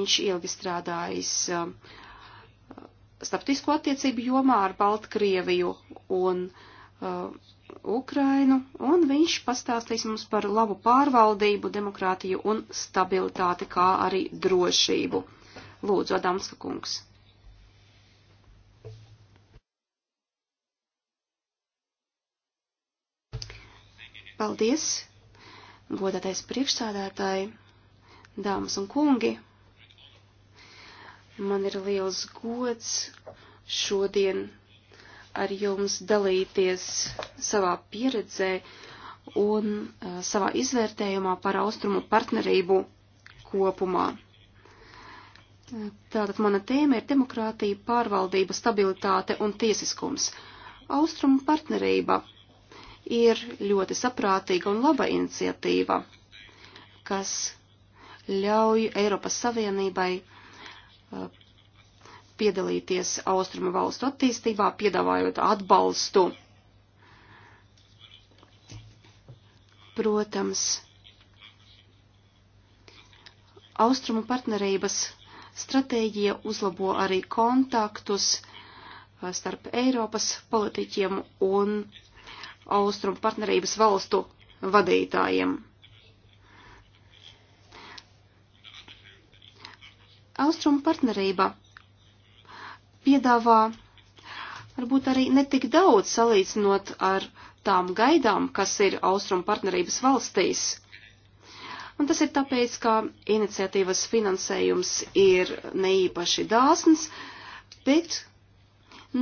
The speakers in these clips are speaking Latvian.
Viņš ilgi strādājis um, starptisko attiecību jomā ar Baltkrieviju un uh, Ukrainu, un viņš pastāstīs mums par labu pārvaldību, demokrātiju un stabilitāti, kā arī drošību. Lūdzu, Adamska kungs. Paldies, godātais priekšsādātāji, dāmas un kungi. Man ir liels gods šodien ar jums dalīties savā pieredzē un uh, savā izvērtējumā par austrumu partnerību kopumā. Tātad mana tēma ir demokrātija, pārvaldība, stabilitāte un tiesiskums. Austrumu partnerība ir ļoti saprātīga un laba iniciatīva, kas ļauj Eiropas Savienībai piedalīties austrumu valstu attīstībā, piedāvājot atbalstu. Protams, austrumu partnerības stratēģija uzlabo arī kontaktus uh, starp Eiropas politiķiem un austrumu partnerības valstu vadītājiem. Austrumu partnerība piedāvā varbūt arī netik daudz salīdzinot ar tām gaidām, kas ir Austrumu partnerības valstīs. Un tas ir tāpēc, ka iniciatīvas finansējums ir neīpaši dāsns, bet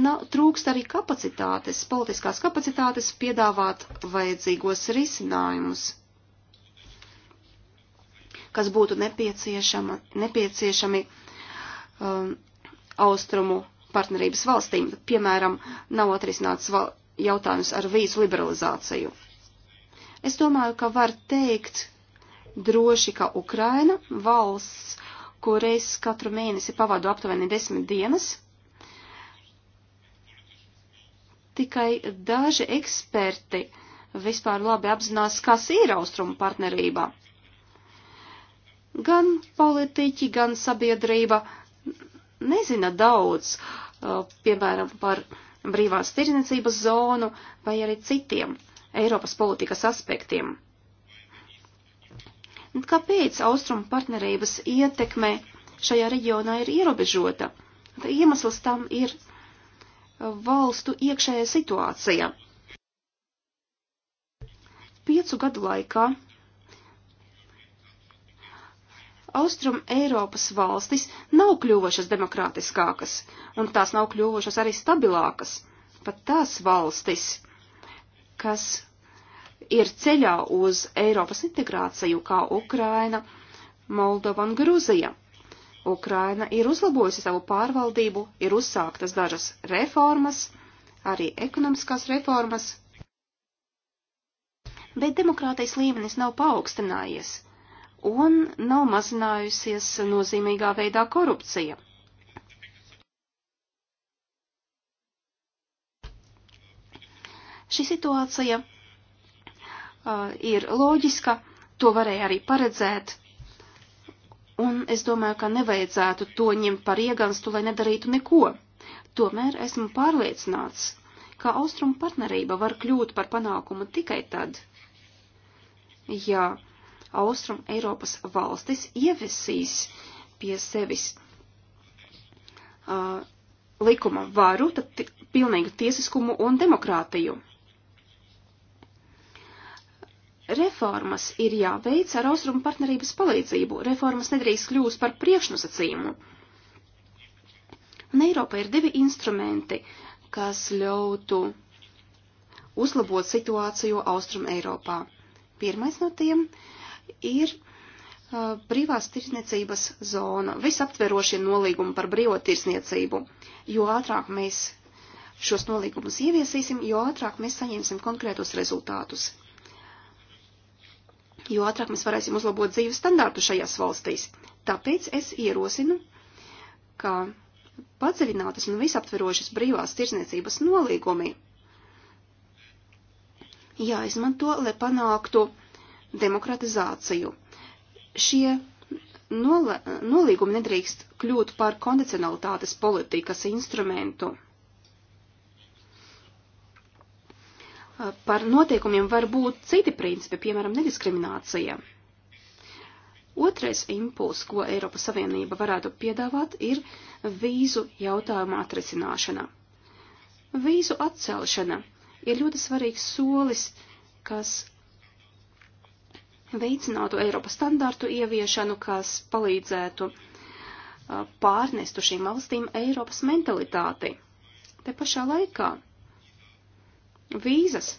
nav, trūkst arī kapacitātes, politiskās kapacitātes piedāvāt vajadzīgos risinājumus kas būtu nepieciešami um, austrumu partnerības valstīm. Piemēram, nav atrisināts jautājums ar vīzu liberalizāciju. Es domāju, ka var teikt droši, ka Ukraina valsts, kur es katru mēnesi pavadu aptuveni desmit dienas, tikai daži eksperti vispār labi apzinās, kas ir austrumu partnerībā. Gan politiķi, gan sabiedrība nezina daudz, uh, piemēram, par brīvās tirdzniecības zonu vai arī citiem Eiropas politikas aspektiem. Kāpēc austrumu partnerības ietekme šajā reģionā ir ierobežota? Iemesls tam ir uh, valstu iekšējā situācija. Piecu gadu laikā Austrum Eiropas valstis nav kļuvušas demokrātiskākas, un tās nav kļuvušas arī stabilākas. Pat tās valstis, kas ir ceļā uz Eiropas integrāciju, kā Ukraina, Moldova un Gruzija. Ukraina ir uzlabojusi savu pārvaldību, ir uzsāktas dažas reformas, arī ekonomiskās reformas, bet demokrātijas līmenis nav paaugstinājies un nav mazinājusies nozīmīgā veidā korupcija. Šī situācija uh, ir loģiska, to varēja arī paredzēt, un es domāju, ka nevajadzētu to ņemt par ieganstu, lai nedarītu neko. Tomēr esmu pārliecināts, ka austrumu partnerība var kļūt par panākumu tikai tad, ja Austrum Eiropas valstis ievesīs pie sevis uh, likuma varu, tad pilnīgu tiesiskumu un demokrātiju. Reformas ir jāveic ar austrumu partnerības palīdzību. Reformas nedrīkst kļūst par priekšnosacījumu. Un Eiropā ir divi instrumenti, kas ļautu uzlabot situāciju austrumu Eiropā. Pirmais no tiem ir uh, brīvās tirsniecības zona, visaptverošie nolīgumi par brīvo tirsniecību. Jo ātrāk mēs šos nolīgumus ieviesīsim, jo ātrāk mēs saņemsim konkrētos rezultātus. Jo ātrāk mēs varēsim uzlabot dzīves standārtu šajās valstīs. Tāpēc es ierosinu, ka padziļinātas un visaptverošas brīvās tirsniecības nolīgumi jāizmanto, lai panāktu demokratizāciju. Šie nola, nolīgumi nedrīkst kļūt par kondicionalitātes politikas instrumentu. Par noteikumiem var būt citi principi, piemēram, nediskriminācija. Otrais impuls, ko Eiropas Savienība varētu piedāvāt, ir vīzu jautājuma atrisināšana. Vīzu atcelšana ir ļoti svarīgs solis, kas veicinātu Eiropas standārtu ieviešanu, kas palīdzētu pārnest uz šīm valstīm Eiropas mentalitāti. Te pašā laikā vīzas,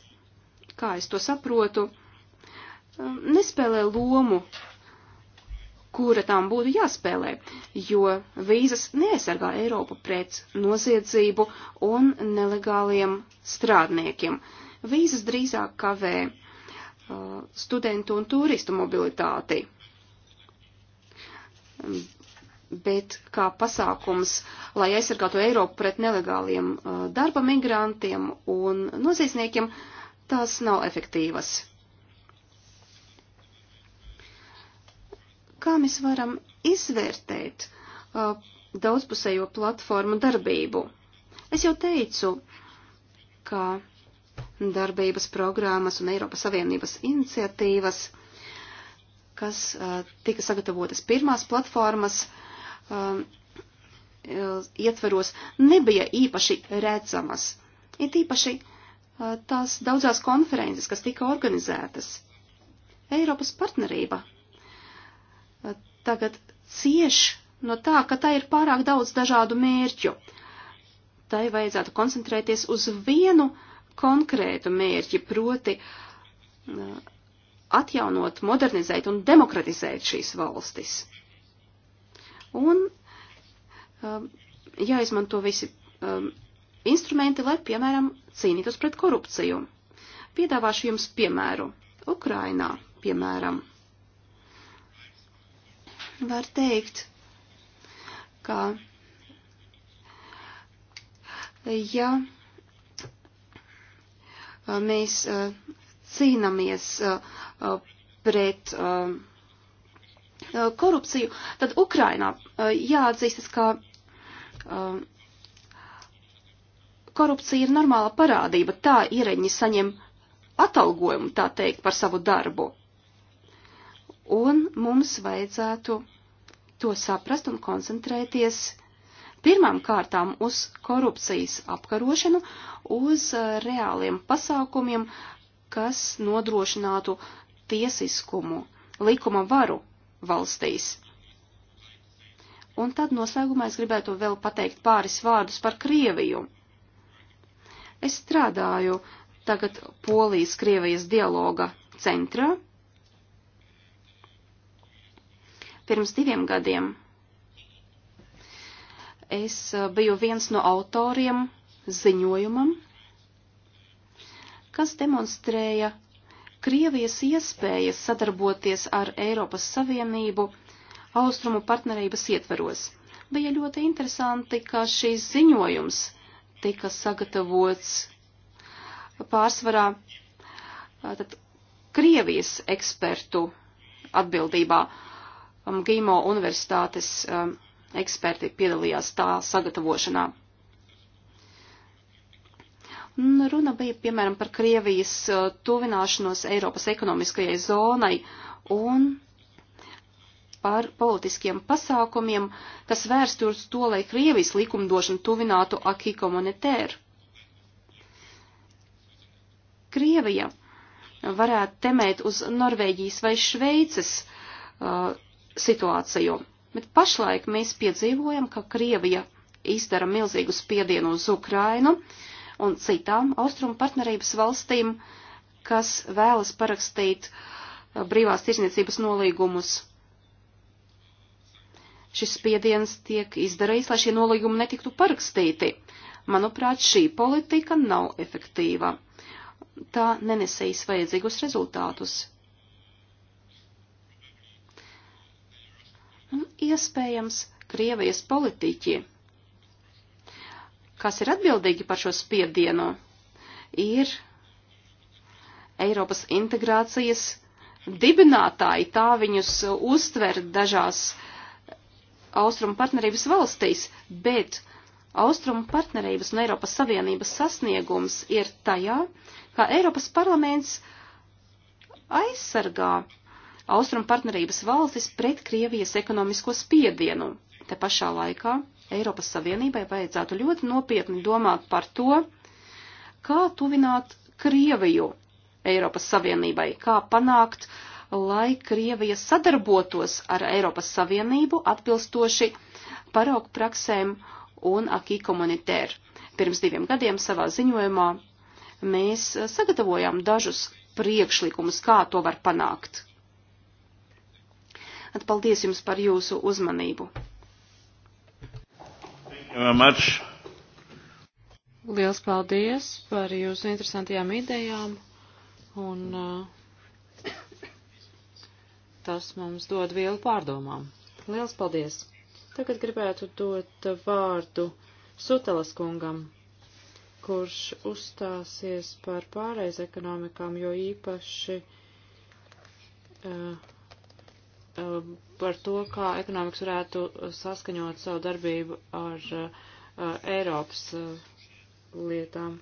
kā es to saprotu, nespēlē lomu, kura tām būtu jāspēlē, jo vīzas neaizsargā Eiropu pret noziedzību un nelegāliem strādniekiem. Vīzas drīzāk kavē uh, Uh, studentu un turistu mobilitāti. Um, bet kā pasākums, lai aizsargātu Eiropu pret nelegāliem uh, darba migrantiem un noziedzniekiem, tās nav efektīvas. Kā mēs varam izvērtēt uh, daudzpusējo platformu darbību? Es jau teicu, ka darbības programmas un Eiropas Savienības iniciatīvas, kas tika sagatavotas pirmās platformas ietveros, nebija īpaši redzamas. Ir īpaši tās daudzās konferences, kas tika organizētas. Eiropas partnerība tagad cieš no tā, ka tā ir pārāk daudz dažādu mērķu. Tai vajadzētu koncentrēties uz vienu uh, konkrētu mērķi, proti atjaunot, modernizēt un demokratizēt šīs valstis. Un um, jāizmanto visi um, instrumenti, lai, piemēram, cīnītos pret korupciju. Piedāvāšu jums piemēru. Ukrainā, piemēram, var teikt, ka ja mēs cīnāmies pret korupciju, tad Ukrainā jāatzīstas, ka korupcija ir normāla parādība. Tā iereņi saņem atalgojumu, tā teikt, par savu darbu. Un mums vajadzētu to saprast un koncentrēties Pirmām kārtām uz korupcijas apkarošanu, uz uh, reāliem pasākumiem, kas nodrošinātu tiesiskumu, likuma varu valstīs. Un tad noslēgumā es gribētu vēl pateikt pāris vārdus par Krieviju. Es strādāju tagad Polijas-Krievijas dialoga centrā. Pirms diviem gadiem es eh, biju viens no autoriem ziņojumam, kas demonstrēja Krievijas iespējas sadarboties ar Eiropas Savienību austrumu partnerības ietveros. Bija ļoti interesanti, ka šīs ziņojums tika sagatavots pārsvarā tad, Krievijas ekspertu atbildībā um, Gīmo universitātes um, eksperti piedalījās tā sagatavošanā. Runa bija, piemēram, par Krievijas e, tuvināšanos Eiropas ekonomiskajai zonai un par politiskiem pasākumiem, kas vērsti uz to, lai Krievijas likumdošana tuvinātu akī komunitēru. Krievija varētu temēt uz Norvēģijas vai Šveices uh, situāciju. Bet pašlaik mēs piedzīvojam, ka Krievija izdara milzīgu spiedienu uz Ukrainu un citām austrumu partnerības valstīm, kas vēlas parakstīt uh, brīvās tirsniecības nolīgumus. Šis spiediens tiek izdarīts, lai šie nolīgumi netiktu parakstīti. Manuprāt, šī politika nav efektīva. Tā nenesīs vajadzīgus rezultātus. un iespējams Krievijas politiķi, kas ir atbildīgi par šo spiedienu, ir Eiropas integrācijas dibinātāji, tā viņus uztver dažās austrumu partnerības valstīs, bet austrumu partnerības un Eiropas Savienības sasniegums ir tajā, ka Eiropas parlaments aizsargā Austrum partnerības valstis pret Krievijas ekonomisko spiedienu. Te pašā laikā Eiropas Savienībai vajadzētu ļoti nopietni domāt par to, kā tuvināt Krieviju Eiropas Savienībai, kā panākt, lai Krievija sadarbotos ar Eiropas Savienību atbilstoši paraugu praksēm un akī komunitēru. Pirms diviem gadiem savā ziņojumā mēs sagatavojām dažus priekšlikumus, kā to var panākt. Paldies jums par jūsu uzmanību. Liels paldies par jūsu interesantajām idejām un uh, tas mums dod vielu pārdomām. Liels paldies! Tagad gribētu dot vārdu Sutelas kungam kurš uzstāsies par pāreiz ekonomikām, jo īpaši uh, Eh, par to, kā ekonomikas varētu saskaņot savu darbību ar eh, Eiropas eh, lietām.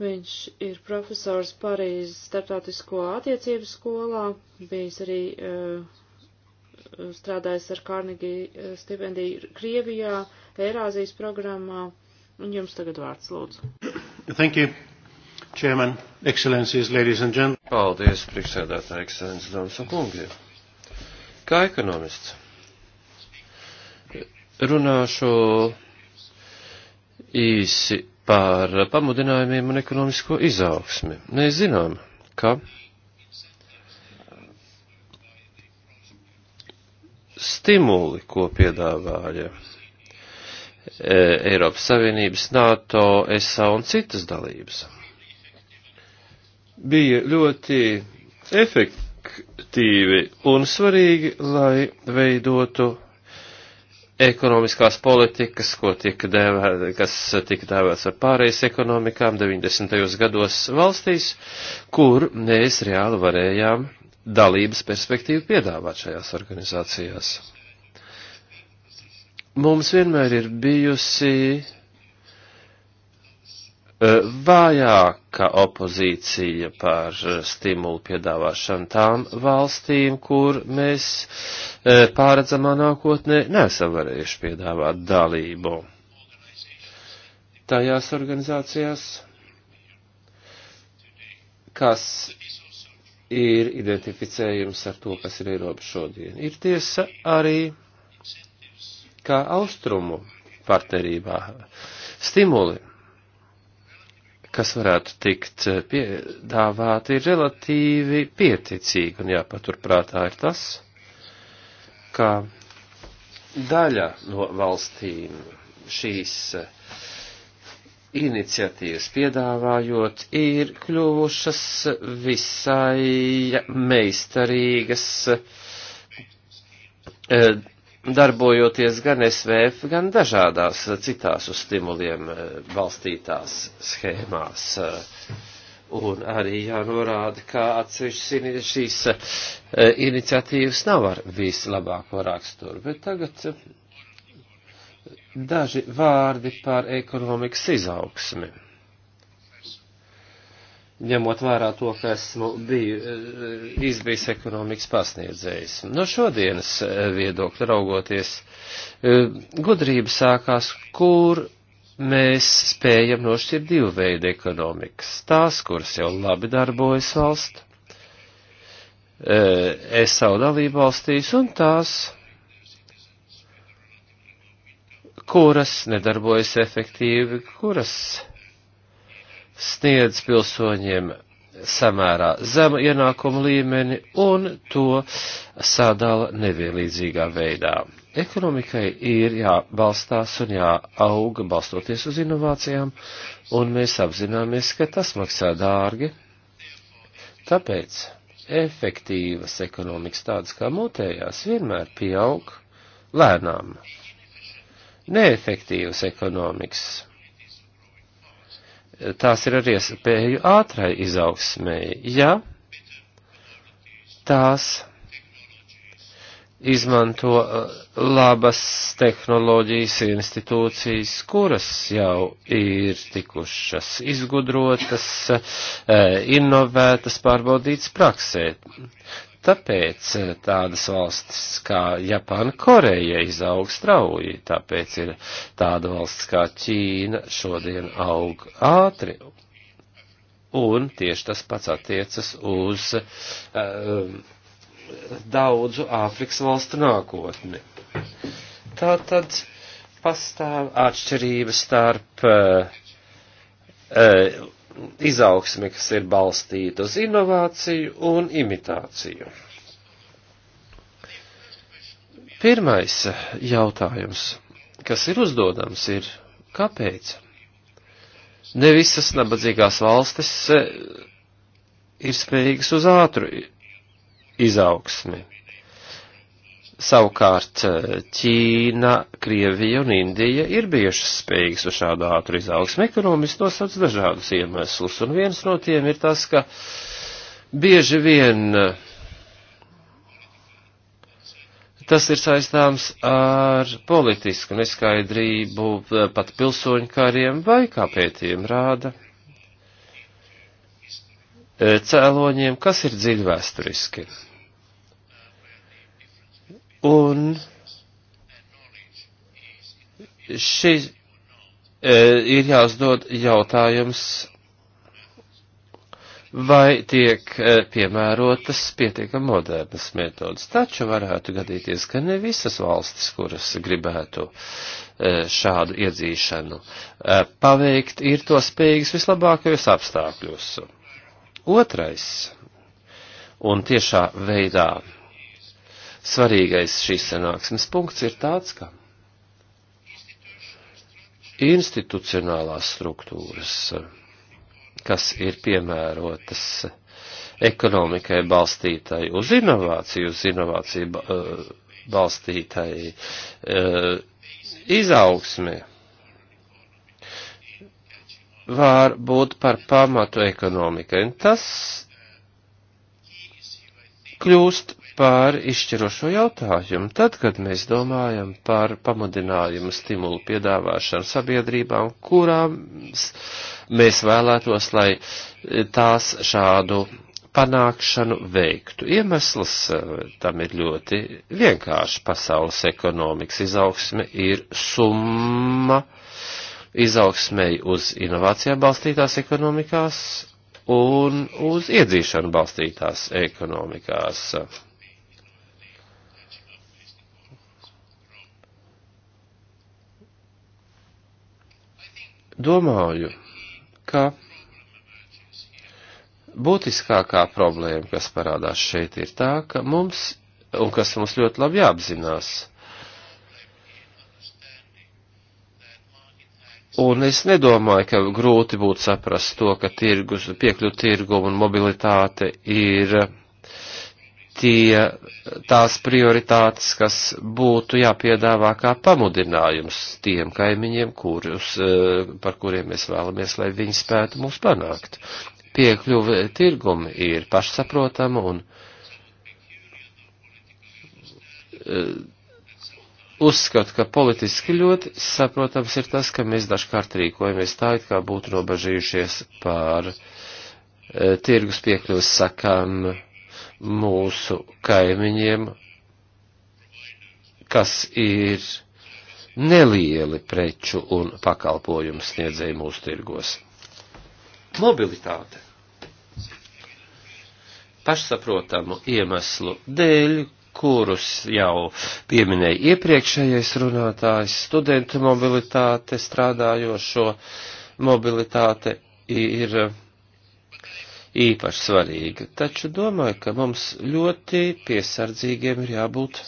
Viņš ir profesors Parīzes starptautisko attiecību skolā, bijis arī strādājis ar Kārnegi stipendiju Krievijā, Eirāzijas programmā. Un jums tagad vārds, lūdzu. Thank you. Chairman, Excellencies, ladies and gentlemen. Paldies, priekšsēdētāji, ekscelences, dāmas un kungi. Kā ekonomists runāšu īsi par pamudinājumiem un ekonomisko izaugsmi. Mēs zinām, ka stimuli, ko piedāvāja e, Eiropas Savienības, NATO, ESA un citas dalības bija ļoti efektīvi un svarīgi, lai veidotu ekonomiskās politikas, ko tika dēvē, kas tika dēvēts ar pārējais ekonomikām 90. gados valstīs, kur mēs reāli varējām dalības perspektīvu piedāvāt šajās organizācijās. Mums vienmēr ir bijusi Eh, vājāka opozīcija par eh, stimulu piedāvāšanu tām valstīm, kur mēs eh, pāredzamā nākotnē nesam varējuši piedāvāt dalību. Tajās organizācijās, kas ir identificējums ar to, kas ir Eiropa šodien. Ir tiesa arī, kā austrumu partnerībā stimuli kas varētu tikt eh, piedāvāti, ir relatīvi pieticīgi, un jāpaturprātā ir tas, ka daļa no valstīm šīs eh, iniciatīvas piedāvājot ir kļuvušas visai meistarīgas eh, darbojoties gan SVF, gan dažādās citās uz stimuliem eh, balstītās schēmās. Eh, un arī jānorāda, ka atsevišķas šīs eh, iniciatīvas nav ar vislabāko raksturu, bet tagad daži vārdi par ekonomikas izaugsmi ņemot vērā to, ka esmu biju, eh, izbijis ekonomikas pasniedzējs. No šodienas eh, viedokļa raugoties, eh, gudrība sākās, kur mēs spējam nošķirt divu veidu ekonomikas. Tās, kuras jau labi darbojas valsts, es savu dalību valstīs, un tās, kuras nedarbojas efektīvi, kuras sniedz pilsoņiem samērā zemu ienākumu līmeni un to sadala nevienlīdzīgā veidā. Ekonomikai ir jābalstās un jāauga balstoties uz inovācijām, un mēs apzināmies, ka tas maksā dārgi. Tāpēc efektīvas ekonomikas tādas kā mutējās vienmēr pieaug lēnām. Neefektīvas ekonomikas tās ir arī iespēju ātrai izaugsmēji, ja tās izmanto uh, labas tehnoloģijas institūcijas, kuras jau ir tikušas izgudrotas, uh, inovētas, pārbaudītas praksē. Tāpēc eh, tādas valstis kā Japāna, Koreja izaug strauji, tāpēc ir tāda valsts kā Ķīna šodien aug ātri. Un tieši tas pats attiecas uz um, daudzu Āfrikas valstu nākotni. Tā tad pastāv atšķirība starp uh, uh, izaugsme, kas ir balstīta uz inovāciju un imitāciju. Pirmais jautājums, kas ir uzdodams, ir kāpēc? Ne visas nabadzīgās valstis eh, ir spējīgas uz ātru izaugsmi. Savukārt eh, Ķīna, Krievija un Indija ir bijušas spējīgas uz šādu ātru izaugsmu. Ekonomisti nosauc dažādus iemeslus, un viens no tiem ir tas, ka bieži vien eh, tas ir saistāms ar politisku neskaidrību, eh, pat pilsoņu kariem vai, kā pētījumi rāda, cēloņiem, kas ir dziļi vēsturiski. Un šis e, ir jāuzdod jautājums, vai tiek e, piemērotas pietiekam modernas metodas. Taču varētu gadīties, ka ne visas valstis, kuras gribētu e, šādu iedzīšanu paveikt, ir to spējīgas vislabākajos apstākļos. Otrais, un tiešā veidā svarīgais šīs sanāksmes punkts ir tāds, ka institucionālās struktūras, kas ir piemērotas ekonomikai balstītai uz inovāciju, uz inovāciju eh, balstītai eh, izaugsmi, var būt par pamatu ekonomikai. Un tas kļūst par izšķirošo jautājumu. Tad, kad mēs domājam par pamudinājumu stimulu piedāvāšanu sabiedrībām, kurām mēs vēlētos, lai e, tās šādu panākšanu veiktu. Iemesls e, tam ir ļoti vienkārši. Pasaules ekonomikas izaugsme ir summa izaugsmei uz inovācijām balstītās ekonomikās un uz iedzīšanu balstītās ekonomikās. Domāju, ka būtiskākā problēma, kas parādās šeit, ir tā, ka mums, un kas mums ļoti labi jāapzinās, Un es nedomāju, ka grūti būtu saprast to, ka tirgus, piekļu tirgumu un mobilitāte ir tie, tās prioritātes, kas būtu jāpiedāvā kā pamudinājums tiem kaimiņiem, kurus, eh, par kuriem mēs vēlamies, lai viņi spētu mūs panākt. Piekļuve tirgumi ir pašsaprotama un eh, uzskatu, ka politiski ļoti saprotams ir tas, ka mēs dažkārt rīkojamies tā, it kā būtu nobažījušies pār e, eh, tirgus piekļuvis sakām mūsu kaimiņiem, kas ir nelieli preču un pakalpojumu sniedzēji mūsu tirgos. Mobilitāte. Pašsaprotamu iemeslu dēļ, kurus jau pieminēja iepriekšējais runātājs, studentu mobilitāte, strādājošo mobilitāte ir īpaši svarīga, taču domāju, ka mums ļoti piesardzīgiem ir jābūt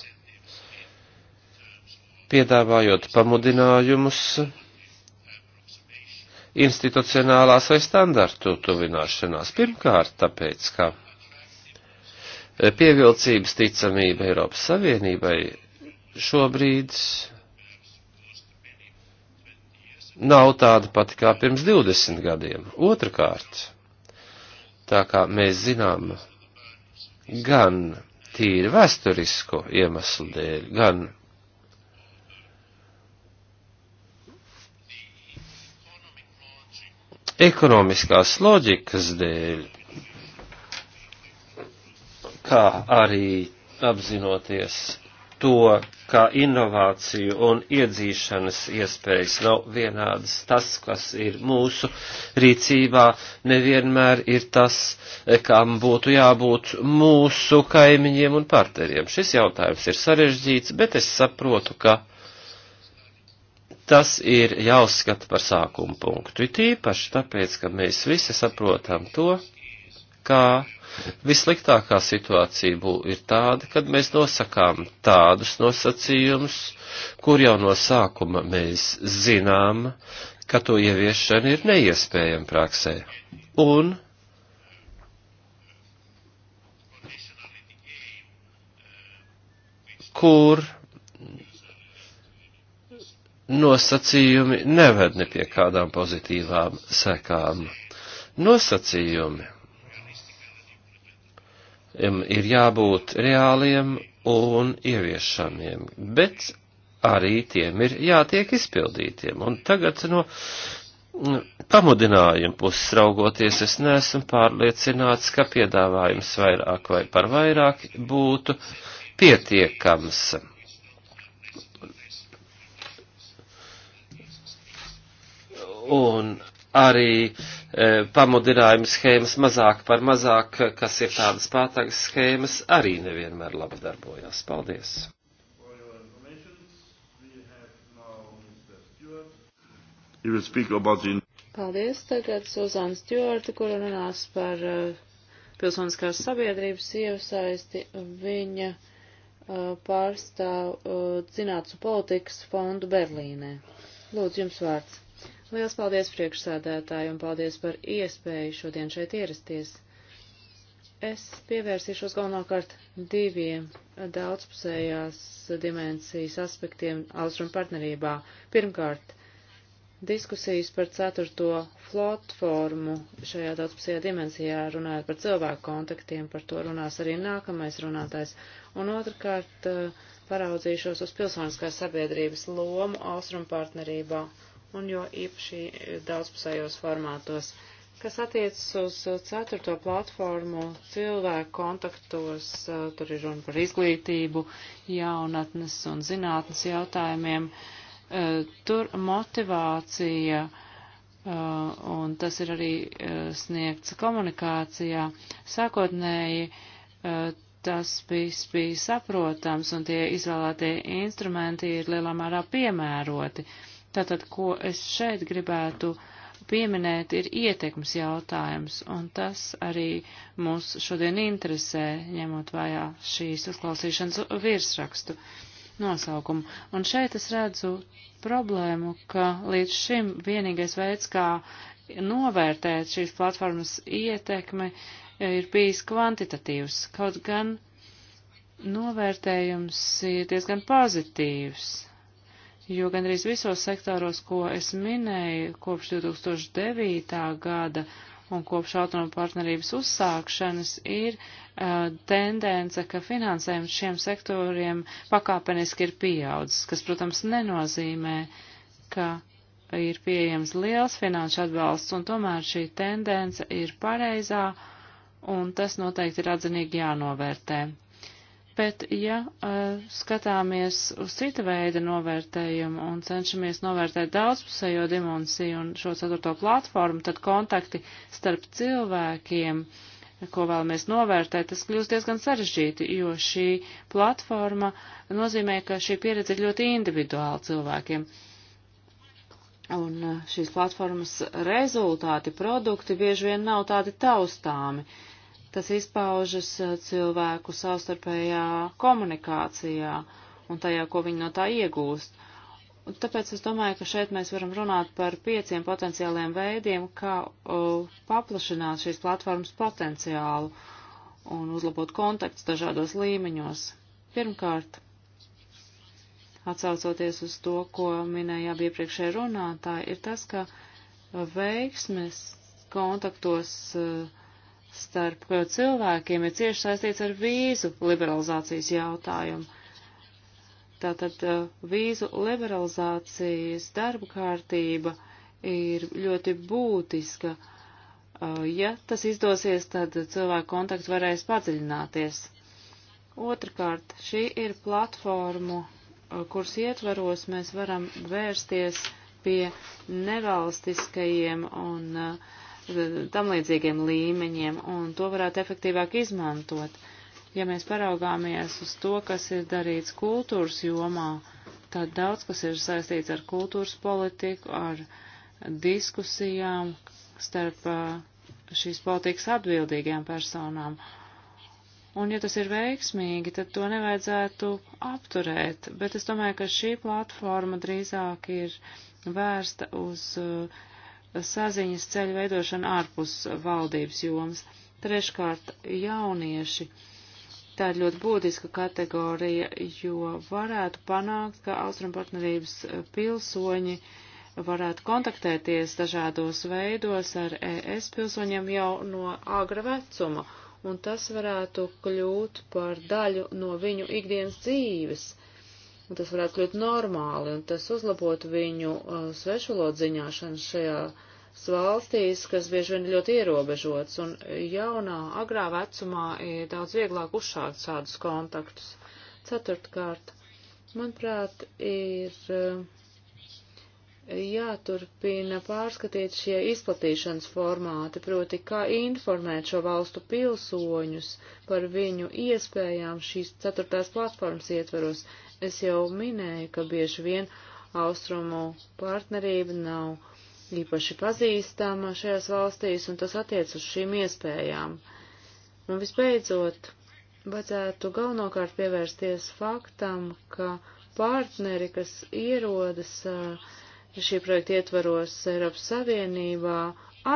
piedāvājot pamudinājumus institucionālās vai standartu tuvināšanās. Pirmkārt, tāpēc, ka pievilcības ticamība Eiropas Savienībai šobrīd nav tāda pati kā pirms 20 gadiem. Otrakārt, Tā kā mēs zinām gan tīri vēsturisku iemeslu dēļ, gan ekonomiskās loģikas dēļ, kā arī apzinoties to, ka inovāciju un iedzīšanas iespējas nav vienādas. Tas, kas ir mūsu rīcībā, nevienmēr ir tas, kam būtu jābūt mūsu kaimiņiem un partneriem. Šis jautājums ir sarežģīts, bet es saprotu, ka tas ir jāuzskata par sākumu punktu. It īpaši tāpēc, ka mēs visi saprotam to, kā Vissliktākā situācija ir tāda, kad mēs nosakām tādus nosacījumus, kur jau no sākuma mēs zinām, ka to ieviešana ir neiespējama praksē. Un kur nosacījumi neved ne pie kādām pozitīvām sekām. Nosacījumi ir jābūt reāliem un ieviešamiem, bet arī tiem ir jātiek izpildītiem. Un tagad no mm, pamudinājumu puses raugoties, es neesmu pārliecināts, ka piedāvājums vairāk vai par vairāk būtu pietiekams. Un arī uh, E, pamudinājuma schēmas mazāk par mazāk, kas ir tādas pātagas schēmas, arī nevienmēr labi darbojās. Paldies! Paldies, tagad Suzana Stjorta, kura runās par uh, pilsoniskās sabiedrības iesaisti. Viņa uh, pārstāv uh, Zinātnes politikas fondu Berlīnē. Lūdzu, jums vārds. Liels paldies priekšsādētāji un paldies par iespēju šodien šeit ierasties. Es pievērsīšos galvenokārt diviem daudzpusējās dimensijas aspektiem Austrum partnerībā. Pirmkārt, diskusijas par ceturto flotformu šajā daudzpusējā dimensijā, runājot par cilvēku kontaktiem, par to runās arī nākamais runātājs. Un otrkārt, eh, paraudzīšos uz pilsoniskās sabiedrības lomu austrumu partnerībā un jo īpaši daudzpusējos formātos. Kas attiecas uz ceturto platformu cilvēku kontaktos, tur ir runa par izglītību, jaunatnes un zinātnes jautājumiem. Tur motivācija, un tas ir arī sniegts komunikācijā, sākotnēji tas viss bija saprotams, un tie izvēlētie instrumenti ir lielā mērā piemēroti. Uh, Tātad, ko es šeit gribētu pieminēt, ir ietekmes jautājums, un tas arī mūs šodien interesē, ņemot vajā šīs uzklausīšanas virsrakstu nosaukumu. Un šeit es redzu problēmu, ka līdz šim vienīgais veids, kā novērtēt šīs platformas ietekmi, ir bijis kvantitatīvs, kaut gan novērtējums ir diezgan pozitīvs jo gandrīz visos sektoros, ko es minēju kopš 2009. gada un kopš autonoma partnerības uzsākšanas, ir uh, tendence, ka finansējums šiem sektoriem pakāpeniski ir pieaudzis, kas, protams, nenozīmē, ka ir pieejams liels finanšu atbalsts, un tomēr šī tendence ir pareizā, un tas noteikti ir atzinīgi jānovērtē. Bet, ja uh, skatāmies uz cita veida novērtējumu un cenšamies novērtēt daudzpusējo dimensiju un šo ceturto platformu, tad kontakti starp cilvēkiem, ko vēlamies novērtēt, tas kļūst diezgan sarežģīti, jo šī platforma nozīmē, ka šī pieredze ir ļoti individuāla cilvēkiem. Un eh, šīs platformas rezultāti, produkti bieži vien nav tādi taustāmi. Uh, Tas izpaužas eh, cilvēku savstarpējā komunikācijā un tajā, ko viņi no tā iegūst. Un tāpēc es domāju, ka šeit mēs varam runāt par pieciem potenciāliem veidiem, kā uh, paplašināt šīs platformas potenciālu un uzlabot kontaktus dažādos līmeņos. Pirmkārt, atsaucoties uz to, ko minēja abi iepriekšēji runātāji, ir tas, ka veiksmes kontaktos uh, starp uh, cilvēkiem ir cieši saistīts ar vīzu liberalizācijas jautājumu. Tātad uh, vīzu liberalizācijas darba kārtība ir ļoti būtiska. Uh, ja tas izdosies, tad cilvēku kontakti varēs padziļināties. Otrakārt, šī ir platformu, kuras ietvaros mēs varam vērsties pie nevalstiskajiem un uh, tam līdzīgiem līmeņiem, un to varētu efektīvāk izmantot. Ja mēs paraugāmies uz to, kas ir darīts kultūras jomā, tad daudz, kas ir saistīts ar kultūras politiku, ar diskusijām starp šīs politikas atbildīgajām personām. Un, ja tas ir veiksmīgi, tad to nevajadzētu apturēt, bet es domāju, ka šī platforma drīzāk ir vērsta uz uh, saziņas ceļu veidošana ārpus valdības jomas. Treškārt, jaunieši. Tā ir ļoti būtiska kategorija, jo varētu panākt, ka austrumpartnerības pilsoņi varētu kontaktēties dažādos veidos ar ES pilsoņiem jau no agra vecuma, un tas varētu kļūt par daļu no viņu ikdienas dzīves. Un tas varētu kļūt normāli, un tas uzlabotu viņu uh, svešvalodu ziņāšanu šajā valstīs, kas bieži vien ir ļoti ierobežots, un jaunā, agrā vecumā ir daudz vieglāk uzšākt šādus kontaktus. Ceturtkārt, manuprāt, ir uh, jāturpina pārskatīt šie izplatīšanas formāti, proti, kā informēt šo valstu pilsoņus par viņu iespējām šīs ceturtās platformas ietvaros. Es jau minēju, ka bieži vien austrumu partnerība nav īpaši pazīstama šajās valstīs, un tas attiec uz šīm iespējām. Un visbeidzot, vajadzētu galvenokārt pievērsties faktam, ka partneri, kas ierodas šī projekta ietvaros Eiropas Savienībā,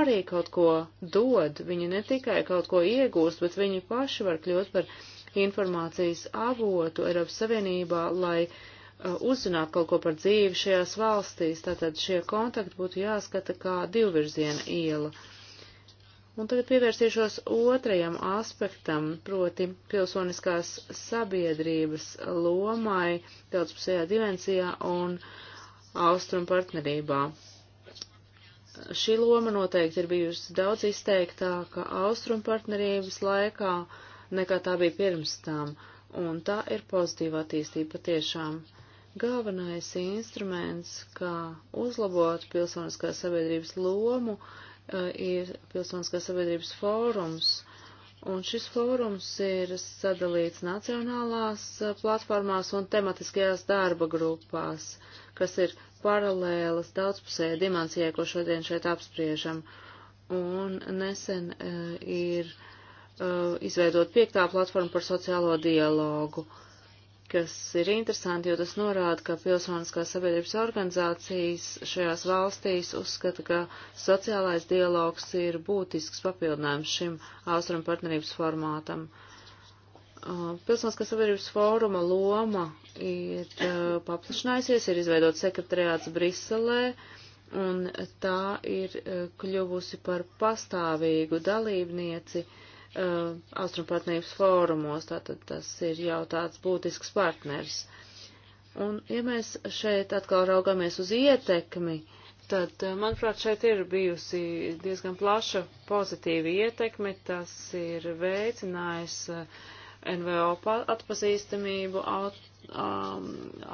arī kaut ko dod. Viņi ne tikai kaut ko iegūst, bet viņi paši var kļūt par informācijas avotu Eiropas Savienībā, lai uh, uzzinātu kaut ko par dzīvi šajās valstīs. Tātad šie kontakti būtu jāskata kā divvirziena iela. Un tagad pievērsīšos otrajam aspektam, proti pilsoniskās sabiedrības lomai daudzpusējā dimensijā un austrumu partnerībā šī loma noteikti ir bijusi daudz izteiktāka austrumu partnerības laikā, nekā tā bija pirms tam, un tā ir pozitīva attīstība patiešām. Galvenais instruments, kā uzlabot pilsoniskās sabiedrības lomu, eh, ir pilsoniskās sabiedrības fórums, un šis fórums ir sadalīts nacionālās eh, platformās un tematiskajās darba grupās, kas ir paralēlas daudzpusējai dimensijai, ko šodien šeit apspriežam. Un nesen uh, ir uh, Uh, izveidot piektā platformu par sociālo dialogu, kas ir interesanti, jo tas norāda, ka pilsoniskās sabiedrības organizācijas šajās valstīs uzskata, ka sociālais dialogs ir būtisks papildinājums šim austrumu partnerības formātam. Uh, pilsoniskās sabiedrības fóruma loma ir uh, paplašinājusies, ir izveidot sekretariāts Briselē, un tā ir kļuvusi par pastāvīgu dalībnieci uh, uh, austrumpartnerības fórumos, tātad tas ir jau tāds būtisks partners. Un, ja mēs šeit atkal raugāmies uz ietekmi, tad, uh, manuprāt, šeit ir bijusi diezgan plaša pozitīva ietekme, tas ir veicinājis uh, NVO atpazīstamību aut, um,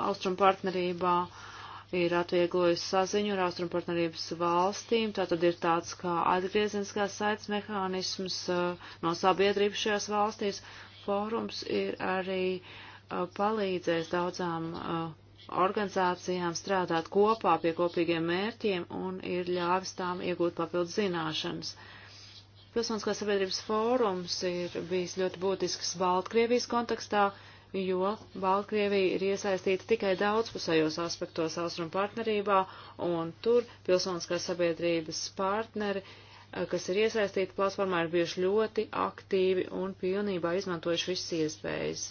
austrumu partnerībā. Uh, ir atvieglojusi saziņu ar austrumpartnerības valstīm, tātad ir tāds kā atgriezeniskās saites mehānisms uh, no sabiedrības šajās valstīs. Fórums ir arī uh, palīdzējis daudzām uh, organizācijām strādāt kopā pie kopīgiem mērķiem un ir ļāvis tām iegūt papildus zināšanas. Pilsoniskās sabiedrības fórums ir bijis ļoti būtisks Baltkrievijas kontekstā, uh, jo Baltkrievija ir iesaistīta tikai daudzpusējos aspektos austrumu partnerībā, un tur pilsoniskās sabiedrības partneri, eh, kas ir iesaistīti platformā, ir bijuši ļoti aktīvi un pilnībā izmantojuši visas iespējas.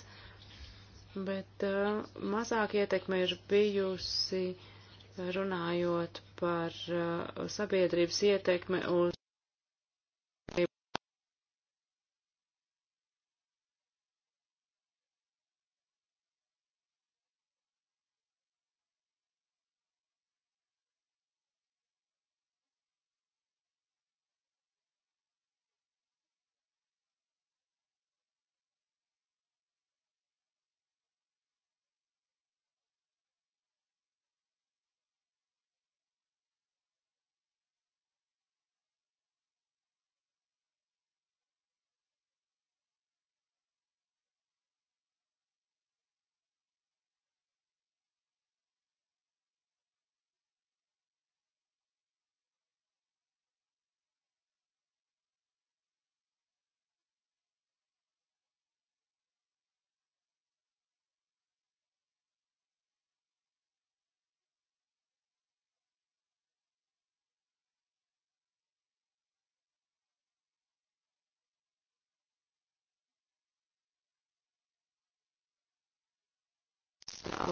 Bet uh, mazāk ietekme ir bijusi runājot par uh, sabiedrības ietekmi uz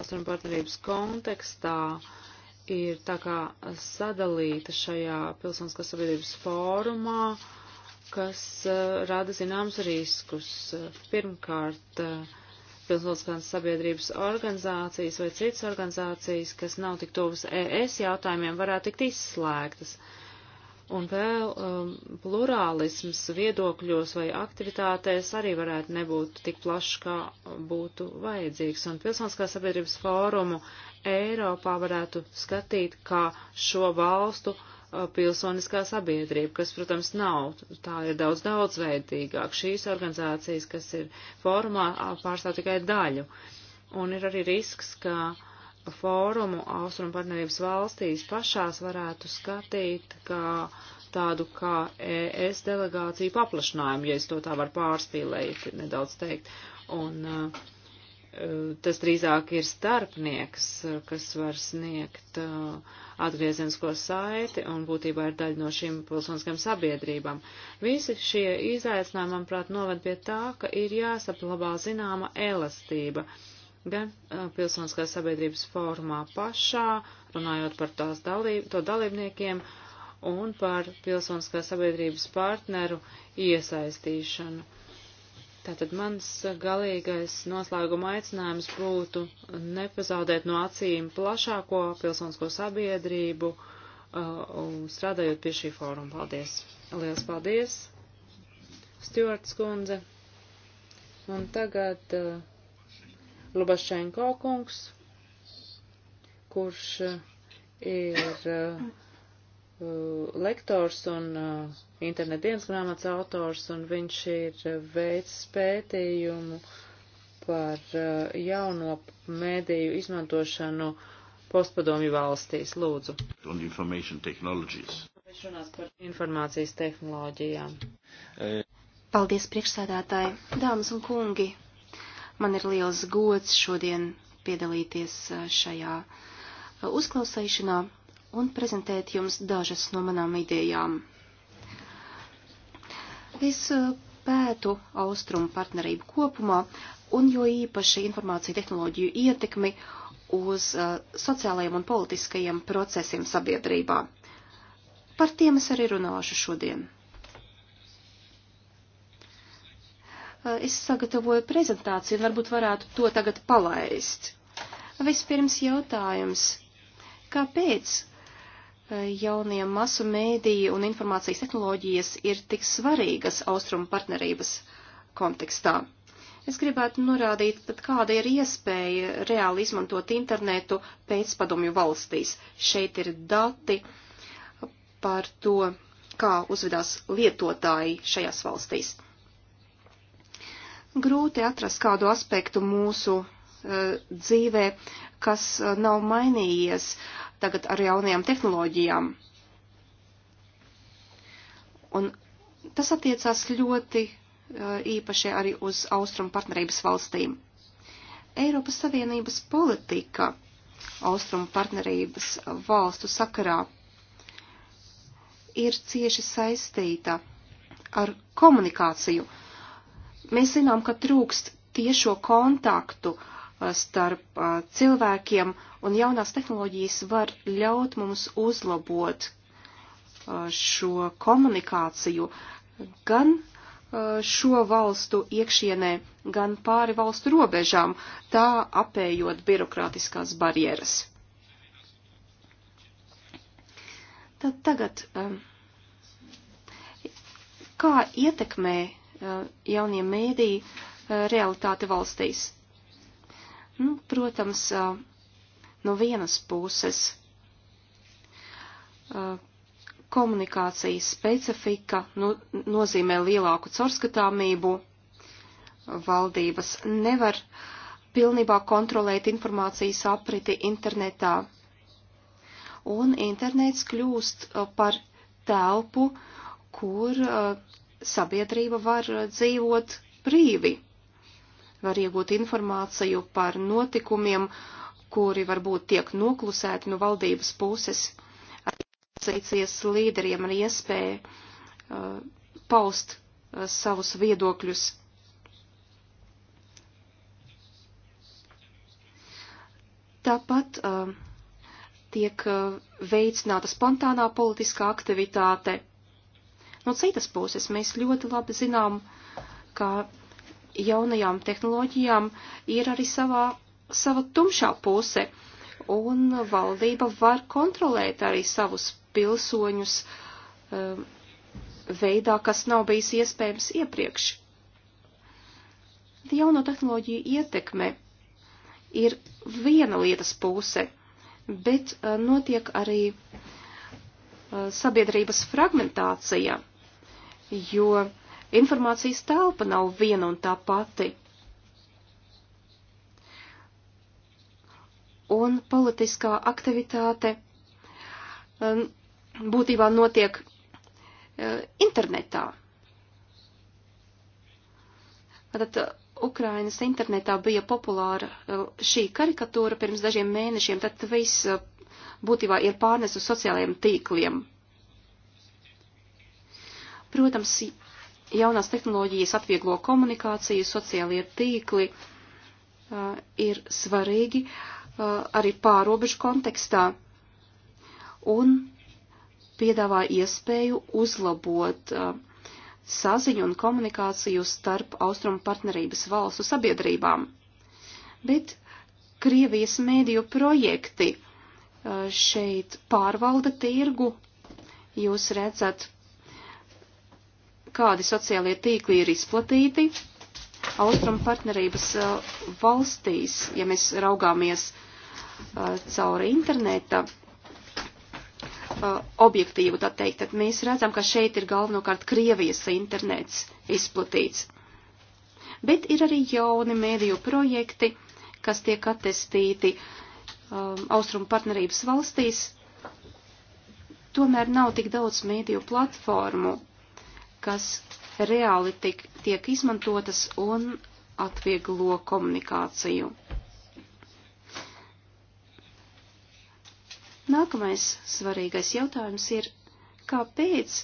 austrumu partnerības kontekstā ir tā kā sadalīta šajā pilsoniskās sabiedrības fórumā, kas uh, rada zināms riskus. Pirmkārt, uh, pilsoniskās sabiedrības organizācijas vai citas organizācijas, kas nav tik tuvas e ES jautājumiem, varētu tikt izslēgtas. Uh, Un vēl um, plurālisms viedokļos vai aktivitātēs arī varētu nebūt tik plašs, kā būtu vajadzīgs. Un Pilsoniskā sabiedrības fórumu Eiropā varētu skatīt kā šo valstu uh, pilsoniskā sabiedrība, kas, protams, nav. Tā ir daudz daudzveidīgāk. Šīs organizācijas, kas ir fórumā, pārstāv tikai daļu. Un ir arī risks, ka uh, fórumu Austrum partnerības valstīs pašās varētu skatīt kā tādu kā ES delegāciju paplašinājumu, ja es to tā varu pārspīlēt nedaudz teikt. Un uh, uh tas drīzāk ir starpnieks, uh, kas var sniegt uh, atgriezienisko saiti un būtībā ir daļa no šīm pilsoniskajām sabiedrībām. Visi šie izaicinājumi, manuprāt, noved pie tā, ka ir jāsaplabā zināma elastība. Uh, gan pilsoniskās sabiedrības fórumā pašā, runājot par tās dalību, to dalībniekiem un par pilsoniskās sabiedrības partneru iesaistīšanu. Tātad mans galīgais noslēguma aicinājums būtu nepazaudēt no acīm plašāko pilsonisko sabiedrību, uh, strādājot pie šī fóruma. Paldies! Lielas paldies, Stjorts kundze! Un tagad uh, Lubašenko kungs, kurš uh, ir uh, uh, lektors un uh, internet dienas grāmatas autors, un viņš ir veids pētījumu par uh, jauno mēdīju izmantošanu postpadomju valstīs. Lūdzu. Un information technologies. Viņš runās par informācijas tehnoloģijām. Paldies priekšsēdētāji, dāmas un kungi. Man ir liels gods šodien piedalīties šajā uzklausīšanā un prezentēt jums dažas no manām idejām. Es pētu austrumu partnerību kopumā un jo īpaši informāciju tehnoloģiju ietekmi uz sociālajiem un politiskajiem procesiem sabiedrībā. Par tiem es arī runāšu šodien. Eh, es sagatavoju prezentāciju un varbūt varētu to tagad palaist. Vispirms jautājums. Kāpēc eh, jaunie masu mēdīju un informācijas tehnoloģijas ir tik svarīgas austrumu partnerības kontekstā? Es gribētu norādīt, tad kāda ir iespēja reāli izmantot internetu pēcpadomju valstīs. Šeit ir dati par to, kā uzvedās lietotāji šajās valstīs grūti atrast kādu aspektu mūsu uh, dzīvē, kas uh, nav mainījies tagad ar jaunajām tehnoloģijām. Un tas attiecās ļoti uh, īpaši arī uz austrumu partnerības valstīm. Eiropas Savienības politika austrumu partnerības valstu sakarā ir cieši saistīta ar komunikāciju, uh, Mēs zinām, ka trūkst tiešo kontaktu uh, starp uh, cilvēkiem, un jaunās tehnoloģijas var ļaut mums uzlabot uh, šo komunikāciju gan šo valstu iekšienē, gan pāri valstu robežām, tā apējot birokrātiskās barjeras. Tad tagad, um, kā ietekmē Eh, jaunie mēdī eh, realitāti valstīs. Nu, protams, eh, no vienas puses komunikācijas specifika nu, nozīmē lielāku caurskatāmību. Valdības nevar pilnībā kontrolēt informācijas apriti internetā. Un internets kļūst par telpu, kur sabiedrība var dzīvot brīvi, var iegūt informāciju par notikumiem, kuri varbūt tiek noklusēti no valdības puses. Atseicijas līderiem ir iespēja uh, paust uh, savus viedokļus. Tāpat uh, tiek uh, veicināta spontānā politiskā aktivitāte No citas puses mēs ļoti labi zinām, ka jaunajām tehnoloģijām ir arī savā, sava tumšā puse, un valdība var kontrolēt arī savus pilsoņus um, veidā, kas nav bijis iespējams iepriekš. Jauno tehnoloģiju ietekme ir viena lietas puse, bet uh, notiek arī uh, sabiedrības fragmentācija jo informācijas telpa nav viena un tā pati. Un politiskā aktivitāte um, būtībā notiek uh, internetā. Tātad uh, Ukrainas internetā bija populāra uh, šī karikatūra pirms dažiem mēnešiem, tad viss būtībā ir pārnes uz sociālajiem tīkliem. Protams, jaunās tehnoloģijas atvieglo komunikāciju, sociālie tīkli uh, ir svarīgi uh, arī pārobežu kontekstā un piedāvā iespēju uzlabot uh, saziņu un komunikāciju starp austrumu partnerības valstu sabiedrībām. Bet Krievijas mēdīju projekti uh, šeit pārvalda tirgu. Jūs redzat kādi sociālie tīkli ir izplatīti Austrum partnerības uh, valstīs, ja mēs raugāmies uh, cauri interneta uh, objektīvu, tā teikt, tad mēs redzam, ka šeit ir galvenokārt Krievijas internets izplatīts. Bet ir arī jauni mēdīju projekti, kas tiek attestīti um, Austrum partnerības valstīs. Tomēr nav tik daudz mēdīju platformu, kas reāli tiek, tiek izmantotas un atvieglo komunikāciju. Nākamais svarīgais jautājums ir, kāpēc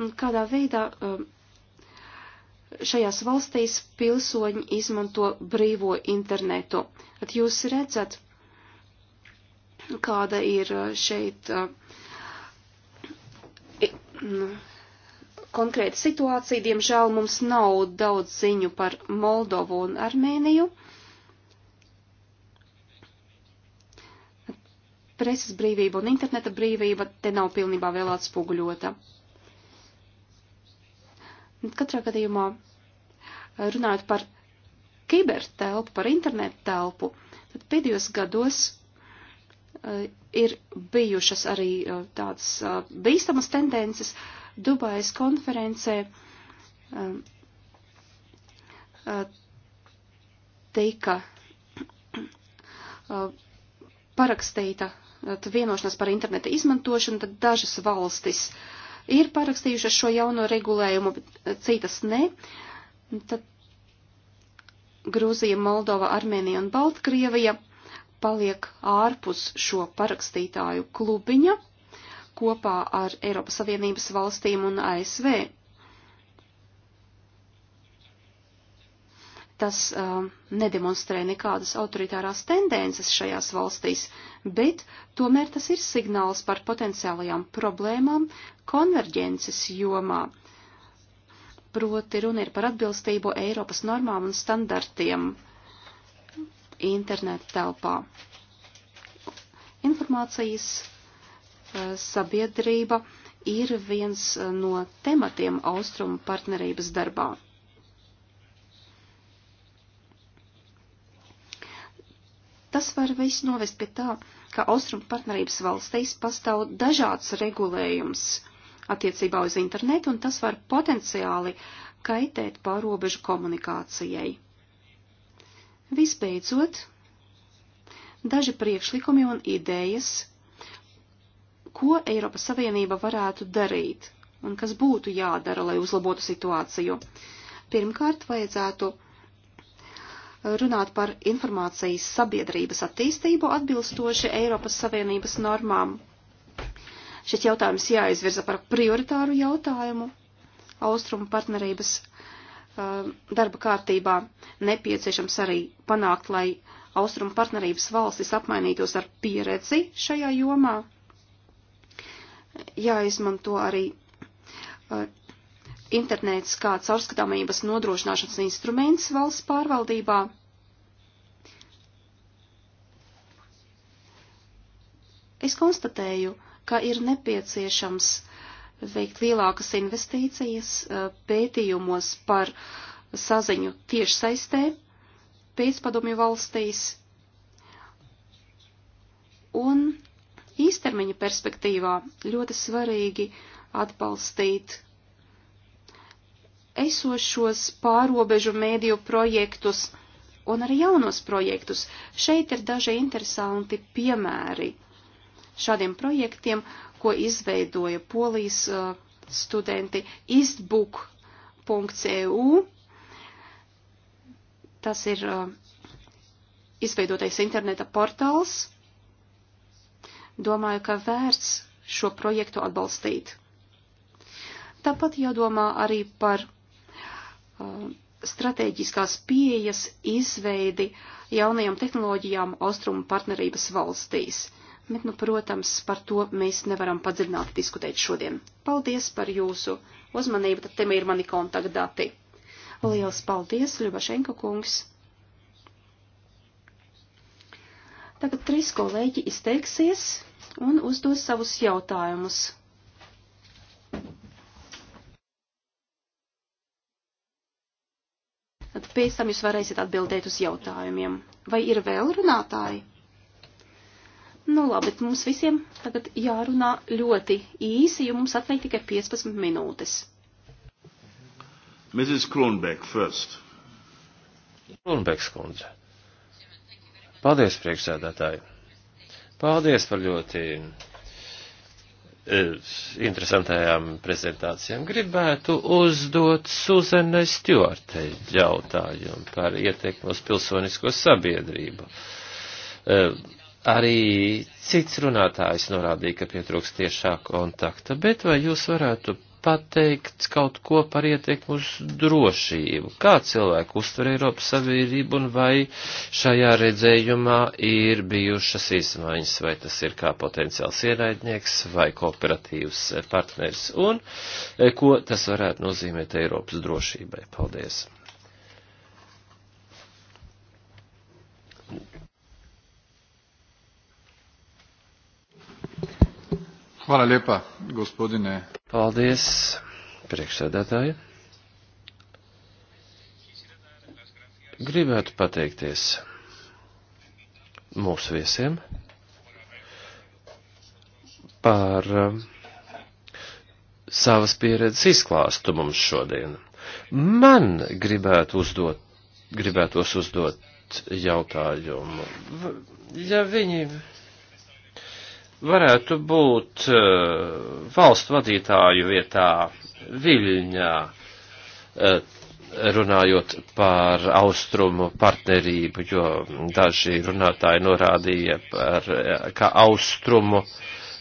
un kādā veidā um, šajās valstīs pilsoņi izmanto brīvo internetu. At jūs redzat, kāda ir uh, šeit uh, Nu, konkrēta situācija. Diemžēl mums nav daudz ziņu par Moldovu un Armēniju. Preses brīvība un interneta brīvība te nav pilnībā vēl atspoguļota. Katrā gadījumā runājot par kibertelpu, par internetu telpu, tad pēdējos gados Eh, ir bijušas arī eh, tādas eh, bīstamas tendences. Dubajas konferencē tika parakstīta vienošanās par interneta izmantošanu, tad dažas valstis ir parakstījušas šo jauno regulējumu, bet citas ne. Tad Grūzija, Moldova, Armēnija un Baltkrievija paliek ārpus šo parakstītāju klubiņa kopā ar Eiropas Savienības valstīm un ASV. Tas uh, nedemonstrē nekādas autoritārās tendences šajās valstīs, bet tomēr tas ir signāls par potenciālajām problēmām konverģences jomā. Proti runa ir par atbilstību Eiropas normām un standartiem uh, interneta telpā. Informācijas eh, sabiedrība ir viens eh, no tematiem austrumu partnerības darbā. Tas var viss novest pie tā, ka austrumu partnerības valstīs pastāv dažāds regulējums attiecībā uz internetu, un tas var potenciāli kaitēt pārobežu komunikācijai. Visbeidzot, daži priekšlikumi un idejas, ko Eiropas Savienība varētu darīt un kas būtu jādara, lai uzlabotu situāciju. Pirmkārt, vajadzētu runāt par informācijas sabiedrības attīstību atbilstoši Eiropas Savienības normām. Šis jautājums jāizvirza par prioritāru jautājumu austrumu partnerības darba kārtībā nepieciešams arī panākt, lai Austrumu partnerības valstis apmainītos ar pieredzi šajā jomā. Jāizmanto arī uh, internets kā caurskatāmības nodrošināšanas instruments valsts pārvaldībā. Es konstatēju, ka ir nepieciešams veikt lielākas investīcijas uh, pētījumos par saziņu tiešsaistē pēcpadomju valstīs un īstermiņa perspektīvā ļoti svarīgi atbalstīt esošos pārobežu mēdīju projektus un arī jaunos projektus. Šeit ir daži interesanti piemēri šādiem projektiem, ko izveidoja polijas uh, studenti istbook.eu. Tas ir uh, izveidotais interneta portāls. Domāju, ka vērts šo projektu atbalstīt. Tāpat jādomā arī par uh, stratēģiskās pieejas izveidi jaunajām tehnoloģijām Austrumu partnerības valstīs bet, nu, protams, par to mēs nevaram padziļināti diskutēt šodien. Paldies par jūsu uzmanību, tad te ir mani kontaktdati. Liels paldies, Ļubašenko kungs! Tagad trīs kolēģi izteiksies un uzdos savus jautājumus. Tad pēc tam jūs varēsiet atbildēt uz jautājumiem. Vai ir vēl runātāji? Nu labi, mums visiem tagad jārunā ļoti īsi, jo mums atliek tikai 15 minūtes. Mrs. Kronbeck first. Kronbecks kundze. Paldies, priekšsēdētāji. Paldies par ļoti e, interesantajām prezentācijām. Gribētu uzdot Suzanai Stjortei jautājumu par ietekmi uz pilsonisko sabiedrību. Uh, Arī cits runātājs norādīja, ka pietrūks tiešā kontakta, bet vai jūs varētu pateikt kaut ko par ietekmu uz drošību? Kā cilvēku uztver Eiropas Savienību un vai šajā redzējumā ir bijušas izmaiņas, vai tas ir kā potenciāls ienaidnieks vai kooperatīvs partners un e, ko tas varētu nozīmēt Eiropas drošībai? Paldies! Hvala lijepa, gospodine. Paldies, priekšsēdētāji. Gribētu pateikties mūsu viesiem par um, savas pieredzes izklāstu mums šodien. Man gribētu uzdot, gribētos uzdot jautājumu. Ja viņi varētu būt eh, valstu vadītāju vietā Viļņā, eh, runājot par austrumu partnerību, jo daži runātāji norādīja par, eh, ka austrumu uh,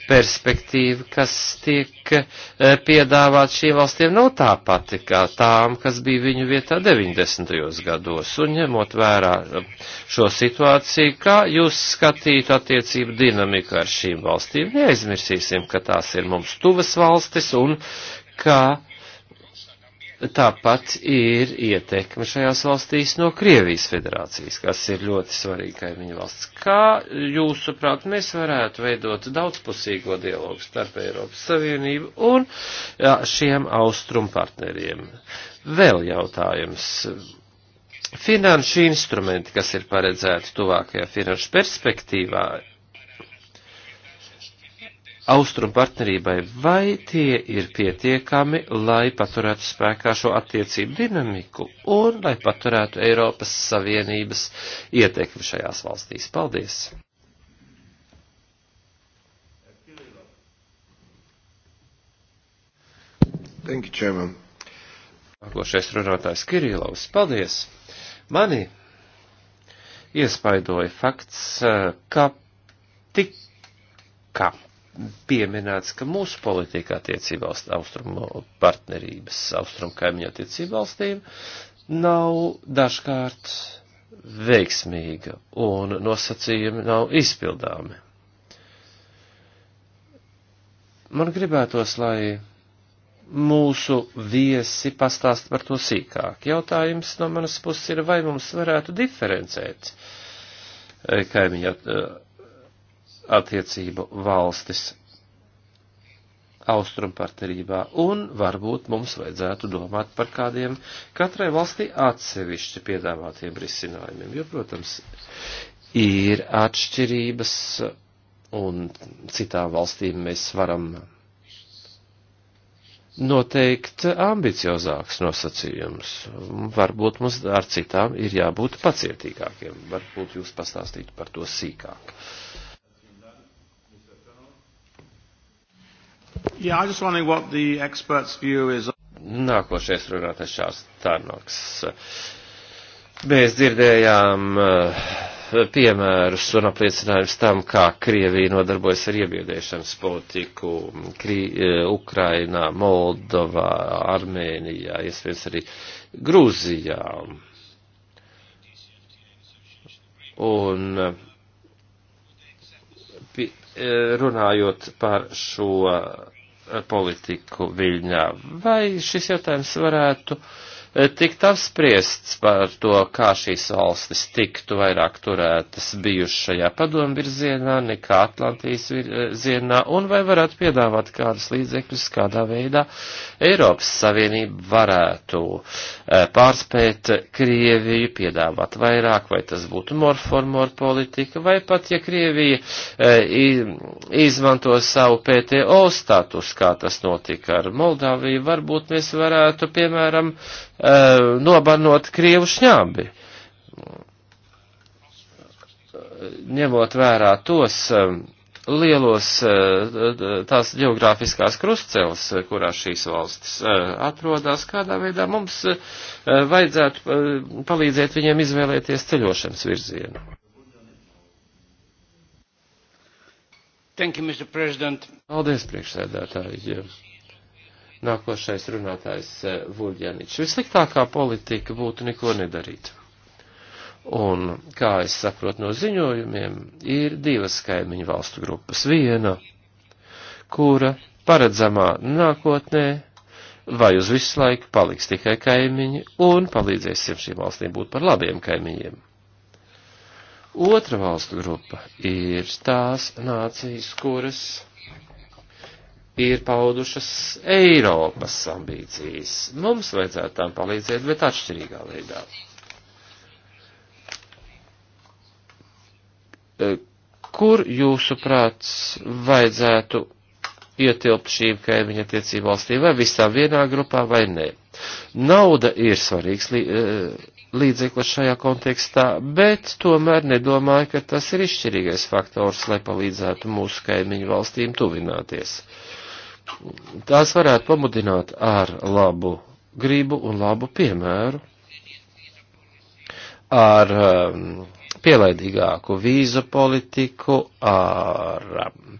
perspektīva, kas tiek eh, piedāvāt šīm valstīm, nav tā pati kā tām, kas bija viņu vietā 90. gados. Un ņemot vērā eh, šo situāciju, kā jūs skatītu attiecību dinamiku ar šīm valstīm, neaizmirsīsim, ka tās ir mums tuvas valstis un kā Tāpat ir ietekme šajās valstīs no Krievijas federācijas, kas ir ļoti svarīga kaimiņu valsts. Kā jūsuprāt, mēs varētu veidot daudzpusīgo dialogu starp Eiropas Savienību un jā, šiem austrum partneriem? Vēl jautājums. Finanšu instrumenti, kas ir paredzēti tuvākajā finanšu perspektīvā, austrumu partnerībai, vai tie ir pietiekami, lai paturētu spēkā šo attiecību dinamiku un lai paturētu Eiropas Savienības ietekmi šajās valstīs. Paldies! Thank you, Chairman. Nākošais runātājs Kirilovs. Paldies! Mani iespaidoja fakts, eh, ka tik kā pieminēts, ka mūsu politika attiecībā uz austrumu partnerības, austrumu kaimiņu attiecību valstīm nav dažkārt veiksmīga un nosacījumi nav izpildāmi. Man gribētos, lai mūsu viesi pastāst par to sīkāk. Jautājums no manas puses ir, vai mums varētu diferencēt eh, kaimiņu attiecību eh, attiecību valstis austrumpartnerībā, un varbūt mums vajadzētu domāt par kādiem katrai valstī atsevišķi piedāvātiem risinājumiem, jo, protams, ir atšķirības, un citām valstīm mēs varam noteikt ambiciozāks nosacījums. Varbūt mums ar citām ir jābūt pacietīgākiem, varbūt jūs pastāstītu par to sīkāk. Uh, Yeah, I just wondering what the expert's view is. Nākošais runātais šāds Tarnoks. Mēs dzirdējām uh, piemērus un apliecinājums tam, kā Krievija nodarbojas ar iebiedēšanas politiku Krī, uh, eh, Ukrainā, Moldovā, Armēnijā, iespējams arī Grūzijā. Un uh, runājot par šo politiku Viļņā. Vai šis jautājums varētu uh, tikt apspriests par to, kā šīs valstis tiktu vairāk turētas bijušajā padomu virzienā nekā Atlantijas virzienā, un vai varētu piedāvāt kādas līdzekļus, kādā veidā Eiropas Savienība varētu eh, pārspēt Krieviju, piedāvāt vairāk, vai tas būtu morformor politika, vai pat, ja Krievija eh, izmanto savu PTO status, kā tas notika ar Moldāviju, varbūt mēs varētu, piemēram, Eh, nobanot Krievu šņābi. Ņemot vērā tos eh, lielos eh, tās geogrāfiskās krustcels, kurā šīs valstis atrodas, kādā veidā mums vajadzētu palīdzēt viņiem izvēlēties ceļošanas virzienu. Thank you, Mr. President. Paldies, priekšsēdētāji. Nākošais runātājs eh, Vuļjaničs. Vissliktākā politika būtu neko nedarīt. Un, kā es saprotu no ziņojumiem, ir divas kaimiņu valstu grupas. Viena, kura paredzamā nākotnē vai uz visu laiku paliks tikai kaimiņi un palīdzēsim šīm valstīm būt par labiem kaimiņiem. Otra valstu grupa ir tās nācijas, kuras ir paudušas Eiropas ambīcijas. Mums vajadzētu tām palīdzēt, bet atšķirīgā veidā. E, kur jūsu prāts vajadzētu ietilpt šīm kaimiņa tiecību valstīm, vai visām vienā grupā, vai nē? Nauda ir svarīgs e, līdzeklis šajā kontekstā, bet tomēr nedomāju, ka tas ir izšķirīgais faktors, lai palīdzētu mūsu kaimiņu valstīm tuvināties. Uh, tās varētu pamudināt ar labu gribu un labu piemēru, ar um, pielaidīgāku vīzu politiku, ar um,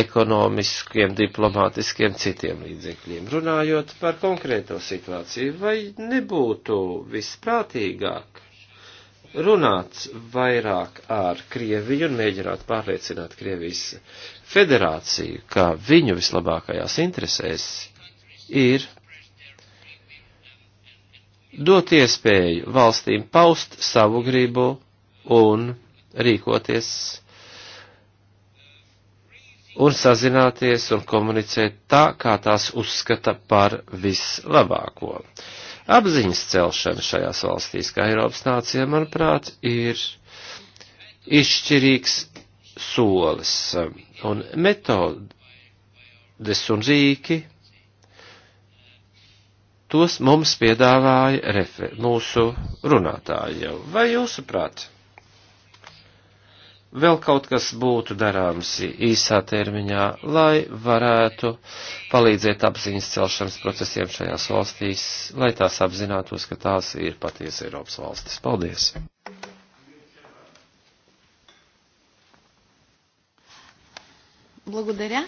ekonomiskiem, diplomātiskiem, citiem līdzekļiem. Runājot par konkrēto situāciju, vai nebūtu visprātīgāk runāt vairāk ar Krieviju un mēģināt pārliecināt Krievijas federāciju, ka viņu vislabākajās interesēs ir dot iespēju valstīm paust savu gribu un rīkoties un sazināties un komunicēt tā, kā tās uzskata par vislabāko. Apziņas celšana šajās valstīs, kā Eiropas nācija, manuprāt, ir izšķirīgs solis. Un metodes un rīki, tos mums piedāvāja refer, mūsu runātāji jau. Vai jūsuprāt? vēl kaut kas būtu darāms īsā termiņā, lai varētu palīdzēt apziņas celšanas procesiem šajās valstīs, lai tās apzinātos, ka tās ir patiesi Eiropas valstis. Paldies! Благодаря.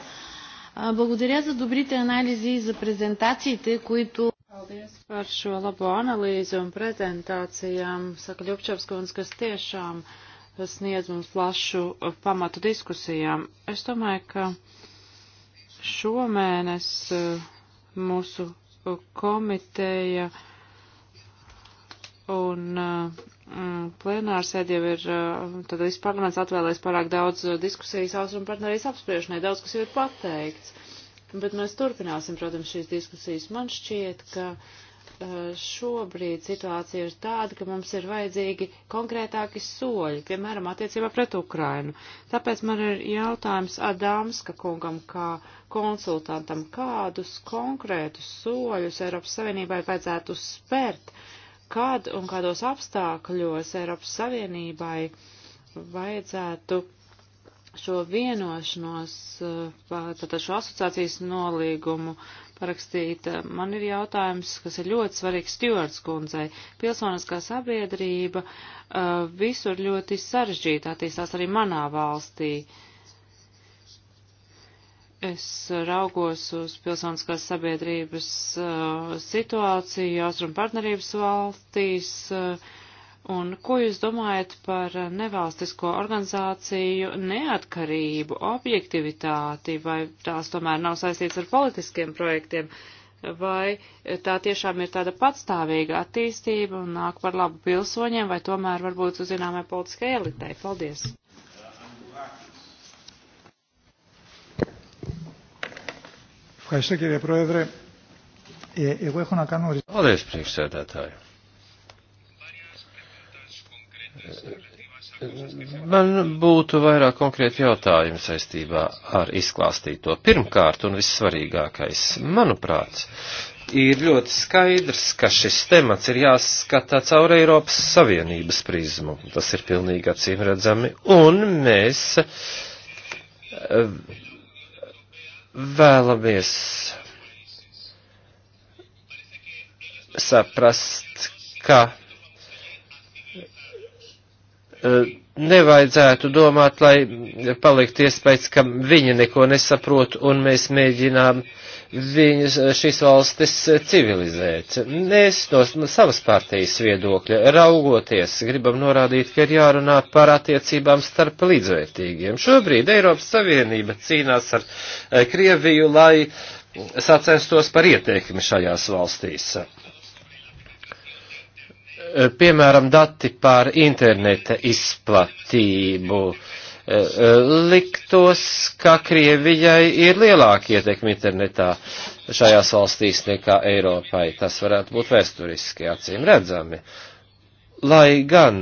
Благодаря за добрите анализи и за презентациите, които. Paldies par šo labo analīzi un prezentācijām, saka Ļupčevskons, kas tiešām sniedz mums plašu uh, pamatu diskusijām. Es domāju, ka šomēnes uh, mūsu uh, komiteja uh, Un uh, mm, plenārsēdē jau ir, uh, tad viss parlaments atvēlēs pārāk daudz uh, diskusijas austrumu partnerijas apspriešanai, daudz kas jau ir pateikts. Bet mēs turpināsim, protams, šīs diskusijas. Man šķiet, ka šobrīd situācija ir tāda, ka mums ir vajadzīgi konkrētāki soļi, piemēram, attiecībā pret Ukrainu. Tāpēc man ir jautājums Adamska kungam kā konsultantam, kādus konkrētus soļus Eiropas Savienībai vajadzētu spērt, uh, kad un kādos apstākļos Eiropas Savienībai vajadzētu šo vienošanos, eh, tātad šo asociācijas nolīgumu parakstīt. Man ir jautājums, kas ir ļoti svarīgs Stjords kundzei. Pilsoniskā sabiedrība eh, visur ļoti sarežģīta attīstās arī manā valstī. Uh, es raugos uz pilsoniskās sabiedrības uh, situāciju Austrum partnerības valstīs. Uh, Un ko jūs domājat par nevalstisko organizāciju neatkarību, objektivitāti, vai tās tomēr nav saistīts ar politiskiem projektiem, vai tā tiešām ir tāda patstāvīga attīstība un nāk par labu pilsoņiem, vai tomēr varbūt zināmai politiskai elitei? Paldies! Ευχαριστώ κύριε Πρόεδρε. Ε, εγώ έχω να κάνω... Paldies, priekšsēdētāji. Man būtu vairāk konkrēti jautājumi saistībā ar izklāstīto. Pirmkārt un vissvarīgākais, manuprāt, ir ļoti skaidrs, ka šis temats ir jāskatā caur Eiropas Savienības prizmu. Tas ir pilnīgi acīmredzami. Un mēs vēlamies saprast, ka e, nevajadzētu domāt, lai palikt iespējas, ka viņi neko nesaprot un mēs mēģinām uh, viņas eh, šīs valstis eh, civilizēt. Mēs no savas partijas viedokļa raugoties gribam norādīt, ka ir jārunā par attiecībām starp līdzvērtīgiem. Šobrīd Eiropas Savienība cīnās ar eh, Krieviju, lai sacenstos par ieteikumi šajās valstīs. Piemēram, dati par interneta izplatību. Uh, Eh, eh, liktos, ka Krievijai ir lielāka ietekme internetā šajās valstīs nekā Eiropai. Tas varētu būt vēsturiski acīm redzami. Lai gan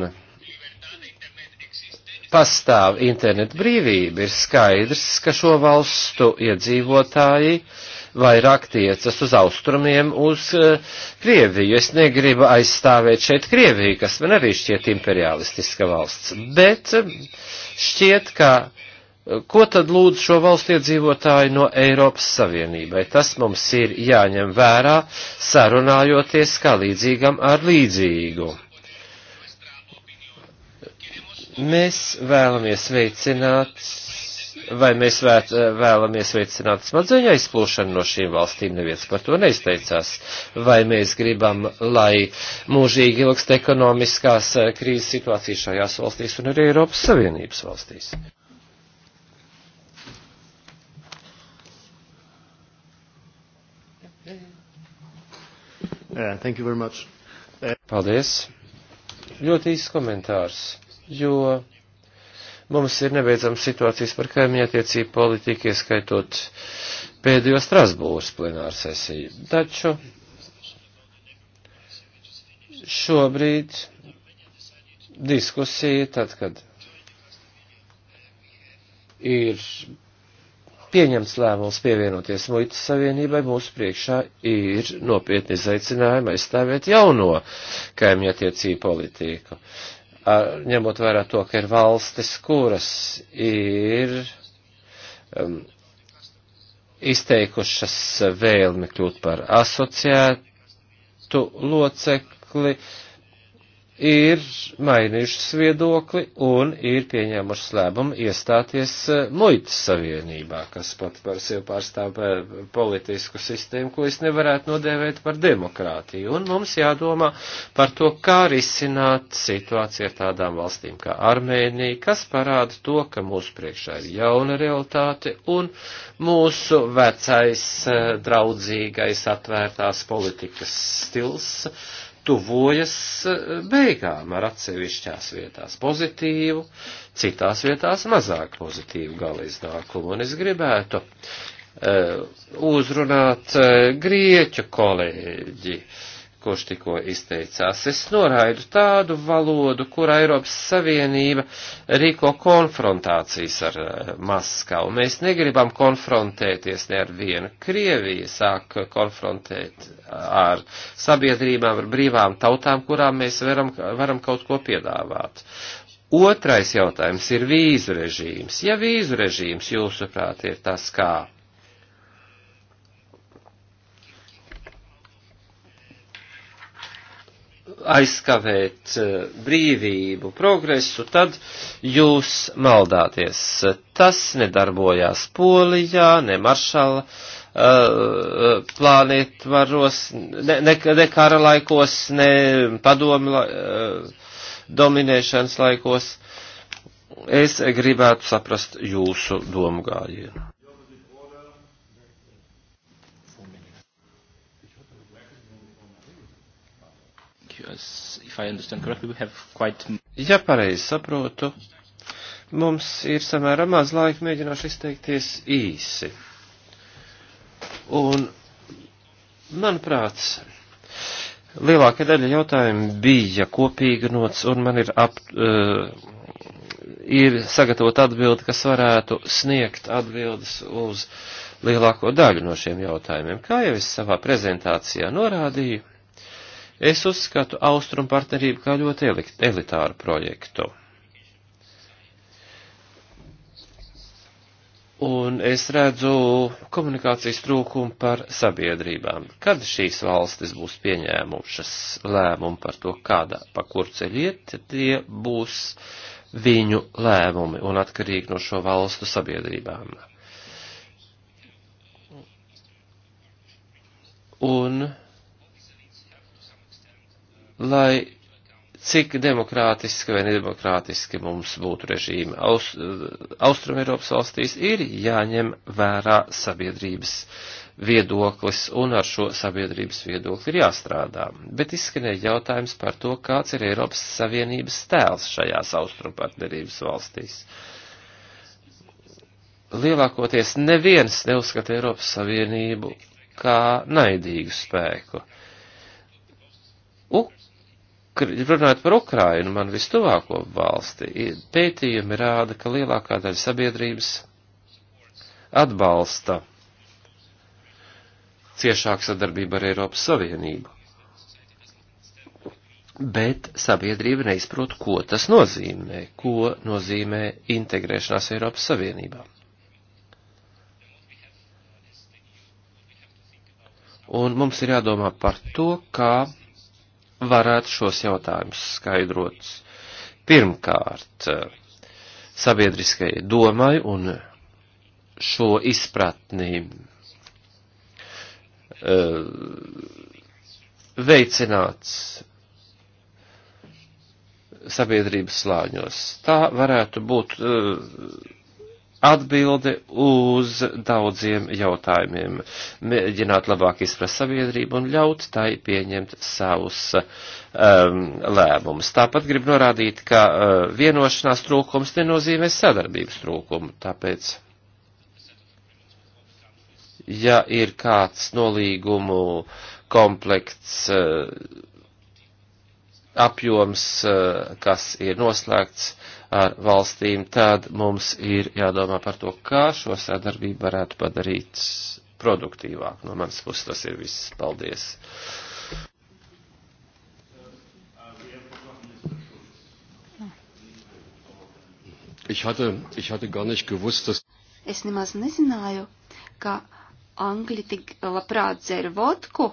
pastāv internetu brīvība, ir skaidrs, ka šo valstu iedzīvotāji vairāk tiecas uz austrumiem, uz uh, Krieviju. Es negribu aizstāvēt šeit Krieviju, kas man arī šķiet imperialistiska valsts, bet Šķiet, ka eh, ko tad lūdz šo valstu iedzīvotāju no Eiropas Savienībai? Tas mums ir jāņem vērā, sarunājoties kā līdzīgam ar līdzīgu. Mēs vēlamies veicināt vai mēs vēt, eh, vēlamies veicināt smadzeņu aizplūšanu no šīm valstīm, neviens par to neizteicās. Vai mēs gribam, lai mūžīgi ilgst ekonomiskās eh, krīzes situācijas šajās valstīs un arī Eiropas Savienības valstīs? Yeah, thank you very much. Paldies. Ļoti īsts komentārs, jo Mums ir nebeidzams situācijas par kaimiņattiecību politiku, ieskaitot pēdējo Strasbūras plenāru sesiju. Taču šobrīd diskusija, tad, kad ir pieņemts lēmums pievienoties muitas savienībai, mūsu priekšā ir nopietni izaicinājumi aizstāvēt jauno kaimiņattiecību politiku ar, ņemot vērā to, ka ir valstis, kuras ir um, izteikušas vēlmi kļūt par asociētu locekli, uh, ir mainījušas viedokli un ir pieņēmušas lēmumu iestāties eh, muitas savienībā, kas pat par sevi pārstāv eh, politisku sistēmu, ko es nevarētu nodēvēt par demokrātiju. Un mums jādomā par to, kā risināt situāciju ar tādām valstīm kā Armēnija, kas parāda to, ka mūsu priekšā ir jauna realitāte un mūsu vecais eh, draudzīgais atvērtās politikas stils tuvojas eh, beigām ar atsevišķās vietās pozitīvu, citās vietās mazāk pozitīvu gala iznākumu. Un es gribētu uh, uzrunāt uh, grieķu kolēģi. Uh, kurš tikko izteicās. Es noraidu tādu valodu, kurā Eiropas Savienība rīko konfrontācijas ar eh, Maskavu. Mēs negribam konfrontēties ne ar vienu. Krievija sāk konfrontēt ar sabiedrībām, ar brīvām tautām, kurām mēs varam, varam kaut ko piedāvāt. Otrais jautājums ir vīzu režīms. Ja vīzu režīms, jūsuprāt, ir tas, kā aizskavēt eh, brīvību, progresu, tad jūs maldāties. Tas nedarbojās Polijā, ne Maršala uh, eh, plānietvaros, ne, ne, ne kara laikos, ne padomi uh, dominēšanas laikos. Es gribētu saprast jūsu domgājienu. if I understand correctly, we have quite... Ja pareizi saprotu, mums ir samērā maz laika, mēģināšu izteikties īsi. Un, manuprāt, lielākā daļa jautājumu bija kopīga nots, un man ir ap... Uh, ir sagatavot atbildi, kas varētu sniegt atbildes uz lielāko daļu no šiem jautājumiem. Kā jau es savā prezentācijā norādīju, Es uzskatu austrumu partnerību kā ļoti elitāru projektu. Un es redzu komunikācijas trūkumu par sabiedrībām. Kad šīs valstis būs pieņēmušas lēmumu par to, kādā pa kur ceļiet, tie būs viņu lēmumi un atkarīgi no šo valstu sabiedrībām. Un lai cik demokrātiski vai nedemokrātiski mums būtu režīmi. Aus, Austrum Eiropas valstīs ir jāņem vērā sabiedrības viedoklis un ar šo sabiedrības viedokli ir jāstrādā. Bet izskanēja jautājums par to, kāds ir Eiropas Savienības tēls šajās Austrum partnerības valstīs. Lielākoties neviens neuzskata Eiropas Savienību kā naidīgu spēku. Un runājot par Ukrainu, man vistuvāko valsti, pētījumi rāda, ka lielākā daļa sabiedrības atbalsta ciešāku sadarbību ar Eiropas Savienību. Bet sabiedrība neizprot, ko tas nozīmē, ko nozīmē integrēšanās Eiropas Savienībā. Un mums ir jādomā par to, kā varētu šos jautājumus skaidrot. Pirmkārt, sabiedriskajai domai un šo izpratni e, veicināts sabiedrības slāņos. Tā varētu būt uh, atbilde uz daudziem jautājumiem, mēģināt labāk izprast sabiedrību un ļaut tai pieņemt savus um, lēmumus. Tāpat grib norādīt, ka uh, vienošanās trūkums nenozīmē sadarbības trūkumu, tāpēc, ja ir kāds nolīgumu komplekts, uh, apjoms, uh, kas ir noslēgts, ar valstīm, tad mums ir jādomā par to, kā šo sadarbību varētu padarīt produktīvāk. No manas puses tas ir viss. Paldies! Ich hatte, ich hatte gar nicht gewusst, dass es nemaz nezināju, ka Angļi tik labprāt dzēra vodku,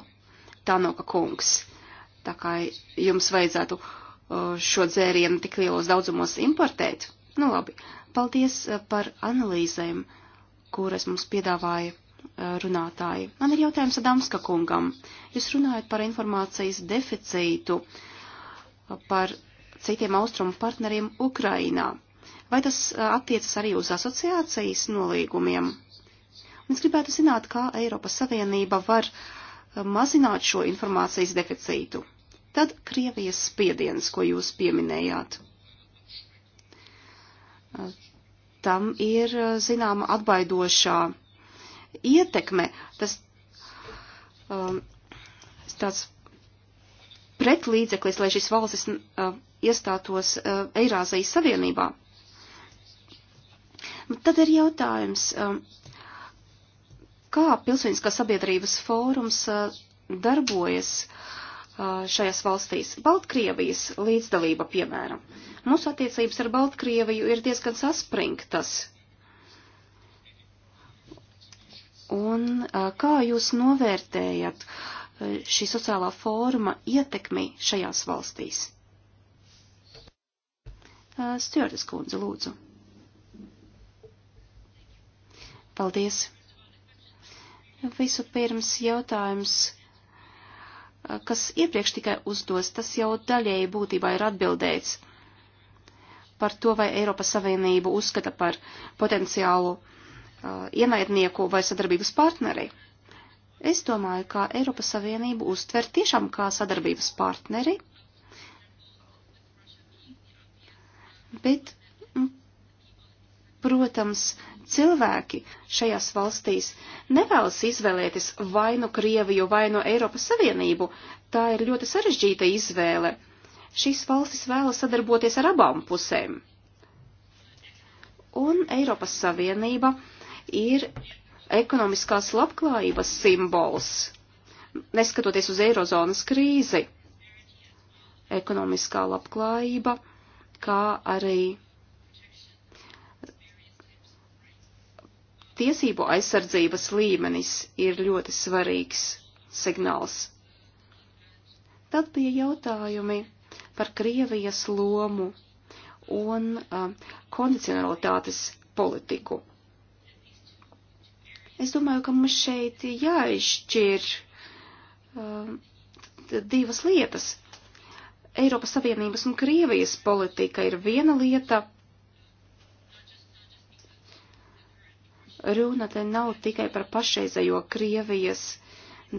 Tanoka kungs. Tā kā jums vajadzētu šo dzērienu tik lielos daudzumos importēt. Nu labi, paldies eh, par analīzēm, kuras mums piedāvāja eh, runātāji. Man ir jautājums Adamska kungam. Jūs runājat par informācijas deficītu, eh, par citiem austrumu partneriem Ukrainā. Vai tas attiecas arī uz asociācijas nolīgumiem? Un es gribētu zināt, kā Eiropas Savienība var mazināt šo informācijas deficītu. Tad Krievijas spiediens, ko jūs pieminējāt. Tam ir zināma atbaidošā ietekme. Tas um, tāds pretlīdzeklis, lai šis valstis uh, iestātos uh, Eirāzijas Savienībā. Tad ir jautājums, um, kā pilsoniskā sabiedrības fórums uh, darbojas uh, šajās valstīs. Baltkrievijas līdzdalība, piemēram. Mūsu attiecības ar Baltkrieviju ir diezgan saspringtas. Un kā jūs novērtējat šī sociālā forma ietekmi šajās valstīs? Stjordas kundze, lūdzu. Paldies. Visu pirms jautājums kas iepriekš tikai uzdos, tas jau daļēji būtībā ir atbildēts par to, vai Eiropas Savienību uzskata par potenciālu uh, ienaidnieku vai sadarbības partneri. Es domāju, ka Eiropas Savienību uztver tiešām kā sadarbības partneri, bet, protams, Cilvēki šajās valstīs nevēlas izvēlēties vai nu Krieviju, vai nu Eiropas Savienību. Tā ir ļoti sarežģīta izvēle. Šīs valstis vēlas sadarboties ar abām pusēm. Un Eiropas Savienība ir ekonomiskās labklājības simbols, neskatoties uz eirozonas krīzi. Ekonomiskā labklājība, kā arī tiesību aizsardzības līmenis ir ļoti svarīgs signāls. Tad bija jautājumi par Krievijas lomu un uh, kondicionalitātes politiku. Es domāju, ka mums šeit jāizšķir uh, divas lietas. Eiropas Savienības un Krievijas politika ir viena lieta, Runa te nav tikai par pašreizējo Krievijas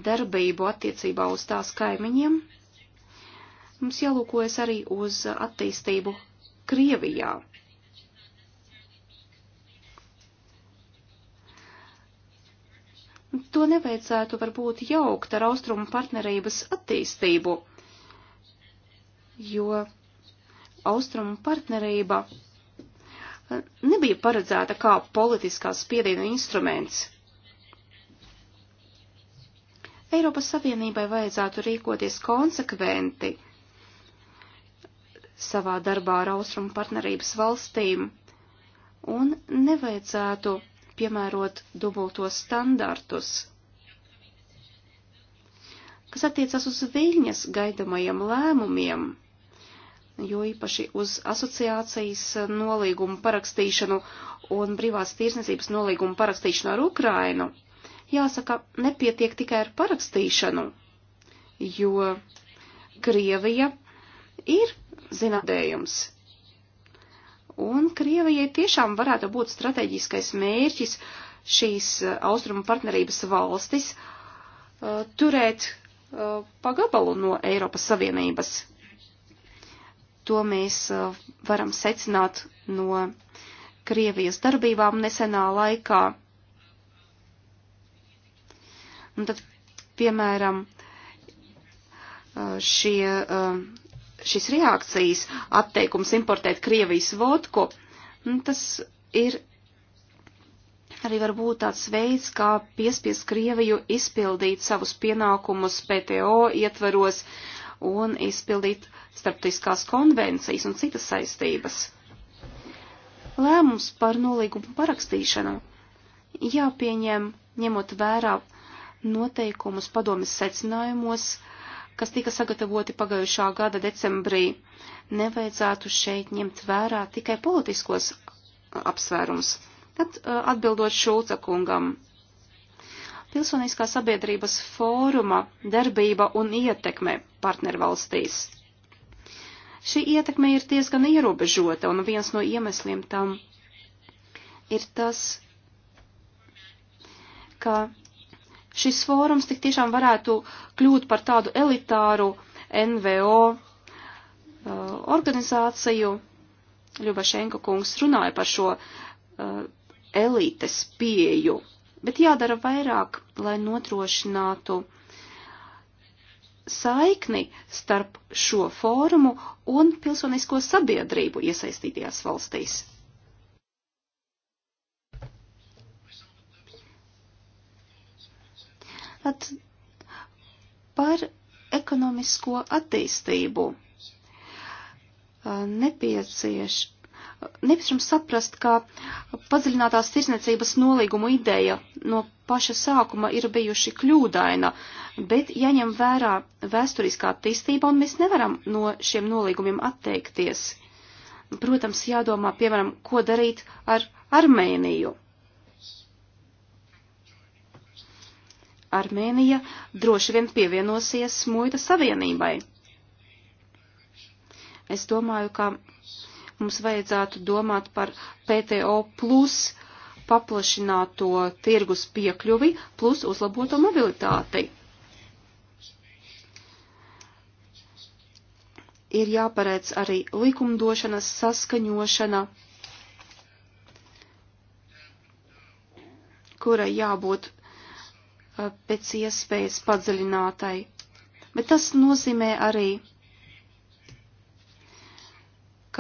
darbību attiecībā uz tās kaimiņiem. Mums jālūkojas arī uz attīstību Krievijā. To nevajadzētu varbūt jaukt ar austrumu partnerības attīstību, jo austrumu partnerība nebija paredzēta kā politiskā spiediena instruments. Eiropas Savienībai vajadzētu rīkoties konsekventi savā darbā ar austrumu partnerības valstīm un nevajadzētu piemērot dubultos standartus. Kas attiecas uz viņas gaidamajiem lēmumiem, jo īpaši uz asociācijas nolīgumu parakstīšanu un brīvās tirsniecības nolīgumu parakstīšanu ar Ukrainu, jāsaka, nepietiek tikai ar parakstīšanu, jo Krievija ir zinādējums. Un Krievijai tiešām varētu būt strateģiskais mērķis šīs uh, austrumu partnerības valstis uh, turēt uh, pagabalu no Eiropas Savienības To mēs eh, varam secināt no Krievijas darbībām nesenā laikā. Un tad, piemēram, eh, šie, eh, šis reakcijas atteikums importēt Krievijas vodku, tas ir arī varbūt tāds veids, kā piespies Krieviju izpildīt savus pienākumus PTO ietvaros un izpildīt starptautiskās konvencijas un citas saistības. Lēmums par nolīgumu parakstīšanu jāpieņem ņemot vērā noteikumus padomjas secinājumos, kas tika sagatavoti pagājušā gada decembrī. Nevajadzētu šeit ņemt vērā tikai politiskos apsvērums. Tad uh, atbildot Šulca kungam. Pilsoniskā sabiedrības fóruma darbība un ietekme partnervalstīs. Šī ietekme ir diezgan ierobežota, un viens no iemesliem tam ir tas, ka šis fórums tik tiešām varētu kļūt par tādu elitāru NVO uh, organizāciju. Ļubašenko kungs runāja par šo uh, elites pieju, bet jādara vairāk, lai notrošinātu uh, saikni starp šo fórumu un pilsonisko sabiedrību iesaistītajās valstīs. At, par ekonomisko attīstību nepiecieš, nepieciešams saprast, ka padziļinātās tirsniecības nolīgumu ideja no paša sākuma ir bijuši kļūdaina, bet jaņem vērā vēsturiskā attīstība un mēs nevaram no šiem nolīgumiem atteikties. Protams, jādomā, piemēram, ko darīt ar Armēniju. Armēnija droši vien pievienosies muita savienībai. Es domāju, ka mums vajadzētu domāt par PTO plus paplašināto tirgus piekļuvi plus uzlaboto mobilitāti. Ir jāparedz arī likumdošanas saskaņošana, kura jābūt eh, pēc iespējas padziļinātai. Bet tas nozīmē arī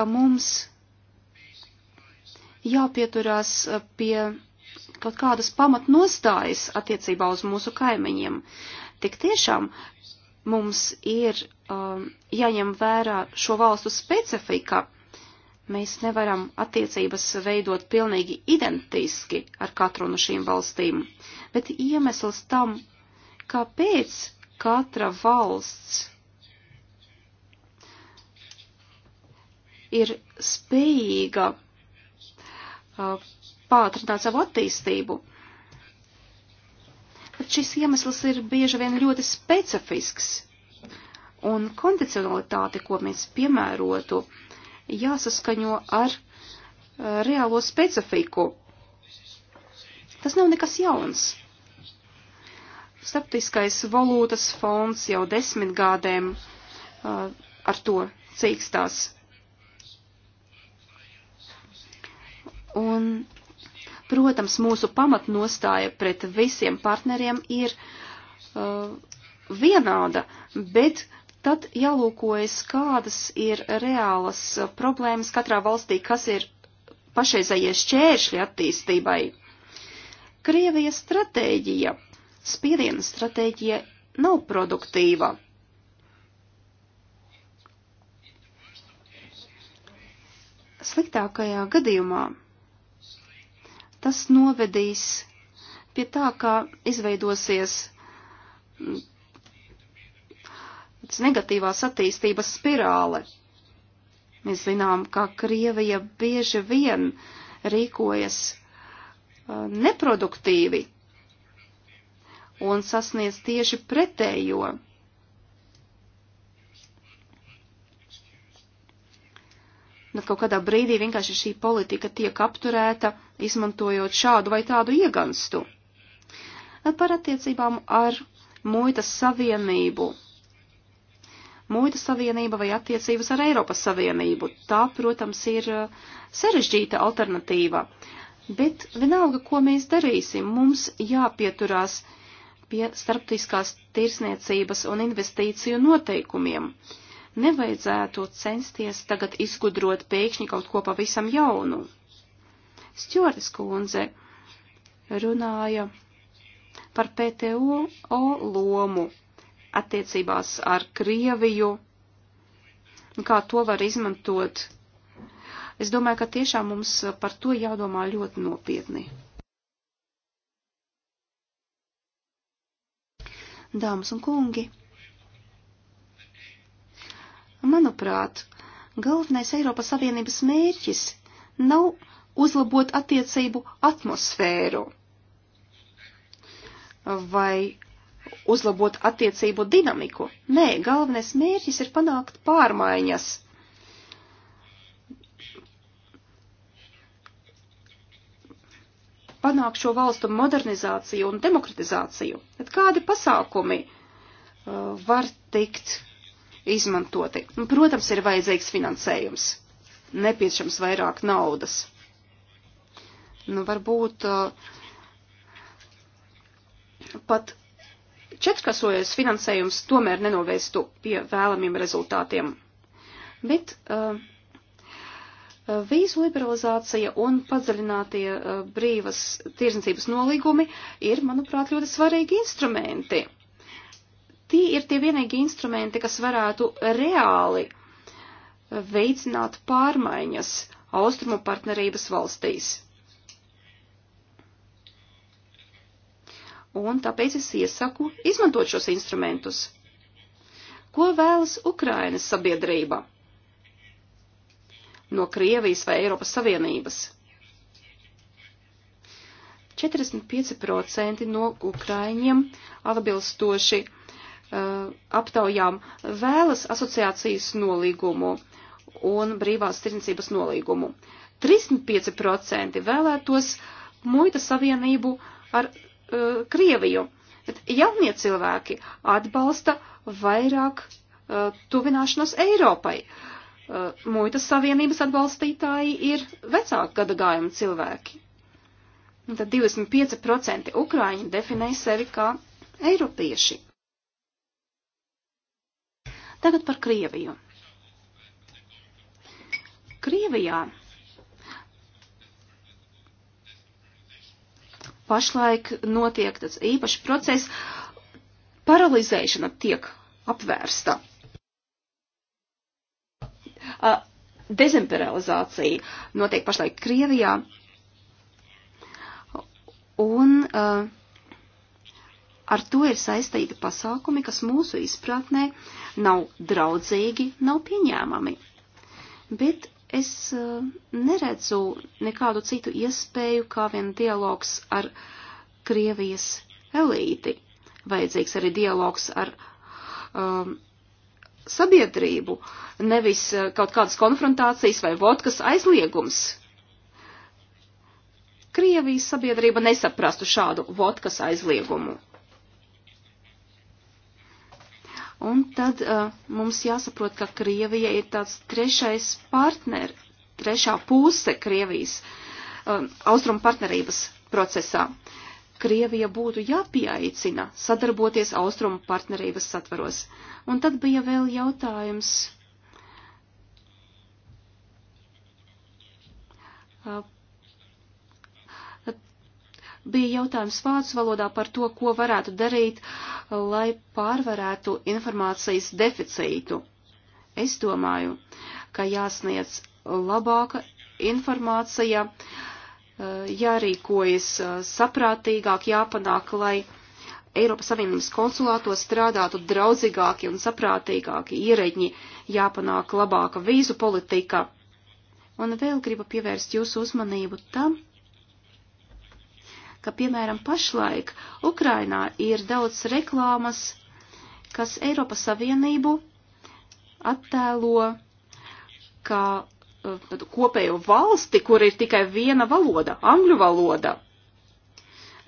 ka mums jāpieturās eh, pie kaut kādas pamatnostājas attiecībā uz mūsu kaimiņiem. Tik tiešām mums ir um, jāņem vērā šo valstu specifika. Mēs nevaram attiecības veidot pilnīgi identiski ar katru no šīm valstīm, bet iemesls tam, kāpēc katra valsts ir spējīga uh, pātrināt savu attīstību. Bet šis iemesls ir bieži vien ļoti specifisks, un kondicionalitāte, ko mēs piemērotu, jāsaskaņo ar uh, reālo specifiku. Tas nav nekas jauns. Starptiskais valūtas fonds jau desmit gādēm uh, ar to cīkstās. Un, protams, mūsu pamatnostāja pret visiem partneriem ir uh, vienāda, bet tad jālūkojas, kādas ir reālas problēmas katrā valstī, kas ir pašreizējie šķēršļi attīstībai. Krievijas stratēģija, spiediena stratēģija nav produktīva. Sliktākajā gadījumā Tas novedīs pie tā, ka izveidosies mm, negatīvās attīstības spirāle. Mēs zinām, ka Krievija bieži vien rīkojas uh, neproduktīvi un sasniedz tieši pretējo. Nu, kaut kādā brīdī vienkārši šī politika tiek apturēta izmantojot šādu vai tādu ieganstu. Par attiecībām ar muitas savienību. Muitas savienība vai attiecības ar Eiropas Savienību. Tā, protams, ir uh, sarežģīta alternatīva. Bet vienalga, ko mēs darīsim, mums jāpieturās pie starptiskās tirsniecības un investīciju noteikumiem. Nevajadzētu censties tagad izgudrot pēkšņi kaut ko pavisam jaunu. Stjortis kundze runāja par PTO lomu attiecībās ar Krieviju un kā to var izmantot. Es domāju, ka tiešām mums par to jādomā ļoti nopietni. Dāmas un kungi, manuprāt, galvenais Eiropas Savienības mērķis nav uzlabot attiecību atmosfēru vai uzlabot attiecību dinamiku. Nē, galvenais mērķis ir panākt pārmaiņas. Panākt šo valstu modernizāciju un demokratizāciju. Tad kādi pasākumi uh, var tikt izmantoti? Un, protams, ir vajadzīgs finansējums. Nepieciešams vairāk naudas. Nu, varbūt uh, pat četrkasojas finansējums tomēr nenovēstu pie vēlamiem rezultātiem. Bet uh, vīzu liberalizācija un padziļinātie uh, brīvas tirzniecības nolīgumi ir, manuprāt, ļoti svarīgi instrumenti. Tie ir tie vienīgi instrumenti, kas varētu reāli uh, veicināt pārmaiņas austrumu partnerības valstīs. un tāpēc es iesaku izmantot šos instrumentus. Ko vēlas Ukrainas sabiedrība? No Krievijas vai Eiropas Savienības? 45% no Ukraiņiem atbilstoši uh, aptaujām vēlas asociācijas nolīgumu un brīvās tirdzniecības nolīgumu. 35% vēlētos muitas savienību ar uh, Krieviju. Bet jaunie cilvēki atbalsta vairāk uh, tuvināšanos Eiropai. Uh, muitas savienības atbalstītāji ir vecāku gadagājumu cilvēki. Un tad 25% Ukraiņi definē sevi kā Eiropieši. Tagad par Krieviju. Krievijā pašlaik notiek tāds īpašs process, paralizēšana tiek apvērsta. Dezimperalizācija notiek pašlaik Krievijā, un ar to ir saistīti pasākumi, kas mūsu izpratnē nav draudzīgi, nav pieņēmami. Bet Es eh, neredzu nekādu citu iespēju kā vien dialogs ar Krievijas elīti. Vajadzīgs arī dialogs ar um, sabiedrību, nevis eh, kaut kādas konfrontācijas vai vodkas aizliegums. Krievijas sabiedrība nesaprastu šādu vodkas aizliegumu. Un tad uh, mums jāsaprot, ka Krievija ir tāds trešais partner, trešā puse Krievijas uh, austrumu partnerības procesā. Krievija būtu jāpieaicina sadarboties austrumu partnerības satvaros. Un tad bija vēl jautājums. Uh, bija jautājums vācu valodā par to, ko varētu darīt, lai pārvarētu informācijas deficītu. Es domāju, ka jāsniedz labāka informācija, eh, jārīkojas eh, saprātīgāk, jāpanāk, lai Eiropas Savienības konsulātos strādātu draudzīgāki un saprātīgāki ierēģi, jāpanāk labāka vīzu politika. Un vēl gribu pievērst jūsu uzmanību tam, ka, piemēram, pašlaik Ukrainā ir daudz reklāmas, kas Eiropas Savienību attēlo kā eh, kopējo valsti, kur ir tikai viena valoda - angļu valoda.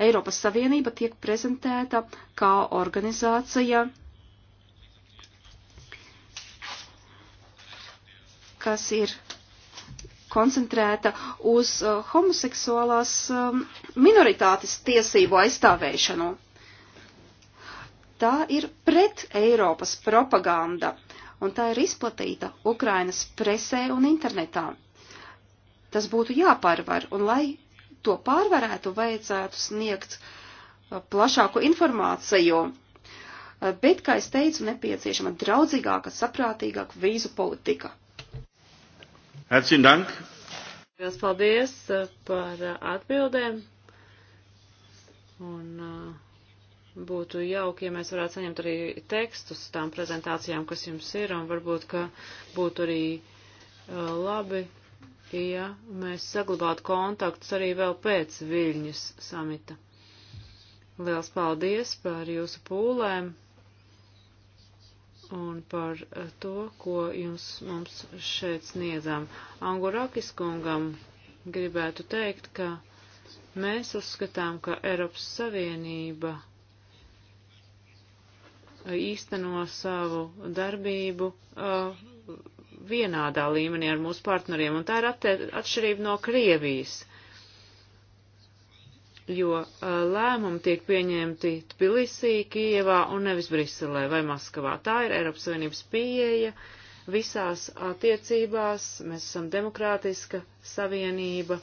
Eiropas Savienība tiek prezentēta kā organizācija, kas ir koncentrēta uz uh, homoseksuālās um, minoritātes tiesību aizstāvēšanu. Tā ir pret Eiropas propaganda, un tā ir izplatīta Ukrainas presē un internetā. Tas būtu jāpārvar, un lai to pārvarētu, vajadzētu sniegt uh, plašāku informāciju uh, bet, kā es teicu, nepieciešama draudzīgāka, saprātīgāka vīzu politika. Herzlichen Dank. Lielas paldies uh, par uh, atbildēm. Un uh, būtu jauki, ja mēs varētu saņemt arī tekstus tām prezentācijām, kas jums ir, un varbūt, ka būtu arī labi, ja mēs saglabātu kontaktus arī vēl pēc Viļņas samita. Liels paldies par jūsu pūlēm! un par eh, to, ko jums mums šeit sniedzām. Angurakis kungam gribētu teikt, ka mēs uzskatām, ka Eiropas Savienība eh, īsteno savu darbību uh, vienādā līmenī ar mūsu partneriem, un tā ir atšķirība no Krievijas jo uh, lēmumi tiek pieņemti Tbilisī, Kijevā un nevis Briselē vai Maskavā. Tā ir Eiropas Savienības pieeja visās attiecībās. Mēs esam demokrātiska savienība,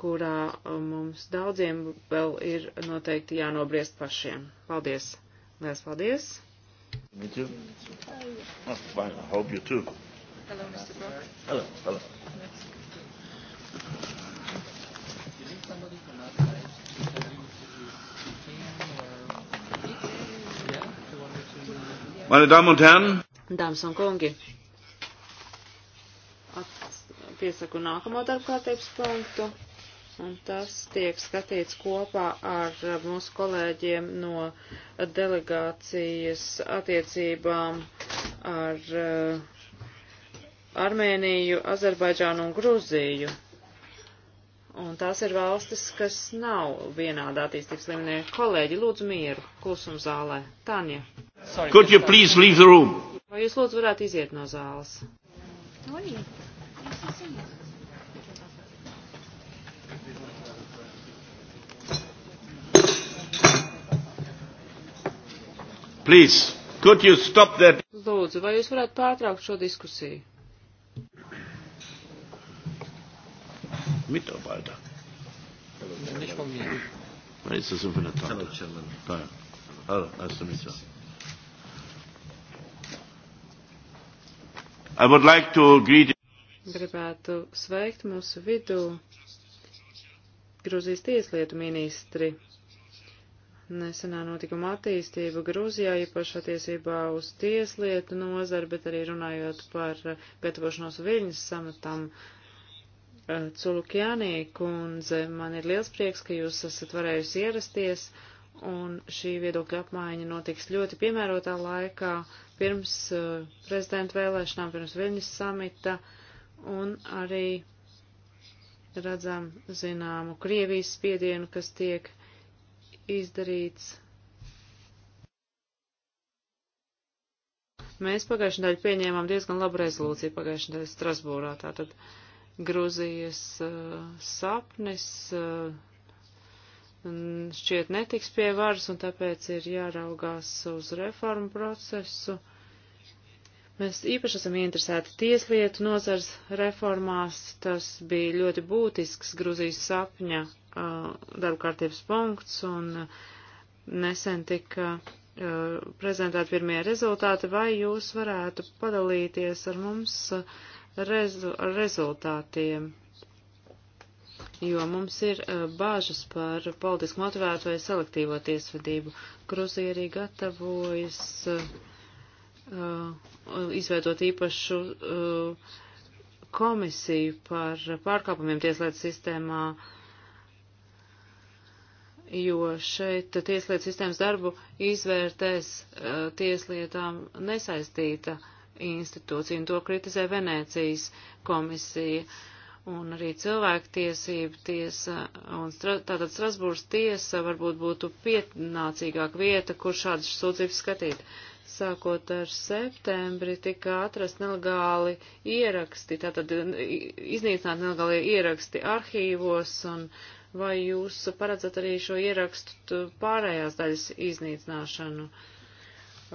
kurā mums daudziem vēl ir noteikti jānobriest pašiem. Paldies! Lielas paldies! Me too. Oh, yeah. oh, fine. I hope you too. Hello, Mr. Brock. Hello, hello. Next. Meine Damen und Herren, Dāmas un kungi, piesaku nākamo darbkārtības punktu, un tas tiek skatīts kopā ar mūsu kolēģiem no delegācijas attiecībām ar eh, Armēniju, Azerbaidžānu un Gruziju. Un tās ir valstis, kas nav vienāda attīstības līmenī. Kolēģi, lūdzu mieru, klusuma zālē. Tanja. Could you uh, please leave the room? Vai jūs lūdzu varētu iziet no zāles? Please, could you stop that? Lūdzu, vai jūs varētu pārtraukt šo diskusiju? Mitarbeiter. Nicht von mir. Na, ist das so von der Tat? Hallo, nice to meet you. I would like to greet Gribētu sveikt mūsu vidū Gruzijas tieslietu ministri. Nesenā notikuma attīstība Gruzijā, īpaši attiecībā uz tieslietu nozaru, bet arī runājot par gatavošanos Viļņas samatam, Eh, Culukjānī kundze, man ir liels prieks, ka jūs esat varējusi ierasties, un šī viedokļa apmaiņa notiks ļoti piemērotā laikā, pirms uh, prezidenta vēlēšanām, pirms Viļņas samita, un arī redzam zināmu Krievijas spiedienu, kas tiek izdarīts. Mēs pagājušajā daļā pieņēmām diezgan labu rezolūciju pagājušajā daļā Strasbūrā, tātad. Uh, Gruzijas eh, sapnis eh, šķiet netiks pie varas, un tāpēc ir jāraugās uz reformu procesu. Mēs īpaši esam interesēti tieslietu nozars reformās. Tas bija ļoti būtisks Gruzijas sapņa eh, darbkārtības punkts, un nesen tika prezentēt pirmie rezultāti, vai jūs varētu padalīties ar mums uh, rezu, rezultātiem, jo mums ir uh, bāžas par politiski motivētu vai selektīvo tiesvedību. Gruzija arī gatavojas uh, uh, izveidot īpašu uh, komisiju par pārkāpumiem tieslietu sistēmā, jo šeit tieslietu sistēmas darbu izvērtēs uh, tieslietām nesaistīta uh, institūcija, un to kritizē Venēcijas komisija. Un arī cilvēktiesība tiesa, un stra, tātad Strasbūras tiesa varbūt būtu pietnācīgāk vieta, kur šādas sūdzības skatīt. Sākot ar septembri tika atrast nelegāli ieraksti, tātad iznīcināt nelegāli ieraksti arhīvos, un vai jūs paredzat arī šo ierakstu pārējās daļas iznīcināšanu?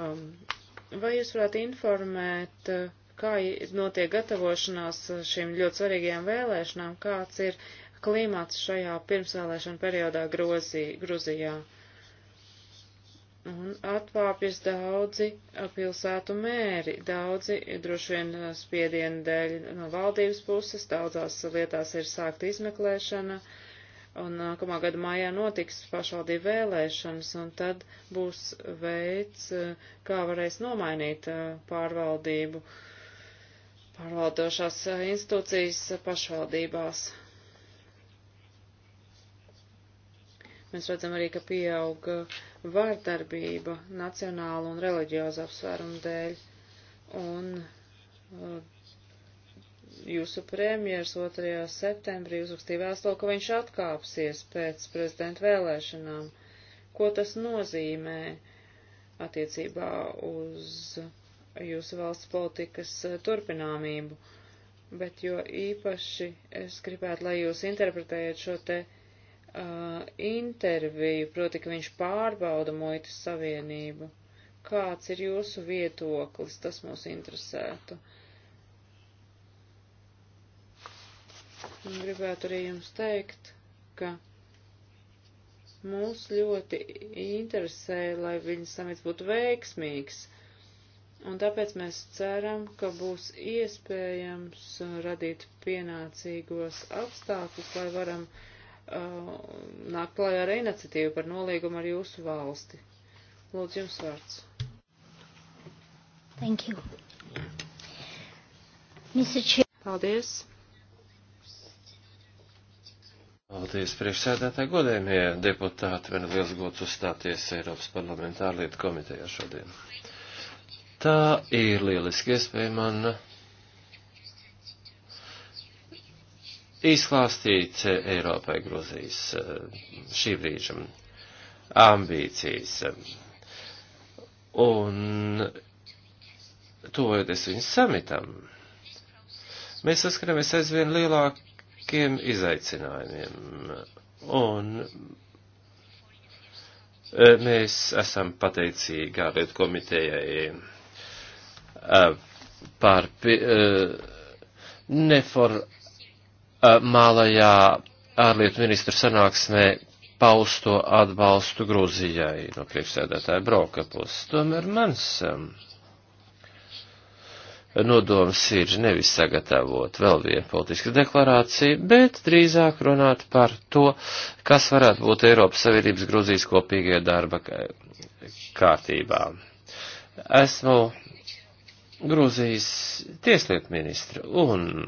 Um, Vai jūs varētu informēt, eh, kā notiek gatavošanās šīm ļoti svarīgajām vēlēšanām, kāds ir klimats šajā pirmsvēlēšana periodā Grozī, Gruzijā? Un atvāpjas daudzi pilsētu mēri, daudzi droši vien spiedienu dēļ no valdības puses, daudzās lietās ir sākta izmeklēšana. Uh, un nākamā gada mājā notiks pašvaldību vēlēšanas, un tad būs veids, kā varēs nomainīt pārvaldību pārvaldošās institūcijas pašvaldībās. Mēs redzam arī, ka pieauga vārdarbība nacionāla un reliģioza apsvērumu dēļ, un jūsu premjers 2. septembrī uzrakstīja vēstuli, ka viņš atkāpsies pēc prezidenta vēlēšanām. Ko tas nozīmē attiecībā uz jūsu valsts politikas eh, turpināmību? Bet jo īpaši es gribētu, lai jūs interpretējat šo te uh, interviju, proti, ka viņš pārbauda muitas savienību. Kāds ir jūsu vietoklis? Tas mūs interesētu. Uh, un gribētu arī jums teikt, ka mūs ļoti interesē, lai viņas samits būtu veiksmīgs, un tāpēc mēs ceram, ka būs iespējams radīt pienācīgos apstākļus, lai varam uh, nākt klājā ar iniciatīvu par nolīgumu ar jūsu valsti. Lūdzu, jums vārds. Thank you. Mr. Chair. Paldies. Paldies, priekšsēdētāji, godējumie deputāti, man liels gods uzstāties Eiropas parlamentā lietu komitejā šodien. Tā ir lieliski iespēja man izklāstīt Eiropai Gruzijas eh, šī brīža ambīcijas. Un tuvojoties viņas samitam, mēs saskaramies aizvien lielāku politiskiem izaicinājumiem. Un e, mēs esam pateicīgi ārlietu komitejai e, par e, neformālajā ārlietu ministru sanāksmē pausto atbalstu Grūzijai no priekšsēdētāja Broka puses. Tomēr mans nodoms ir nevis sagatavot vēl vienu politisku deklarāciju, bet drīzāk runāt par to, kas varētu būt Eiropas Savienības Grūzijas kopīgajā darba kārtībā. Esmu Grūzijas tieslietu ministra un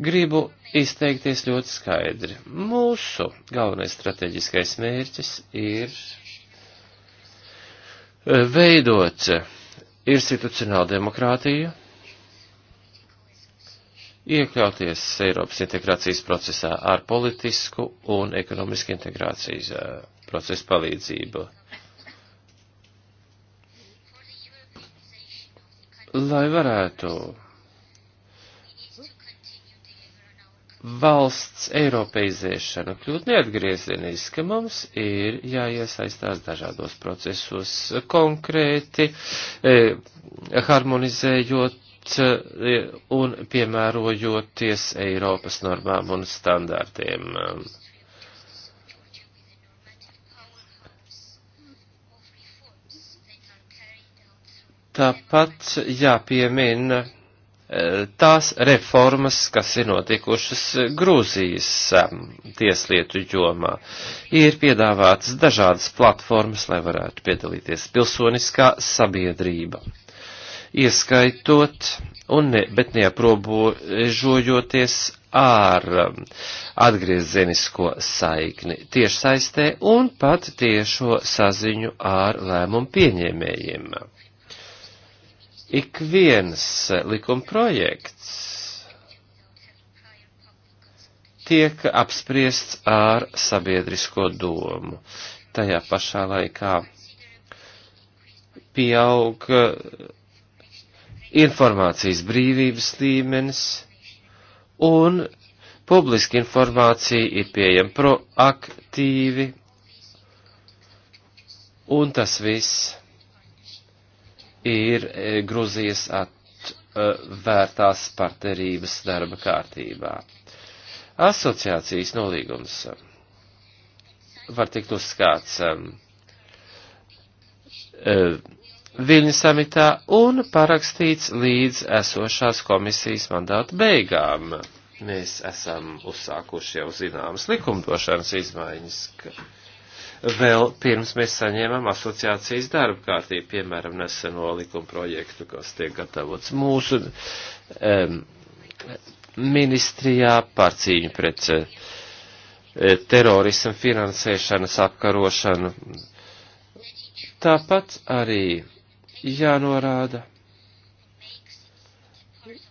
gribu izteikties ļoti skaidri. Mūsu galvenais strateģiskais mērķis ir veidot institucionāla demokrātija, iekļauties Eiropas integrācijas procesā ar politisku un ekonomisku integrācijas eh, procesu palīdzību. Lai varētu valsts eiropeizēšana kļūt neatgriezeniska, mums ir jāiesaistās dažādos procesos konkrēti, eh, harmonizējot eh, un piemērojoties Eiropas normām un standārtiem. Tāpat jāpiemina tās reformas, kas ir notikušas Grūzijas um, tieslietu jomā. Ir piedāvātas dažādas platformas, lai varētu piedalīties pilsoniskā sabiedrība, ieskaitot, un ne, bet neaprobežojoties ar um, atgriezenisko saikni tiešsaistē un pat tiešo saziņu ar lēmumu pieņēmējiem ik viens likuma projekts tiek apspriests ar sabiedrisko domu. Tajā pašā laikā pieaug informācijas brīvības līmenis un publiska informācija ir pieejama proaktīvi un tas viss ir e, Gruzijas atvērtās partnerības darba kārtībā. Asociācijas nolīgums e, var tikt uzskāts e, Viļņu samitā un parakstīts līdz esošās komisijas mandāta beigām. Mēs esam uzsākuši jau zināmas likumdošanas izmaiņas. Ka vēl pirms mēs saņēmām asociācijas darba kārtību, piemēram, neseno likuma projektu, kas tiek gatavots mūsu um, ministrijā par cīņu pret uh, terorismu finansēšanas apkarošanu. Tāpat arī jānorāda. Ja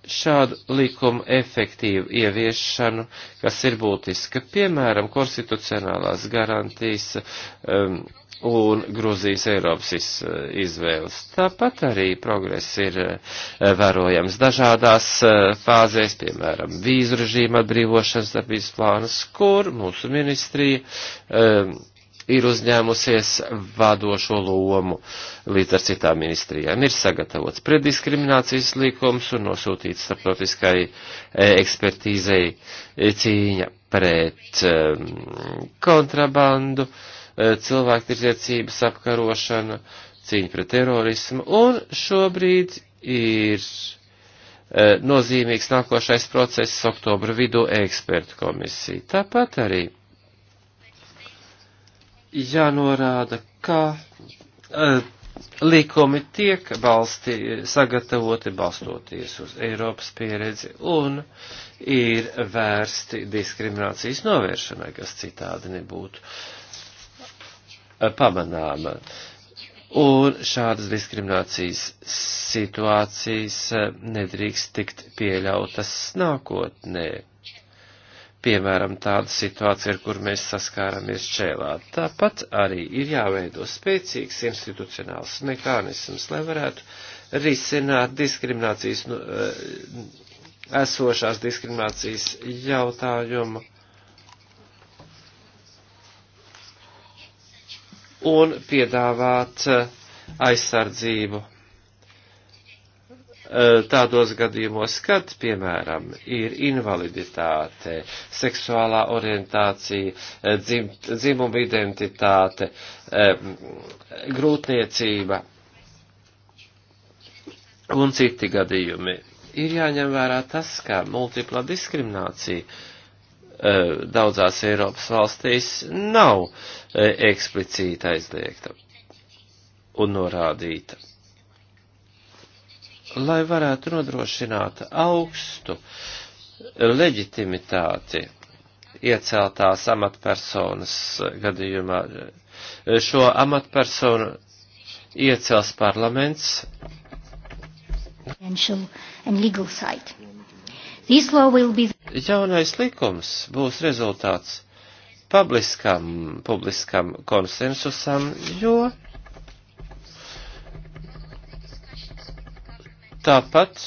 šādu likumu efektīvu ieviešanu, kas ir būtiska, piemēram, konstitucionālās garantijas um, un Gruzijas Eiropas iz, izvēles. Tāpat arī progress ir uh, vērojams dažādās uh, fāzēs, piemēram, vīzu režīma atbrīvošanas darbības plānas, kur mūsu ministrija um, ir uzņēmusies vadošo lomu līdz ar citām ministrijām. Ir sagatavots preddiskriminācijas līkums un nosūtīts starptautiskai e, ekspertīzei e, cīņa pret e, kontrabandu, cilvēktirdzniecības apkarošana, cīņa pret terorismu un šobrīd ir nozīmīgs nākošais process oktobra vidū ekspertu komisija. Tāpat arī jānorāda, ka uh, likumi tiek balsti, sagatavoti balstoties uz Eiropas pieredzi un ir vērsti diskriminācijas novēršanai, kas citādi nebūtu uh, pamanāma. Un šādas diskriminācijas situācijas eh, nedrīkst tikt pieļautas nākotnē. Piemēram, tāda situācija, ar kur mēs saskāramies čēlā. Tāpat arī ir jāveido spēcīgs institucionāls mekānisms, lai varētu risināt diskriminācijas, nu, eh, esošās diskriminācijas jautājumu. Un piedāvāt eh, aizsardzību Eh, tādos gadījumos, kad, piemēram, ir invaliditāte, seksuālā orientācija, eh, dzim, dzimuma identitāte, eh, grūtniecība un citi gadījumi. Ir jāņem vērā tas, ka multipla diskriminācija daudzās Eiropas valstīs nav eksplicīti aizliegta un norādīta lai varētu nodrošināt augstu leģitimitāti ieceltās amatpersonas gadījumā. Šo amatpersonu iecels parlaments. Jaunais likums būs rezultāts publiskam, publiskam konsensusam, jo Tāpat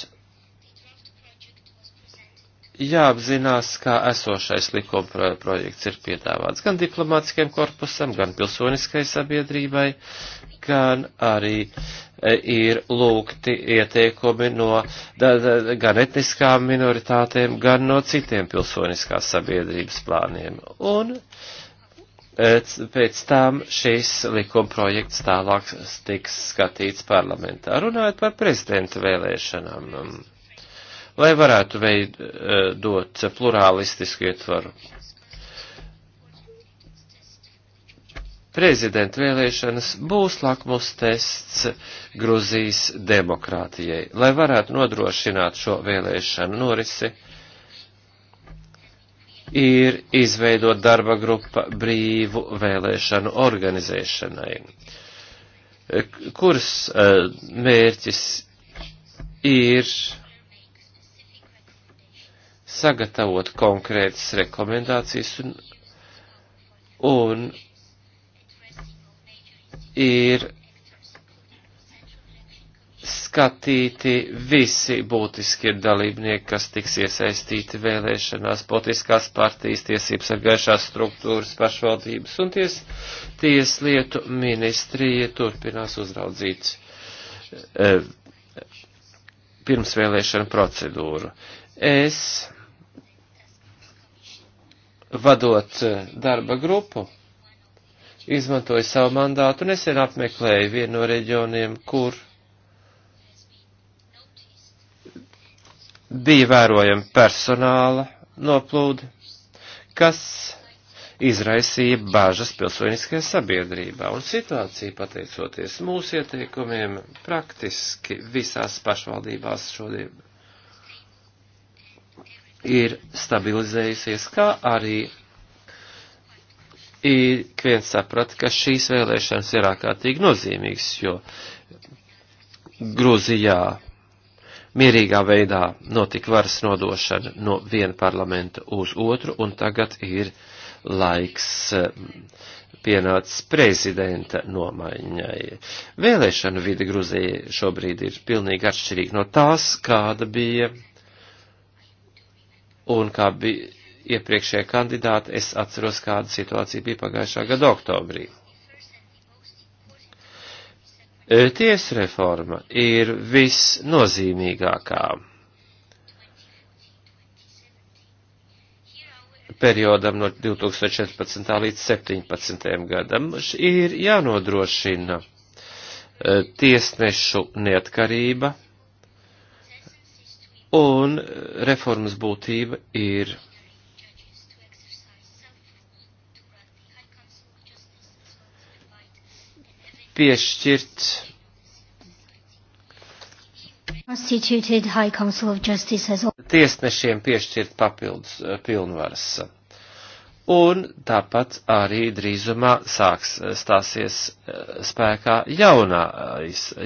jāapzinās, kā esošais likuma pro projekts ir piedāvāts gan diplomātiskiem korpusam, gan pilsoniskai sabiedrībai, gan arī e, ir lūgti ieteikumi no da, da, gan etniskām minoritātēm, gan no citiem pilsoniskās sabiedrības plāniem. Un uh, pēc tam šis likumprojekts tālāk tiks skatīts parlamentā. Runājot par prezidenta vēlēšanām, lai um, varētu veidot uh, plurālistisku ietvaru. Prezidenta vēlēšanas būs lakmus tests Gruzijas demokrātijai, lai varētu nodrošināt šo vēlēšanu norisi ir izveidot darba grupa brīvu vēlēšanu organizēšanai, kuras e, mērķis ir sagatavot konkrētas rekomendācijas un, un ir skatīti visi būtiskie dalībnieki, kas tiks iesaistīti vēlēšanās, politiskās partijas, tiesības sargājušās struktūras, pašvaldības un ties, tieslietu ministrija turpinās uzraudzīt e, pirmsvēlēšanu procedūru. Es vadot e, darba grupu, izmantoju savu mandātu un es vien apmeklēju vienu no reģioniem, kur bija vērojama personāla noplūde, kas izraisīja bažas pilsoniskajā sabiedrībā, un situācija, pateicoties mūsu ieteikumiem, praktiski visās pašvaldībās šodien ir stabilizējusies, kā arī ik viens saprata, ka šīs vēlēšanas ir ārkārtīgi nozīmīgas, jo Grūzijā mierīgā veidā notika varas nodošana no viena parlamenta uz otru, un tagad ir laiks eh, pienācis prezidenta nomaiņai. Vēlēšana vide Gruzija šobrīd ir pilnīgi atšķirīga no tās, kāda bija un kā bija iepriekšējā kandidāta. Es atceros, kāda situācija bija pagājušā gada oktobrī. E, tiesreforma ir visnozīmīgākā periodam no 2014. līdz 2017. gadam. Ir jānodrošina e, tiesnešu neatkarība, un reformas būtība ir piešķirt. Tiesnešiem piešķirt papildus eh, pilnvaras. Un tāpat arī drīzumā sāks eh, stāsies eh, spēkā jaunā,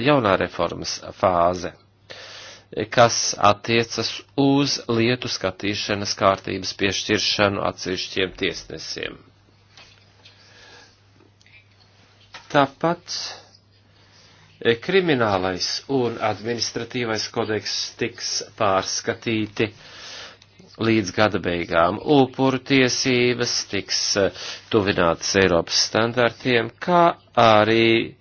jaunā reformas fāze, kas attiecas uz lietu skatīšanas kārtības piešķiršanu atsevišķiem tiesnesiem. Tāpat e, kriminālais un administratīvais kodeks tiks pārskatīti līdz gada beigām. Upuru tiesības tiks e, tuvinātas Eiropas standartiem, kā arī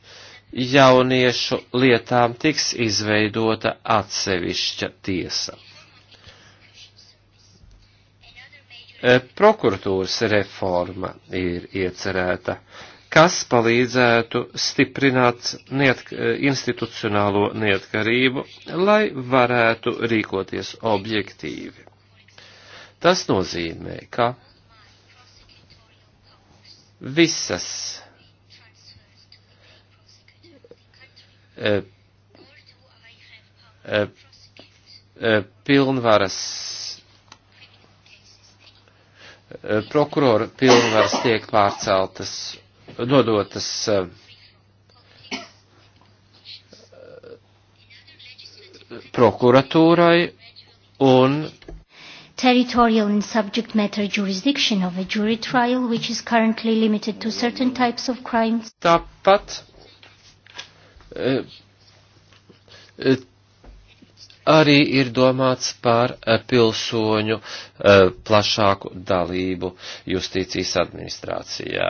jauniešu lietām tiks izveidota atsevišķa tiesa. E, prokuratūras reforma ir iecerēta kas palīdzētu stiprināt neatk institucionālo neatkarību, lai varētu rīkoties objektīvi. Tas nozīmē, ka visas e, e, e, pilnvaras prokurora pilnvaras tiek pārceltas nodotas eh, prokuratūrai un territorial and subject matter jurisdiction of a jury trial, which is currently limited to certain types of crimes. Tāpat eh, eh, arī ir domāts par pilsoņu plašāku dalību justīcijas administrācijā.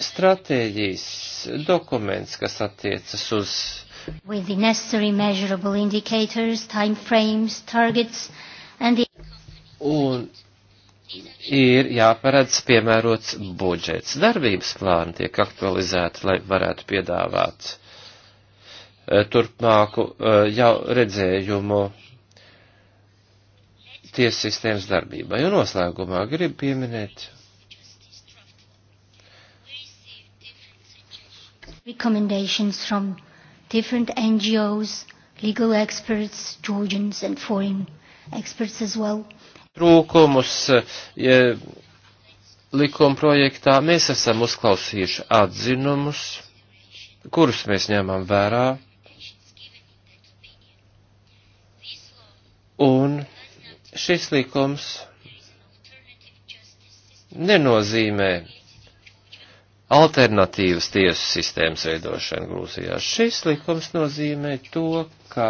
stratēģijas dokuments, kas attiecas uz. With the necessary measurable indicators, time frames, targets and the. Un ir jāparedz piemērots budžets. Darbības plāni tiek aktualizēti, lai varētu piedāvāt e, turpmāku e, jau redzējumu tiesas sistēmas darbībai. Un noslēgumā gribu pieminēt Recommendations from different NGOs, legal experts, Georgians and foreign experts as well. Trūkumus ja, eh, likuma projektā mēs esam uzklausījuši atzinumus, kurus mēs ņemam vērā. Un šis likums nenozīmē alternatīvas tiesu sistēmas veidošana Grūzijā. Šis likums nozīmē to, ka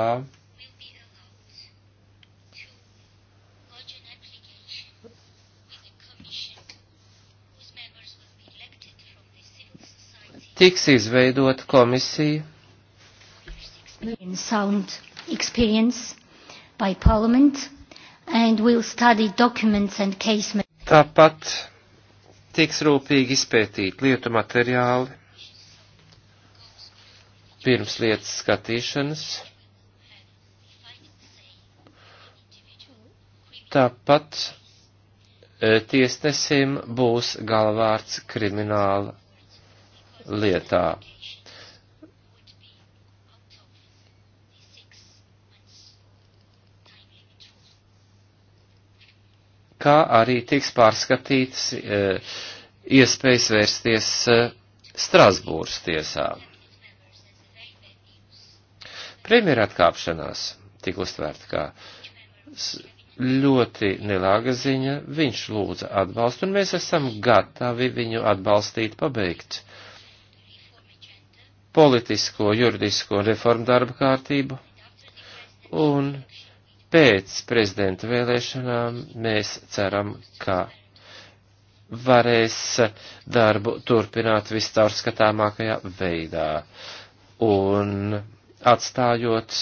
tiks izveidota komisija. Sound experience by parliament and will study documents and case Tāpat tiks rūpīgi izpētīt lietu materiāli pirms lietas skatīšanas. Tāpat e, tiesnesim būs galvārds krimināla lietā. kā arī tiks pārskatītas e, iespējas vērsties e, Strasbūras tiesā. Premjera atkāpšanās tika uztvērta kā ļoti nelāga ziņa, viņš lūdza atbalstu, un mēs esam gatavi viņu atbalstīt pabeigt politisko, juridisko reformu darba kārtību, un pēc prezidenta vēlēšanām mēs ceram, ka varēs darbu turpināt viscaurskatāmākajā veidā un atstājot,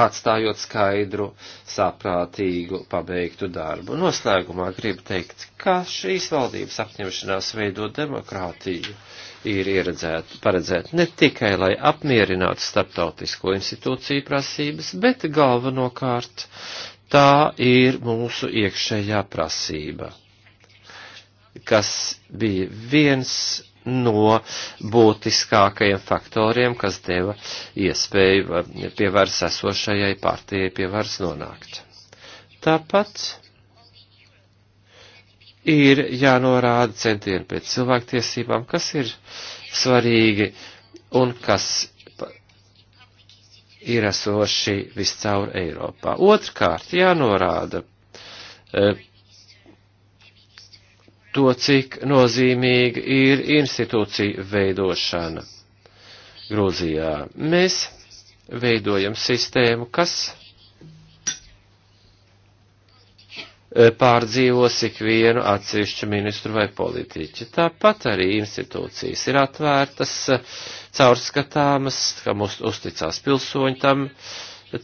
atstājot skaidru, saprātīgu, pabeigtu darbu. Noslēgumā gribu teikt, ka šīs valdības apņemšanās veidot demokrātiju ir ieredzēta, paredzēta ne tikai, lai apmierinātu starptautisko institūciju prasības, bet galvenokārt tā ir mūsu iekšējā prasība, kas bija viens no būtiskākajiem faktoriem, kas deva iespēju pie varas esošajai partijai pie varas nonākt. Tāpat ir jānorāda centieni pēc cilvēktiesībām, kas ir svarīgi un kas ir esoši viscaur Eiropā. Otrkārt, jānorāda e, to, cik nozīmīga ir institūcija veidošana Grūzijā. Mēs veidojam sistēmu, kas E, pārdzīvos ikvienu atsevišķu ministru vai politiķi. Tāpat arī institūcijas ir atvērtas, e, caurskatāmas, kam uz, uzticās pilsoņi tam,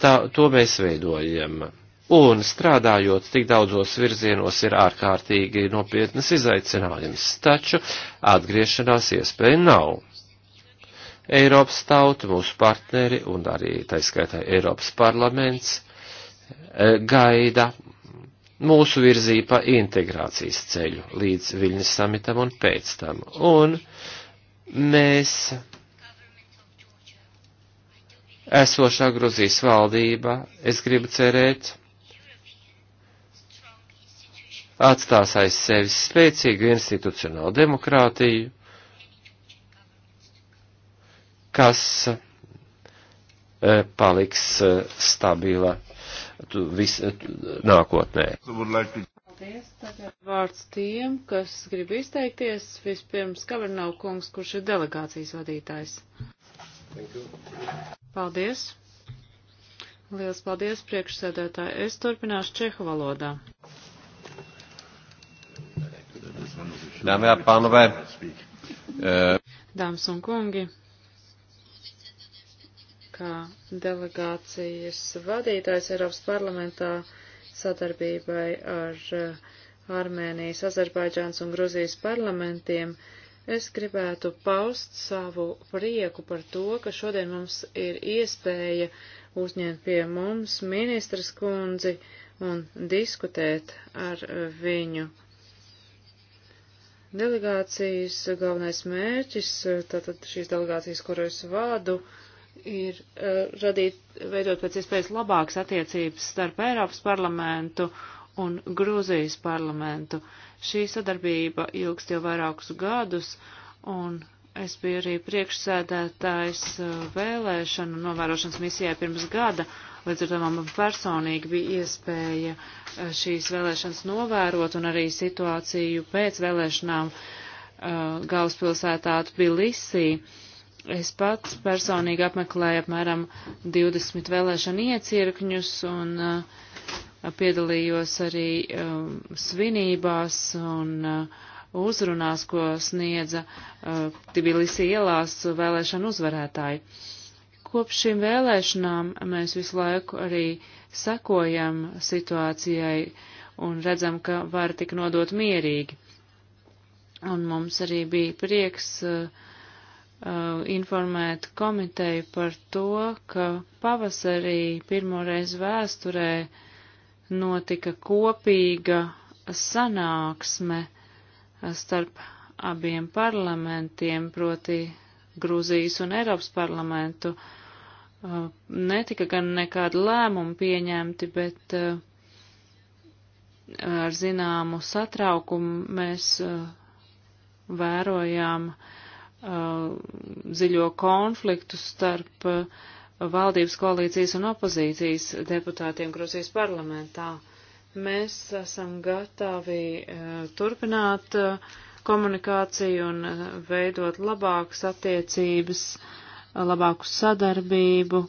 tā, to mēs veidojam. Un strādājot tik daudzos virzienos ir ārkārtīgi nopietnas izaicinājums, taču atgriešanās iespēja nav. Eiropas tauta, mūsu partneri un arī taiskaitā Eiropas parlaments e, gaida mūsu virzība integrācijas ceļu līdz Viļņas samitam un pēc tam. Un mēs esošā Gruzijas valdība, es gribu cerēt, atstās aiz sevis spēcīgu institucionālu demokrātiju, kas eh, paliks eh, stabila tu, vis, tu, nākotnē. Paldies. Tagad vārds tiem, kas grib izteikties. Vispirms Kavernau kungs, kurš ir delegācijas vadītājs. Paldies. Liels paldies, priekšsēdētāji. Es turpināšu čehu valodā. Dāmas un kungi, kā delegācijas vadītājs Eiropas parlamentā sadarbībai ar eh, Armēnijas, Azerbaidžāns un Gruzijas parlamentiem, es gribētu paust savu prieku par to, ka šodien mums ir iespēja uzņemt pie mums ministras kundzi un diskutēt ar viņu. Delegācijas galvenais mērķis, eh, tātad šīs delegācijas, kuru es vādu, uh, ir uh, radīt, veidot pēc iespējas labākas attiecības starp Eiropas parlamentu un Grūzijas parlamentu. Šī sadarbība ilgst jau vairākus gadus, un es biju arī priekšsēdētājs uh, vēlēšanu novērošanas misijā pirms gada, līdz ar to man personīgi bija iespēja uh, šīs vēlēšanas novērot un arī situāciju pēc vēlēšanām uh, galvaspilsētā Tbilisī. Uh, Es pats personīgi apmeklēju apmēram 20 vēlēšanu iecirkņus un uh, piedalījos arī um, svinībās un uh, uzrunās, ko sniedza uh, Tbilisi ielās vēlēšanu uzvarētāji. Kopš šīm vēlēšanām mēs visu laiku arī sekojam situācijai un redzam, ka var tik nodot mierīgi. Un mums arī bija prieks uh, Uh, informēt komiteju par to, ka pavasarī pirmoreiz vēsturē notika kopīga sanāksme starp abiem parlamentiem, proti Grūzijas un Eiropas parlamentu. Uh, netika gan nekādi lēmumi pieņemti, bet uh, ar zināmu satraukumu mēs vērojām uh, Uh, ziļo konfliktu starp uh, valdības koalīcijas un opozīcijas deputātiem Gruzijas parlamentā. Mēs esam gatavi uh, turpināt komunikāciju un veidot labākas attiecības, labāku sadarbību.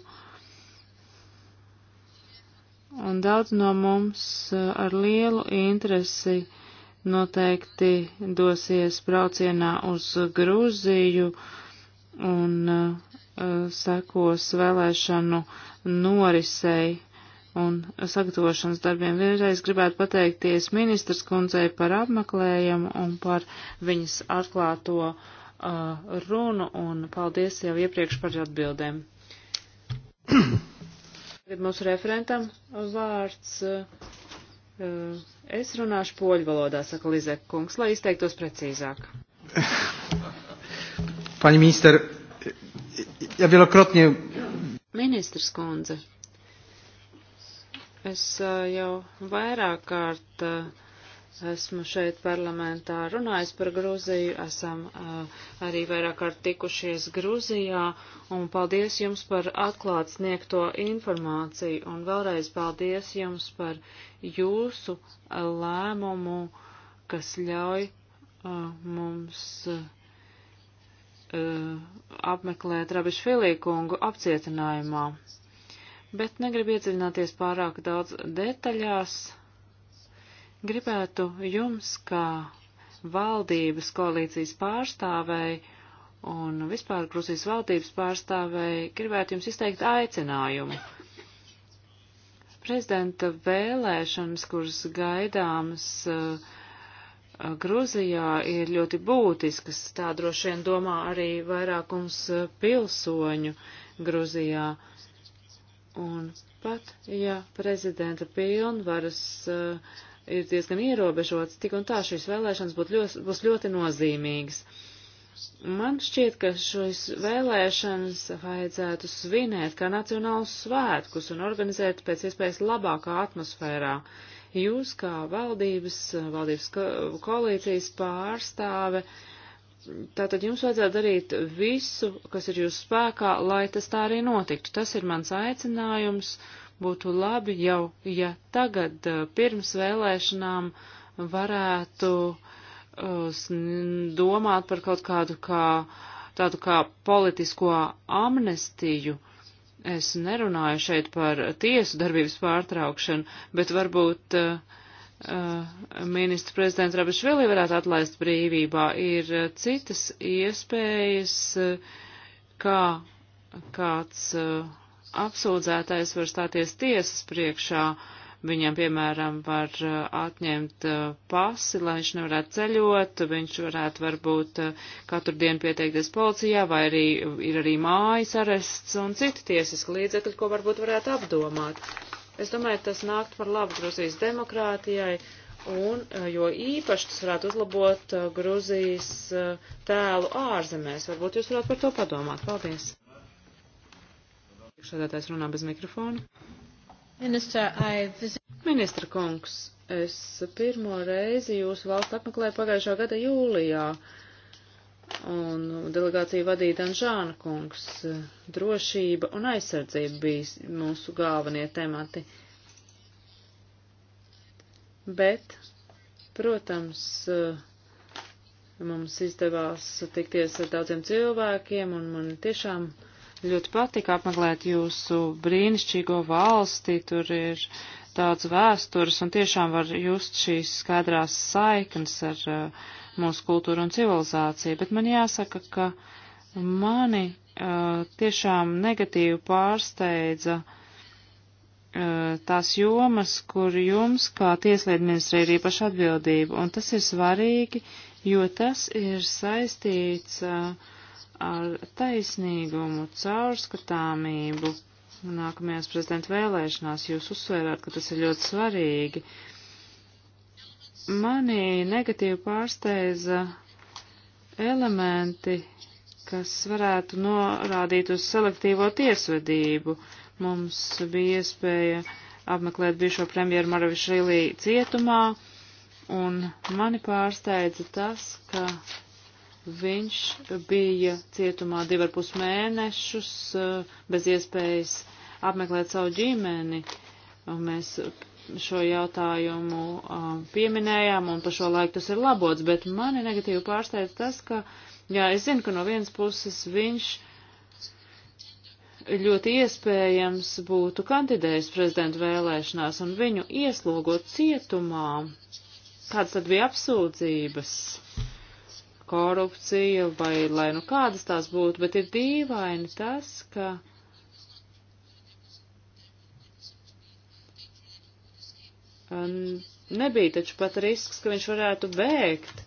Un daudz no mums ar lielu interesi uh, noteikti dosies braucienā uz Grūziju un uh, sekos vēlēšanu norisei un sagatavošanas darbiem. Vienreiz gribētu pateikties ministrs kundzei par apmeklējumu un par viņas atklāto uh, runu un paldies jau iepriekš par atbildēm. Tagad mūsu referentam vārds. Uh, uh Es runāšu poļu valodā, saka Lizek kungs, lai izteiktos precīzāk. Paņi minister, ja vielokrotnie... Ministrs kundze, es eh, jau vairāk kārt uh, esmu šeit parlamentā runājis par Grūziju, esam uh, arī vairāk kārt tikušies Grūzijā, un paldies jums par atklāt sniegto informāciju, un vēlreiz paldies jums par jūsu lēmumu, kas ļauj uh, mums uh, apmeklēt Rabišu Filīkungu apcietinājumā. Bet negribu iedziļināties pārāk daudz detaļās Gribētu jums, kā valdības koalīcijas pārstāvēji un vispār Grūzijas valdības pārstāvēji, gribētu jums izteikt aicinājumu. Prezidenta vēlēšanas, kuras gaidāmas uh, uh Grūzijā, ir ļoti būtiskas. Tā droši vien domā arī vairākums uh, pilsoņu Grūzijā. Un pat, ja prezidenta pilnvaras uh, ir diezgan ierobežots, tik un tā šīs vēlēšanas ļoti, būs ļoti nozīmīgas. Man šķiet, ka šīs vēlēšanas vajadzētu svinēt kā nacionālus svētkus un organizēt pēc iespējas labākā atmosfērā. Jūs kā valdības, valdības ko, koalīcijas pārstāve, tātad jums vajadzētu darīt visu, kas ir jūsu spēkā, lai tas tā arī notiktu. Tas ir mans aicinājums. Uh, būtu labi jau, ja tagad eh, pirms vēlēšanām varētu uh, domāt par kaut kādu kā, tādu kā politisko amnestiju. Es nerunāju šeit par tiesu darbības pārtraukšanu, bet varbūt uh, Uh, ministra prezidents Rabišvili varētu atlaist brīvībā, ir uh, citas iespējas, uh, kā kāds uh, apsūdzētais var stāties tiesas priekšā, viņam, piemēram, var uh, atņemt uh, pasi, lai viņš nevarētu ceļot, viņš varētu varbūt uh, katru dienu pieteikties policijā, vai arī ir arī mājas arests un citi tiesiski līdzekļi, ko varbūt varētu apdomāt. Es domāju, tas nākt par labu Gruzijas demokrātijai, un jo īpaši tas varētu uzlabot Gruzijas tēlu ārzemēs. Varbūt jūs varētu par to padomāt. Paldies! Priekšsēdētājs runā bez mikrofona. Ministra, I visit... Ministra kungs, es pirmo reizi jūsu valsts apmeklēju pagājušā gada jūlijā, un delegācija vadīja Danžāna kungs. Drošība un aizsardzība bija mūsu galvenie temati. Bet, protams, mums izdevās tikties ar daudziem cilvēkiem, un man tiešām ļoti patika apmeklēt jūsu brīnišķīgo valsti, tur ir daudz vēstures un tiešām var just šīs skaidrās saiknes ar uh, mūsu kultūru un civilizāciju, bet man jāsaka, ka mani uh, tiešām negatīvi pārsteidza uh, tās jomas, kur jums kā tieslietu ministra ir īpaša atbildība, un tas ir svarīgi, jo tas ir saistīts uh, ar taisnīgumu, caurskatāmību nākamajās prezidenta vēlēšanās. Jūs uzsvērāt, ka tas ir ļoti svarīgi. Mani negatīvi pārsteidza elementi, kas varētu norādīt uz selektīvo tiesvedību. Mums bija iespēja apmeklēt bijušo premjeru Maravišrīlī cietumā, un mani pārsteidza tas, ka Viņš bija cietumā divar pus mēnešus, eh, bez iespējas apmeklēt savu ģimeni. Mēs šo jautājumu eh, pieminējām, un pa šo laiku tas ir labots, bet mani negatīvi pārsteidz tas, ka, jā, es zinu, ka no vienas puses viņš ļoti iespējams būtu kandidējis prezidenta vēlēšanās, un viņu ieslogot cietumā, kāds tad bija apsūdzības? korupcija vai lai nu kādas tās būtu, bet ir dīvaini tas, ka nebija taču pat risks, ka viņš varētu bēgt.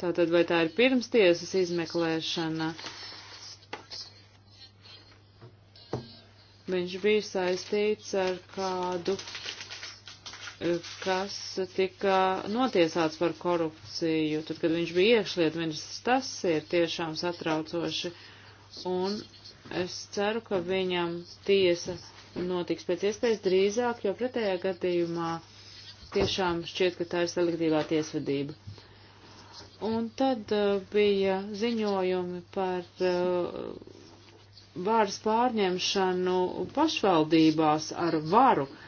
Tātad vai tā ir pirmstiesas izmeklēšana? Viņš bija saistīts ar kādu kas tika notiesāts par korupciju, tad, kad viņš bija iekšlietu ministrs, tas ir tiešām satraucoši. Un es ceru, ka viņam tiesa notiks pēc iespējas drīzāk, jo pretējā gadījumā tiešām šķiet, ka tā ir selektīvā tiesvedība. Un tad uh, bija ziņojumi par uh, vāras pārņemšanu pašvaldībās ar varu. Uh,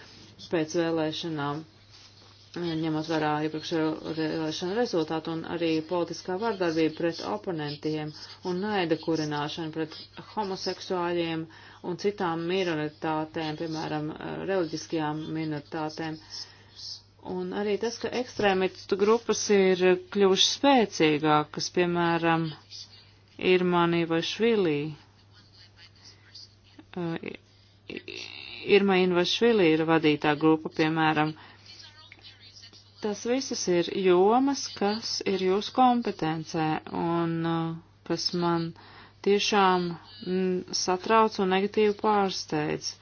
pēc vēlēšanām, eh, ņemot vērā iepriekšējo vēlēšanu rezultātu un arī politiskā vardarbība pret oponentiem un naida kurināšana pret homoseksuāļiem un citām minoritātēm, piemēram, eh, reliģiskajām minoritātēm. Un arī tas, ka ekstrēmistu grupas ir kļuvušas spēcīgākas, piemēram, Irmānī vai Švilī. Uh, eh, Irma Invašvili ir vadītā grupa, piemēram. Tas visas ir jomas, kas ir jūsu kompetencē un uh, kas man tiešām mm, satrauc un negatīvi pārsteidz.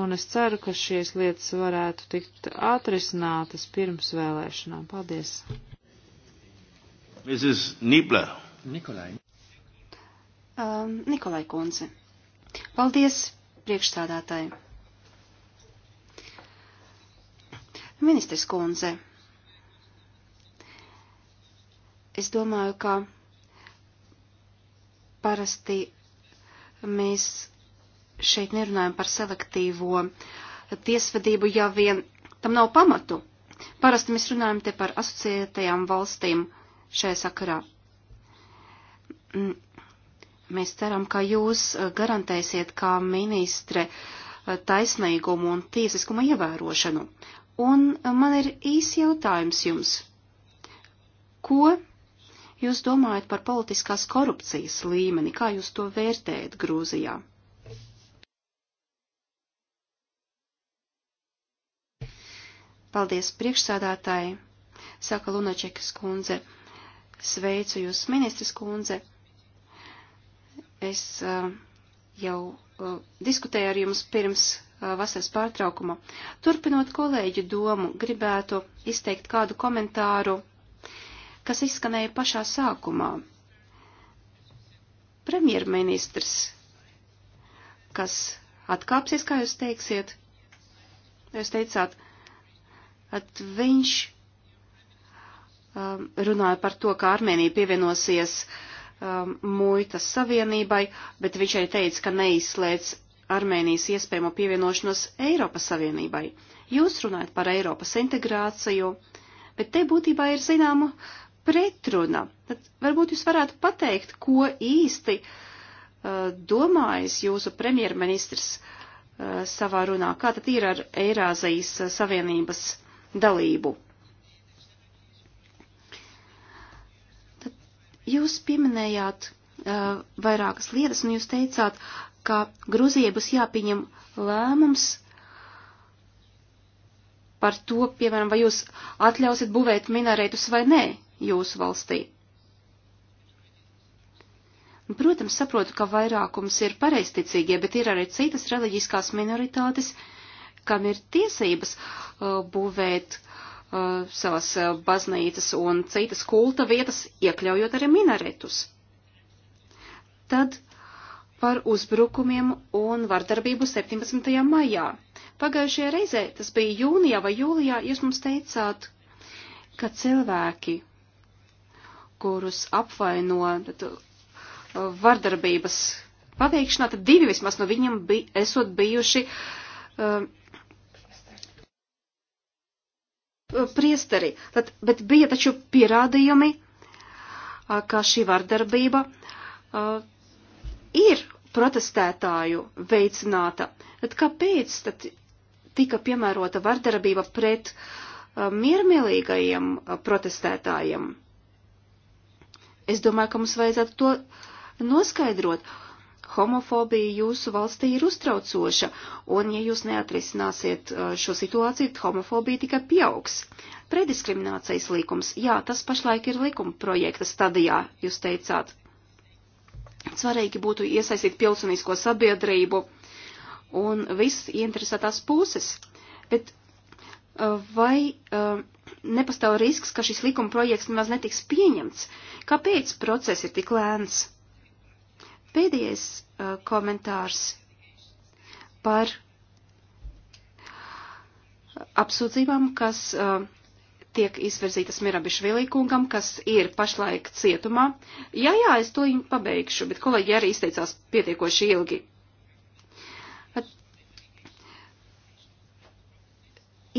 Un es ceru, ka šīs lietas varētu tikt atrisinātas pirms vēlēšanām. Paldies! Mrs. Nibler. Nikolai. Um, Nikolai Konce. Paldies priekšstādātāji. Ministres kundze, es domāju, ka parasti mēs šeit nerunājam par selektīvo tiesvedību, ja vien tam nav pamatu. Parasti mēs runājam te par asociētajām valstīm šajā sakarā mm, Mēs ceram, ka jūs eh, garantēsiet kā ministre eh, taisnīgumu un tiesiskumu ievērošanu. Un eh, man ir īs jautājums jums. Ko jūs domājat par politiskās korupcijas līmeni? Kā jūs to vērtējat Grūzijā? Paldies priekšsādātāji, saka Lunačekas kundze. Sveicu jūs, ministres kundze. Es uh, jau uh, diskutēju ar jums pirms uh, vasaras pārtraukuma. Turpinot kolēģu domu, gribētu izteikt kādu komentāru, kas izskanēja pašā sākumā. Premjerministrs, kas atkāpsies, kā jūs teiksiet, jūs teicāt, at viņš um, runāja par to, ka Armēnija pievienosies uh, um, muitas savienībai, bet viņš arī teica, ka neizslēdz Armēnijas iespējamo pievienošanos Eiropas Savienībai. Jūs runājat par Eiropas integrāciju, bet te būtībā ir zināma pretruna. Tad varbūt jūs varētu pateikt, ko īsti uh, domājis jūsu premjerministrs uh, savā runā, kā tad ir ar Eirāzijas Savienības dalību. Jūs pieminējāt uh, vairākas lietas, un jūs teicāt, ka Gruzijai būs jāpieņem lēmums par to, piemēram, vai jūs atļausiet būvēt minarētus vai nē jūsu valstī. Protams, saprotu, ka vairākums ir pareisticīgie, bet ir arī citas reliģiskās minoritātes, kam ir tiesības uh, būvēt uh, Uh, savas uh, baznīcas un citas kulta vietas, iekļaujot arī minaretus. Tad par uzbrukumiem un vardarbību 17. maijā. Pagājušajā reizē, tas bija jūnijā vai jūlijā, jūs mums teicāt, ka cilvēki, kurus apvaino tad, uh, vardarbības paveikšanā, tad divi vismaz no viņiem bi esot bijuši um, Uh, priesteri, tad, bet bija taču pierādījumi, uh, ka šī vardarbība uh, ir protestētāju veicināta. Tad kāpēc tad tika piemērota vardarbība pret miermīlīgajiem protestētājiem? Es domāju, ka mums vajadzētu to noskaidrot. Uh, homofobija jūsu valstī ir uztraucoša, un ja jūs neatrisināsiet uh, šo situāciju, homofobija tikai pieaugs. Prediskriminācijas likums, jā, tas pašlaik ir likuma projekta stadijā, jūs teicāt. Svarīgi būtu iesaistīt pilsonisko sabiedrību un visas interesētās puses, bet uh, vai uh, nepastāv risks, ka šis likuma projekts nemaz netiks pieņemts? Kāpēc process ir tik lēns? Pēdējais uh, komentārs par apsūdzībām, kas uh, tiek izvirzītas Mirabišvilī kungam, kas ir pašlaik cietumā. Jā, jā, es to viņu pabeigšu, bet kolēģi arī izteicās pietiekoši ilgi. At,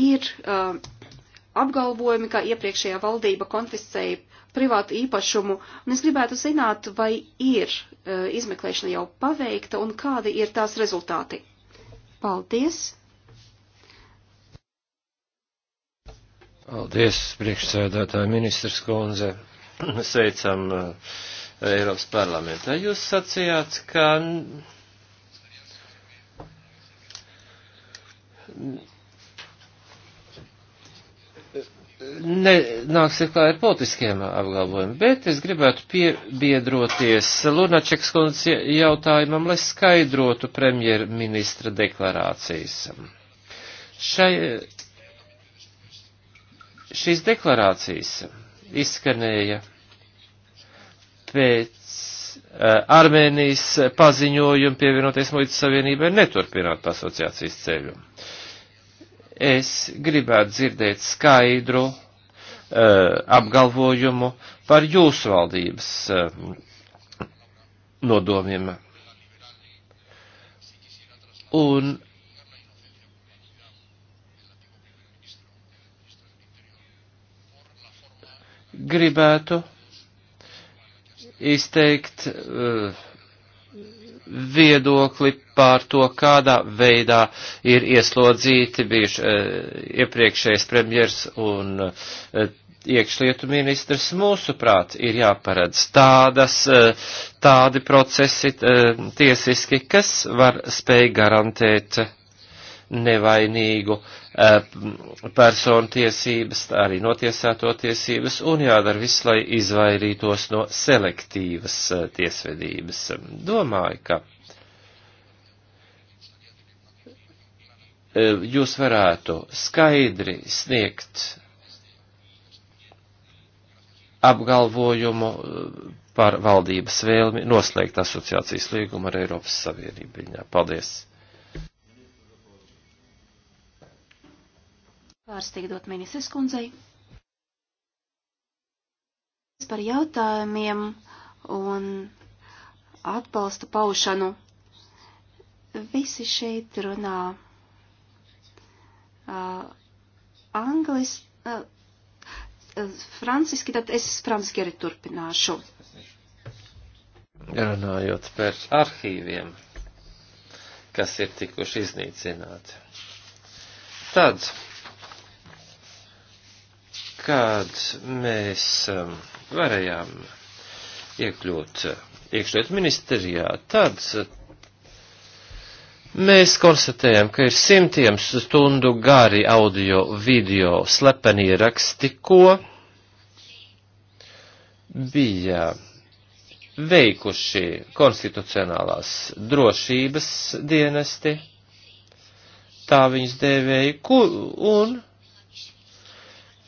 ir uh, apgalvojumi, ka iepriekšējā valdība konfiscēja privātu īpašumu, un es gribētu zināt, vai ir uh, izmeklēšana jau paveikta un kādi ir tās rezultāti. Paldies! Paldies, priekšsēdētāja ministrs Kunze. Sveicam uh, Eiropas parlamentā. Jūs sacījāt, ka nenāksiet klāt ar politiskiem apgalvojumiem, bet es gribētu piebiedroties Lunačeks kundzes jautājumam, lai skaidrotu premjerministra deklarācijas. Šai, šīs deklarācijas izskanēja pēc eh, Armēnijas paziņojuma pievienoties Muitas Savienībai neturpināt asociācijas ceļu. Uh, Es gribētu dzirdēt skaidru uh, apgalvojumu par jūsu valdības uh, nodomiem. Un gribētu izteikt uh, viedokli pār to, kādā veidā ir ieslodzīti bijuši e, iepriekšējais premjers un e, iekšlietu ministrs. Mūsuprāt, ir jāparedz tādas, e, tādi procesi tiesiski, kas var spēj garantēt nevainīgu eh, personu tiesības, arī notiesāto tiesības, un jādara viss, lai izvairītos no selektīvas eh, tiesvedības. Domāju, ka eh, jūs varētu skaidri sniegt apgalvojumu par valdības vēlmi noslēgt asociācijas līgumu ar Eiropas Savienību. Paldies! Vārds tiek dot ministres kundzei. Par jautājumiem un atbalsta paušanu. Visi šeit runā uh, angliski, uh, franciski, tad es franciski arī turpināšu. Runājot par arhīviem, kas ir tikuši iznīcināti. Tad kad mēs um, varējām iekļūt iekšļiet ministerijā, tad uh, mēs konstatējam, ka ir simtiem stundu gari audio, video, slepenie raksti, ko bija veikuši konstitucionālās drošības dienesti, tā viņas dēvēja, un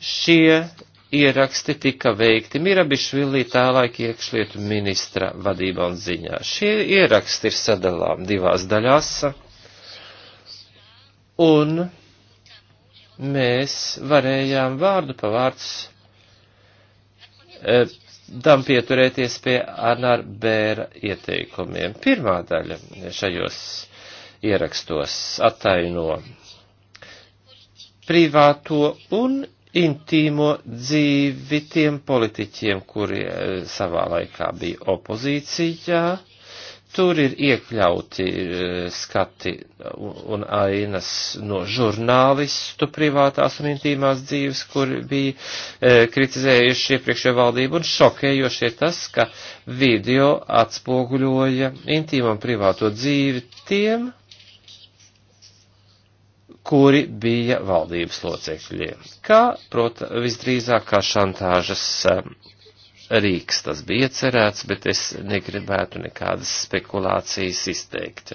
Šie ieraksti tika veikti Mirabišvilī tālaik iekšlietu ministra vadībā un ziņā. Šie ieraksti ir sadalām divās daļās, un mēs varējām vārdu pa vārds e, dam pieturēties pie Anar Bēra ieteikumiem. Pirmā daļa šajos ierakstos attaino privāto un intīmo dzīvi tiem politiķiem, kuri e, savā laikā bija opozīcijā. Tur ir iekļauti e, skati un ainas no žurnālistu privātās un intīmās dzīves, kur bija e, kritizējuši iepriekšējo valdību, un šokējoši ir tas, ka video atspoguļoja intīmo un privāto dzīvi tiem, kuri bija valdības locekļi. Kā, protams, visdrīzāk kā šantāžas um, rīks tas bija cerēts, bet es negribētu nekādas spekulācijas izteikt.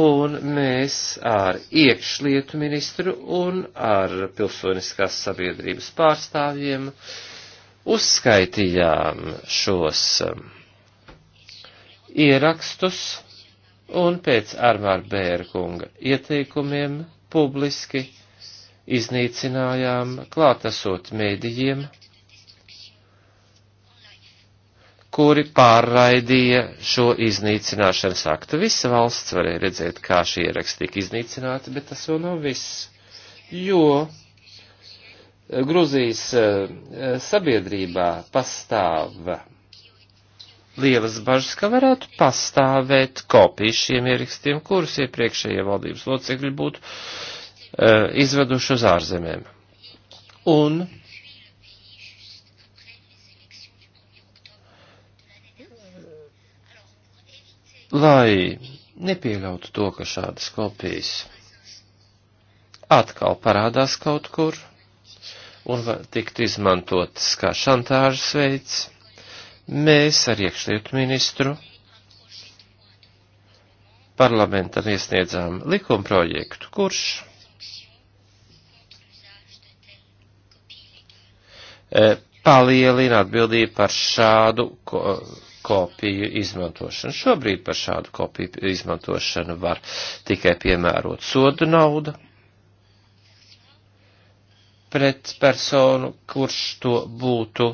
Un mēs ar iekšlietu ministru un ar pilsoniskās sabiedrības pārstāvjiem uzskaitījām šos um, ierakstus un pēc Armāra Bērkunga ieteikumiem publiski iznīcinājām klātesot mēdījiem, kuri pārraidīja šo iznīcināšanas aktu. Visa valsts varēja redzēt, kā šie ieraksti tika iznīcināti, bet tas vēl nav viss, jo Gruzijas eh, sabiedrībā pastāv lielas bažas, ka varētu pastāvēt kopijas šiem ierakstiem, kurus iepriekšējie valdības locekļi būtu uh, izveduši uz ārzemēm. Un lai nepieļautu to, ka šādas kopijas atkal parādās kaut kur un var tikt izmantotas kā šantāžas veids, Mēs ar iekšlietu ministru parlamentam iesniedzām likumprojektu, kurš e, palielina atbildību par šādu ko, kopiju izmantošanu. Šobrīd par šādu kopiju izmantošanu var tikai piemērot sodu naudu pret personu, kurš to būtu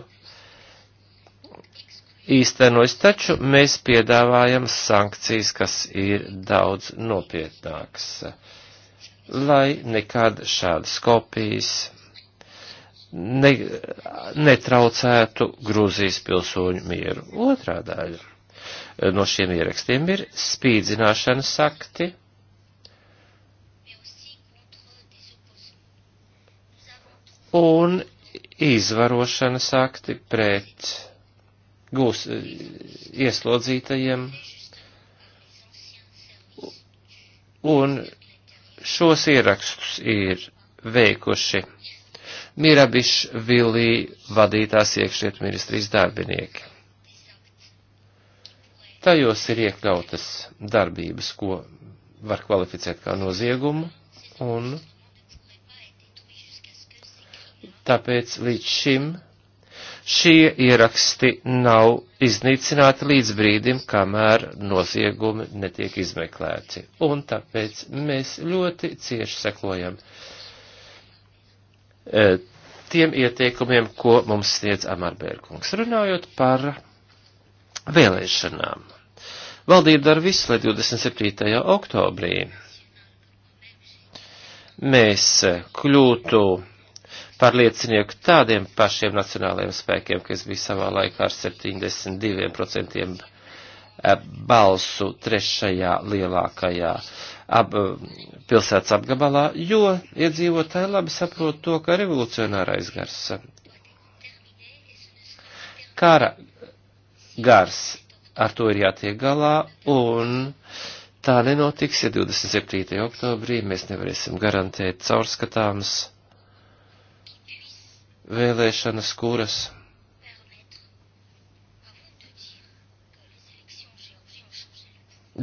īstenojas, taču mēs piedāvājam sankcijas, kas ir daudz nopietnākas, lai nekad šādas kopijas ne, netraucētu Grūzijas pilsoņu mieru. Otrā daļa no šiem ierakstiem ir spīdzināšanas sakti. Un izvarošanas akti pret gūs e, ieslodzītajiem. Un šos ierakstus ir veikuši Mirabišs Vilī vadītās iekšliet ministrijas darbinieki. Tajos ir iekļautas darbības, ko var kvalificēt kā noziegumu, un tāpēc līdz šim šie ieraksti nav iznīcināti līdz brīdim, kamēr noziegumi netiek izmeklēti. Un tāpēc mēs ļoti cieši sekojam e, tiem ieteikumiem, ko mums sniedz Amarbērkungs. Runājot par vēlēšanām. Valdība dar visu, lai 27. oktobrī mēs kļūtu par liecinieku tādiem pašiem nacionālajiem spēkiem, kas bija savā laikā ar 72% eh, balsu trešajā lielākajā ap, eh, pilsētas apgabalā, jo iedzīvotāji labi saprot to, ka revolucionārais gars, kara gars, ar to ir jātiek galā, un tā nenotiks, ja 27. oktobrī mēs nevarēsim garantēt caurskatāms vēlēšanas, kuras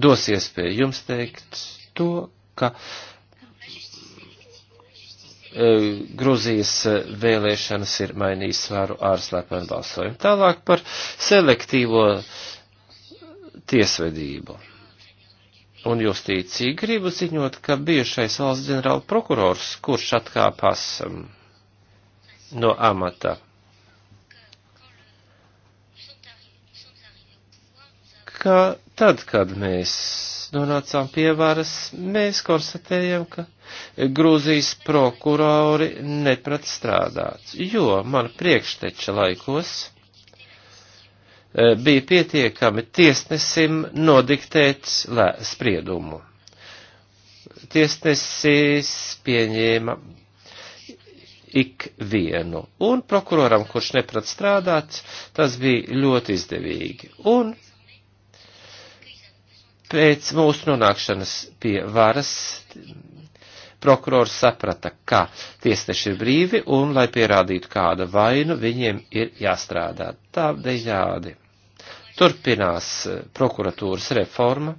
dos iespēju jums teikt to, ka e, Gruzijas vēlēšanas ir mainījis svaru ārslēpēm balsojumu. Tālāk par selektīvo tiesvedību. Un justīcija gribu ziņot, ka bijušais valsts ģenerāla prokurors, kurš atkāpās um, no amata. Kā tad, kad mēs nonācām pie varas, mēs konstatējam, ka Grūzijas prokurori neprat strādāt, jo man priekšteča laikos e, bija pietiekami tiesnesim nodiktēt spriedumu. Tiesnesis pieņēma ikvienu. Un prokuroram, kurš neprat strādāt, tas bija ļoti izdevīgi. Un pēc mūsu nonākšanas pie varas prokurors saprata, ka tiesneši ir brīvi un, lai pierādītu kāda vainu, viņiem ir jāstrādā. Tādējādi turpinās prokuratūras reforma,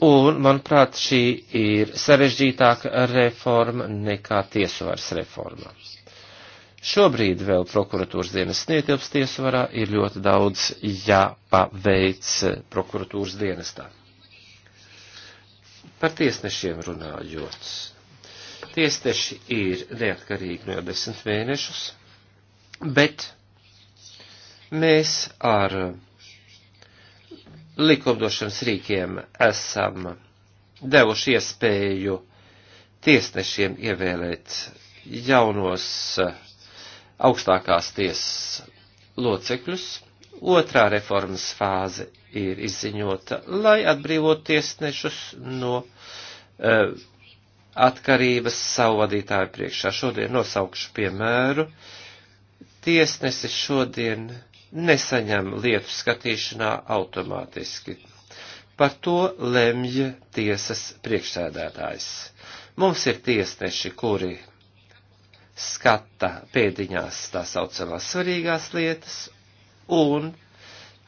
Un, manuprāt, šī ir sarežģītāka reforma nekā tiesvaras reforma. Šobrīd vēl prokuratūras dienas snietilps tiesvarā ir ļoti daudz jāpaveic prokuratūras dienestā. Par tiesnešiem runājot. Tiesneši ir neatkarīgi no jau desmit mēnešus, bet mēs ar likumdošanas rīkiem esam devuši iespēju tiesnešiem ievēlēt jaunos eh, augstākās tiesas locekļus. Otrā reformas fāze ir izziņota, lai atbrīvot tiesnešus no uh, atkarības savu vadītāju priekšā. Šodien nosaukšu piemēru. Tiesnesis šodien uh, nesaņem lietu skatīšanā automātiski. Par to lemj tiesas priekšsēdētājs. Mums ir tiesneši, kuri skata pēdiņās tā saucamās svarīgās lietas, un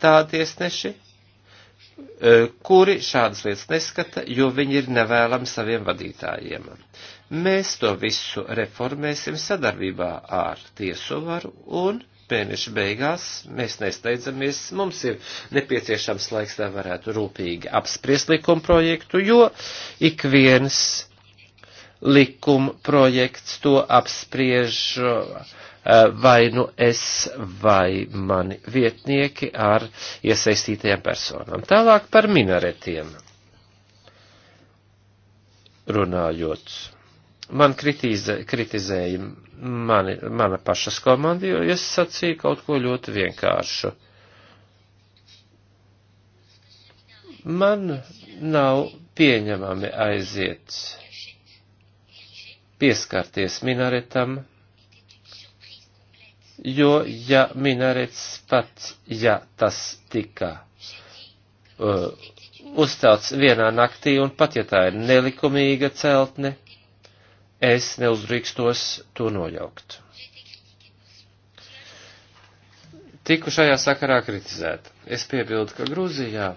tā tiesneši, e, kuri šādas lietas neskata, jo viņi ir nevēlami saviem vadītājiem. Mēs to visu reformēsim sadarbībā ar tiesu varu un mēneša beigās, mēs nesteidzamies, mums ir nepieciešams laiks, lai varētu rūpīgi apspriest likuma projektu, jo ik viens likuma projekts to apspriež eh, vai nu es vai mani vietnieki ar iesaistītajām personām. Tālāk par minaretiem runājot. Man kritize, kritizēja mani, mana pašas komanda, jo es sacīju kaut ko ļoti vienkāršu. Man nav pieņemami aiziet pieskarties minaretam, jo ja minarets pats, ja tas tika uh, uzcelts vienā naktī, un pat ja tā ir nelikumīga celtne, es neuzdrīkstos to nojaukt. Tiku šajā sakarā kritizēta. Es piebildu, ka Grūzijā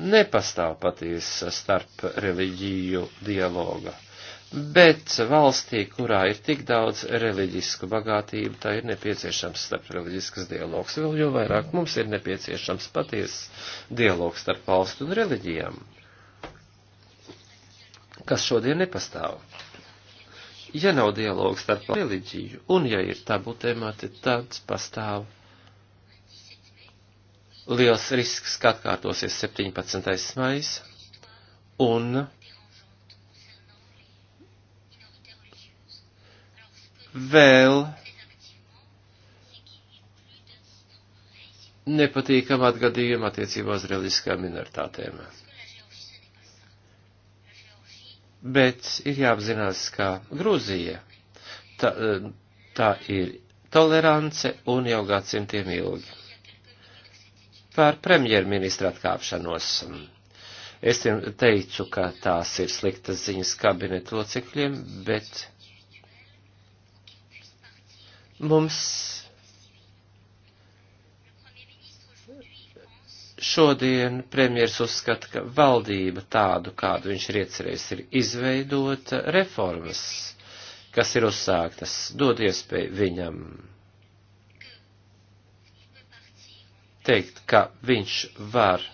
nepastāv patiesa starp reliģiju dialoga, bet valstī, kurā ir tik daudz reliģisku bagātību, tā ir nepieciešams starp reliģiskas dialogs, vēl jo vairāk mums ir nepieciešams patiesas dialogs starp valstu un reliģijām, kas šodien nepastāv. Ja nav dialogs starp reliģiju un ja ir tabu temati, tad pastāv liels risks, ka atkārtosies 17. maijs un vēl nepatīkam atgadījumu attiecībā uz reliģiskām minoritātēm bet ir jāapzinās, ka Grūzija tā, tā ir tolerance un jau gadsimtiem ilgi. Par premjerministra atkāpšanos. Es jums teicu, ka tās ir sliktas ziņas kabinetu locekļiem, bet mums Šodien premjers uzskata, ka valdība tādu, kādu viņš ir iecerējis, ir izveidot reformas, kas ir uzsāktas, dod iespēju viņam teikt, ka viņš var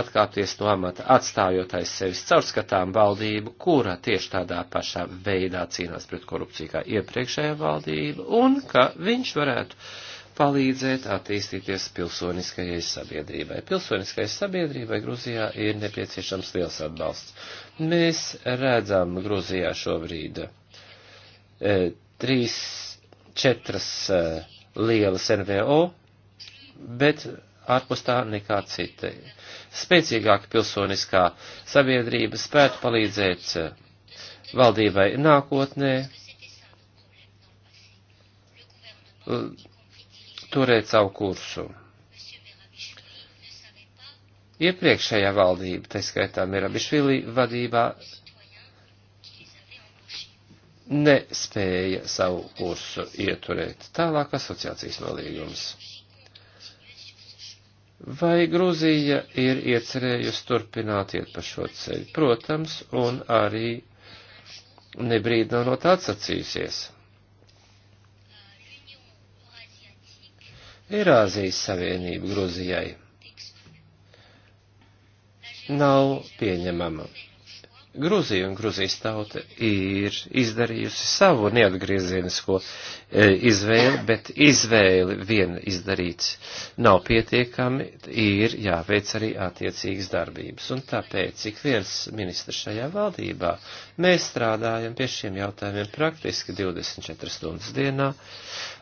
atkāpties no amata, atstājot aiz sevis caurskatām valdību, kura tieši tādā pašā veidā cīnās pret korupciju kā iepriekšējā valdība, un ka viņš varētu uh, palīdzēt attīstīties pilsoniskajai sabiedrībai. Pilsoniskai sabiedrībai Gruzijā ir nepieciešams liels atbalsts. Mēs redzam Gruzijā šobrīd e, trīs, četras e, lielas NVO, bet ārpus tā nekā cita. Spēcīgāka pilsoniskā sabiedrība spētu palīdzēt e, valdībai nākotnē, turēt savu kursu. Iepriekšējā valdība, tā skaitā Mirabišvili vadībā, nespēja savu kursu ieturēt. Tālāk asociācijas nolīgums. Vai Grūzija ir iecerējusi turpināt iet pa šo ceļu? Protams, un arī nebrīd nav no tā atsacījusies. Eirāzijas Savienība Gruzijai nav pieņemama. Gruzija un Gruzijas tauta ir izdarījusi savu neatgriezienisko e, izvēli, bet izvēli vien izdarīts nav pietiekami, ir jāveic arī attiecīgas darbības. Un tāpēc ik viens ministrs šajā valdībā mēs strādājam pie šiem jautājumiem praktiski 24 stundas dienā,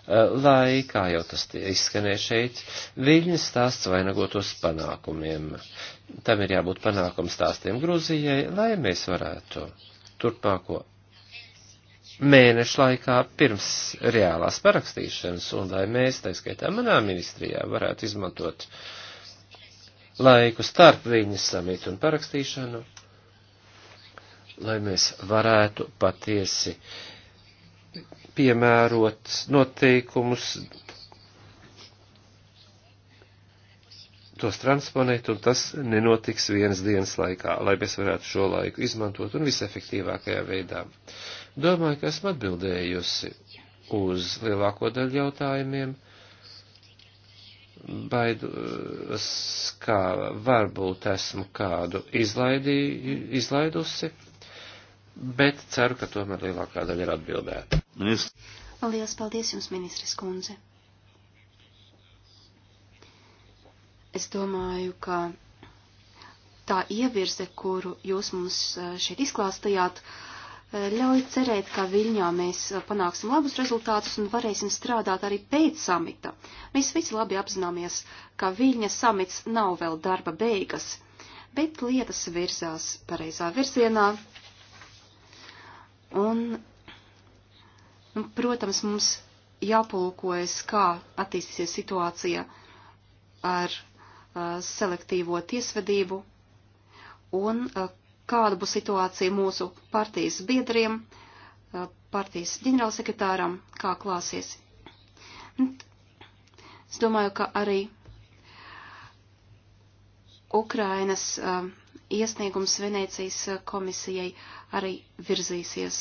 Eh, lai, kā jau tas izskanēja šeit, viņas stāsts vainagotos panākumiem. Tam ir jābūt panākumu stāstiem Gruzijai, lai mēs varētu turpmāko mēnešu laikā pirms reālās parakstīšanas, un lai mēs, tā skaitā manā ministrijā, varētu izmantot laiku starp viņas samitu un parakstīšanu, lai mēs varētu patiesi uh, piemērot noteikumus, tos transponēt, un tas nenotiks vienas dienas laikā, lai mēs varētu šo laiku izmantot un visefektīvākajā veidā. Domāju, ka esmu atbildējusi uz lielāko daļu jautājumiem baidos, kā varbūt esmu kādu izlaidī, izlaidusi bet ceru, ka tomēr lielākā daļa ir atbildēta. Ministrs. Lielas paldies jums, ministres kundze. Es domāju, ka tā ievirze, kuru jūs mums e, šeit izklāstījāt, e, ļauj cerēt, ka Viļņā mēs e, panāksim labus rezultātus un varēsim strādāt arī pēc samita. Mēs visi labi apzināmies, ka Viļņa samits nav vēl darba beigas, bet lietas virzās pareizā virzienā, Un, un nu, protams, mums jāpulkojas, kā attīstīsies situācija ar uh, selektīvo tiesvedību un uh, kāda būs situācija mūsu partijas biedriem, uh, partijas ģenerālsekretāram, kā klāsies. Es domāju, ka arī Ukrainas uh, iesniegums Venēcijas eh, komisijai arī virzīsies,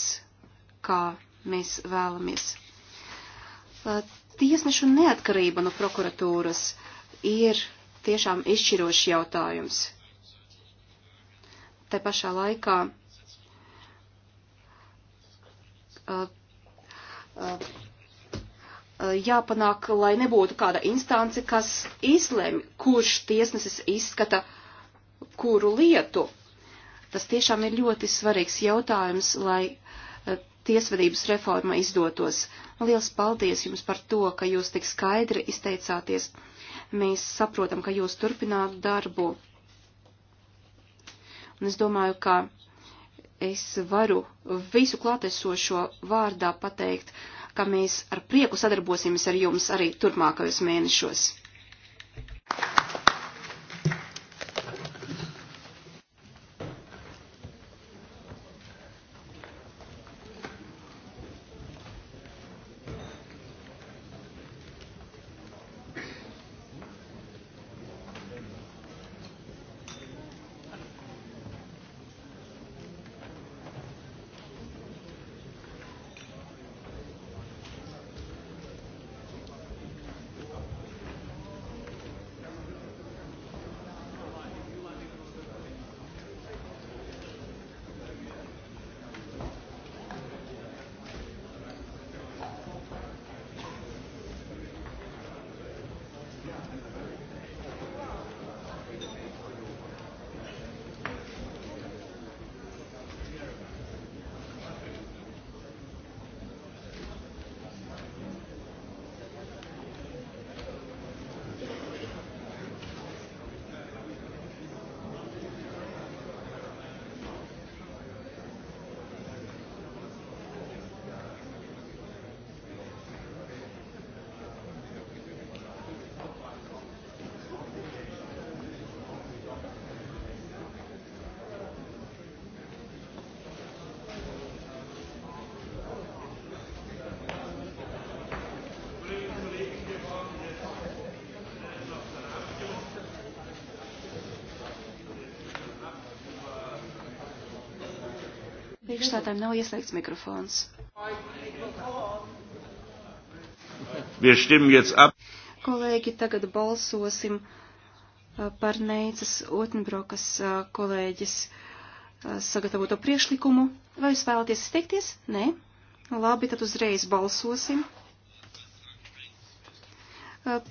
kā mēs vēlamies. Eh, tiesnešu neatkarība no prokuratūras ir tiešām izšķirošs jautājums. Te pašā laikā uh, uh, jāpanāk, lai nebūtu kāda instance, kas izlem, kurš tiesnesis izskata uh, kuru lietu. Tas tiešām ir ļoti svarīgs jautājums, lai eh, tiesvedības reforma izdotos. Liels paldies jums par to, ka jūs tik skaidri izteicāties. Mēs saprotam, ka jūs turpināt darbu. Un es domāju, ka es varu visu klātesošo vārdā pateikt, ka mēs ar prieku sadarbosimies ar jums arī turpmākajos mēnešos. priekšsētājiem nav ieslēgts mikrofons. Kolēģi, tagad balsosim par Neicas Otnbrokas kolēģis sagatavoto priekšlikumu. Vai jūs vēlaties izteikties? Nē? Labi, tad uzreiz balsosim.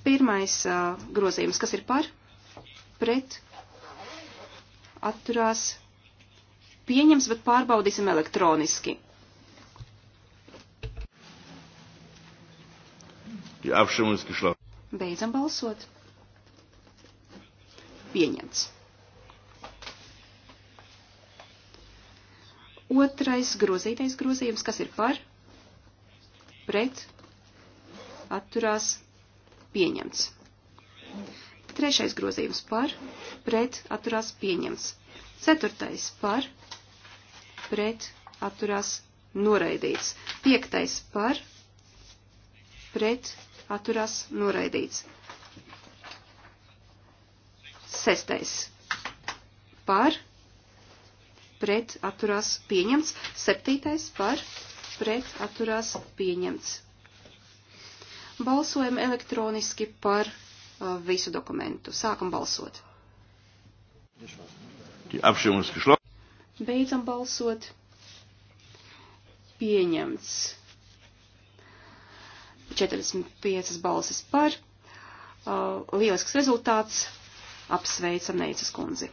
Pirmais grozījums, kas ir par, pret, atturās, pieņems, bet pārbaudīsim elektroniski. Beidzam balsot. Pieņemts. Otrais grozītais grozījums, kas ir par, pret, atturās, pieņemts. Trešais grozījums par, pret, atturās, pieņemts. Ceturtais par, pret atturās noraidīts. Piektais par pret atturās noraidīts. Sestais par pret atturās pieņemts. Septītais par pret atturās pieņemts. Balsojam elektroniski par uh, visu dokumentu. Sākam balsot. Die Abstimmung ist geschlossen. Beidzam balsot. Pieņemts. 45 balsis par. Uh, lielisks rezultāts. Apsveicam Neicas kundzi.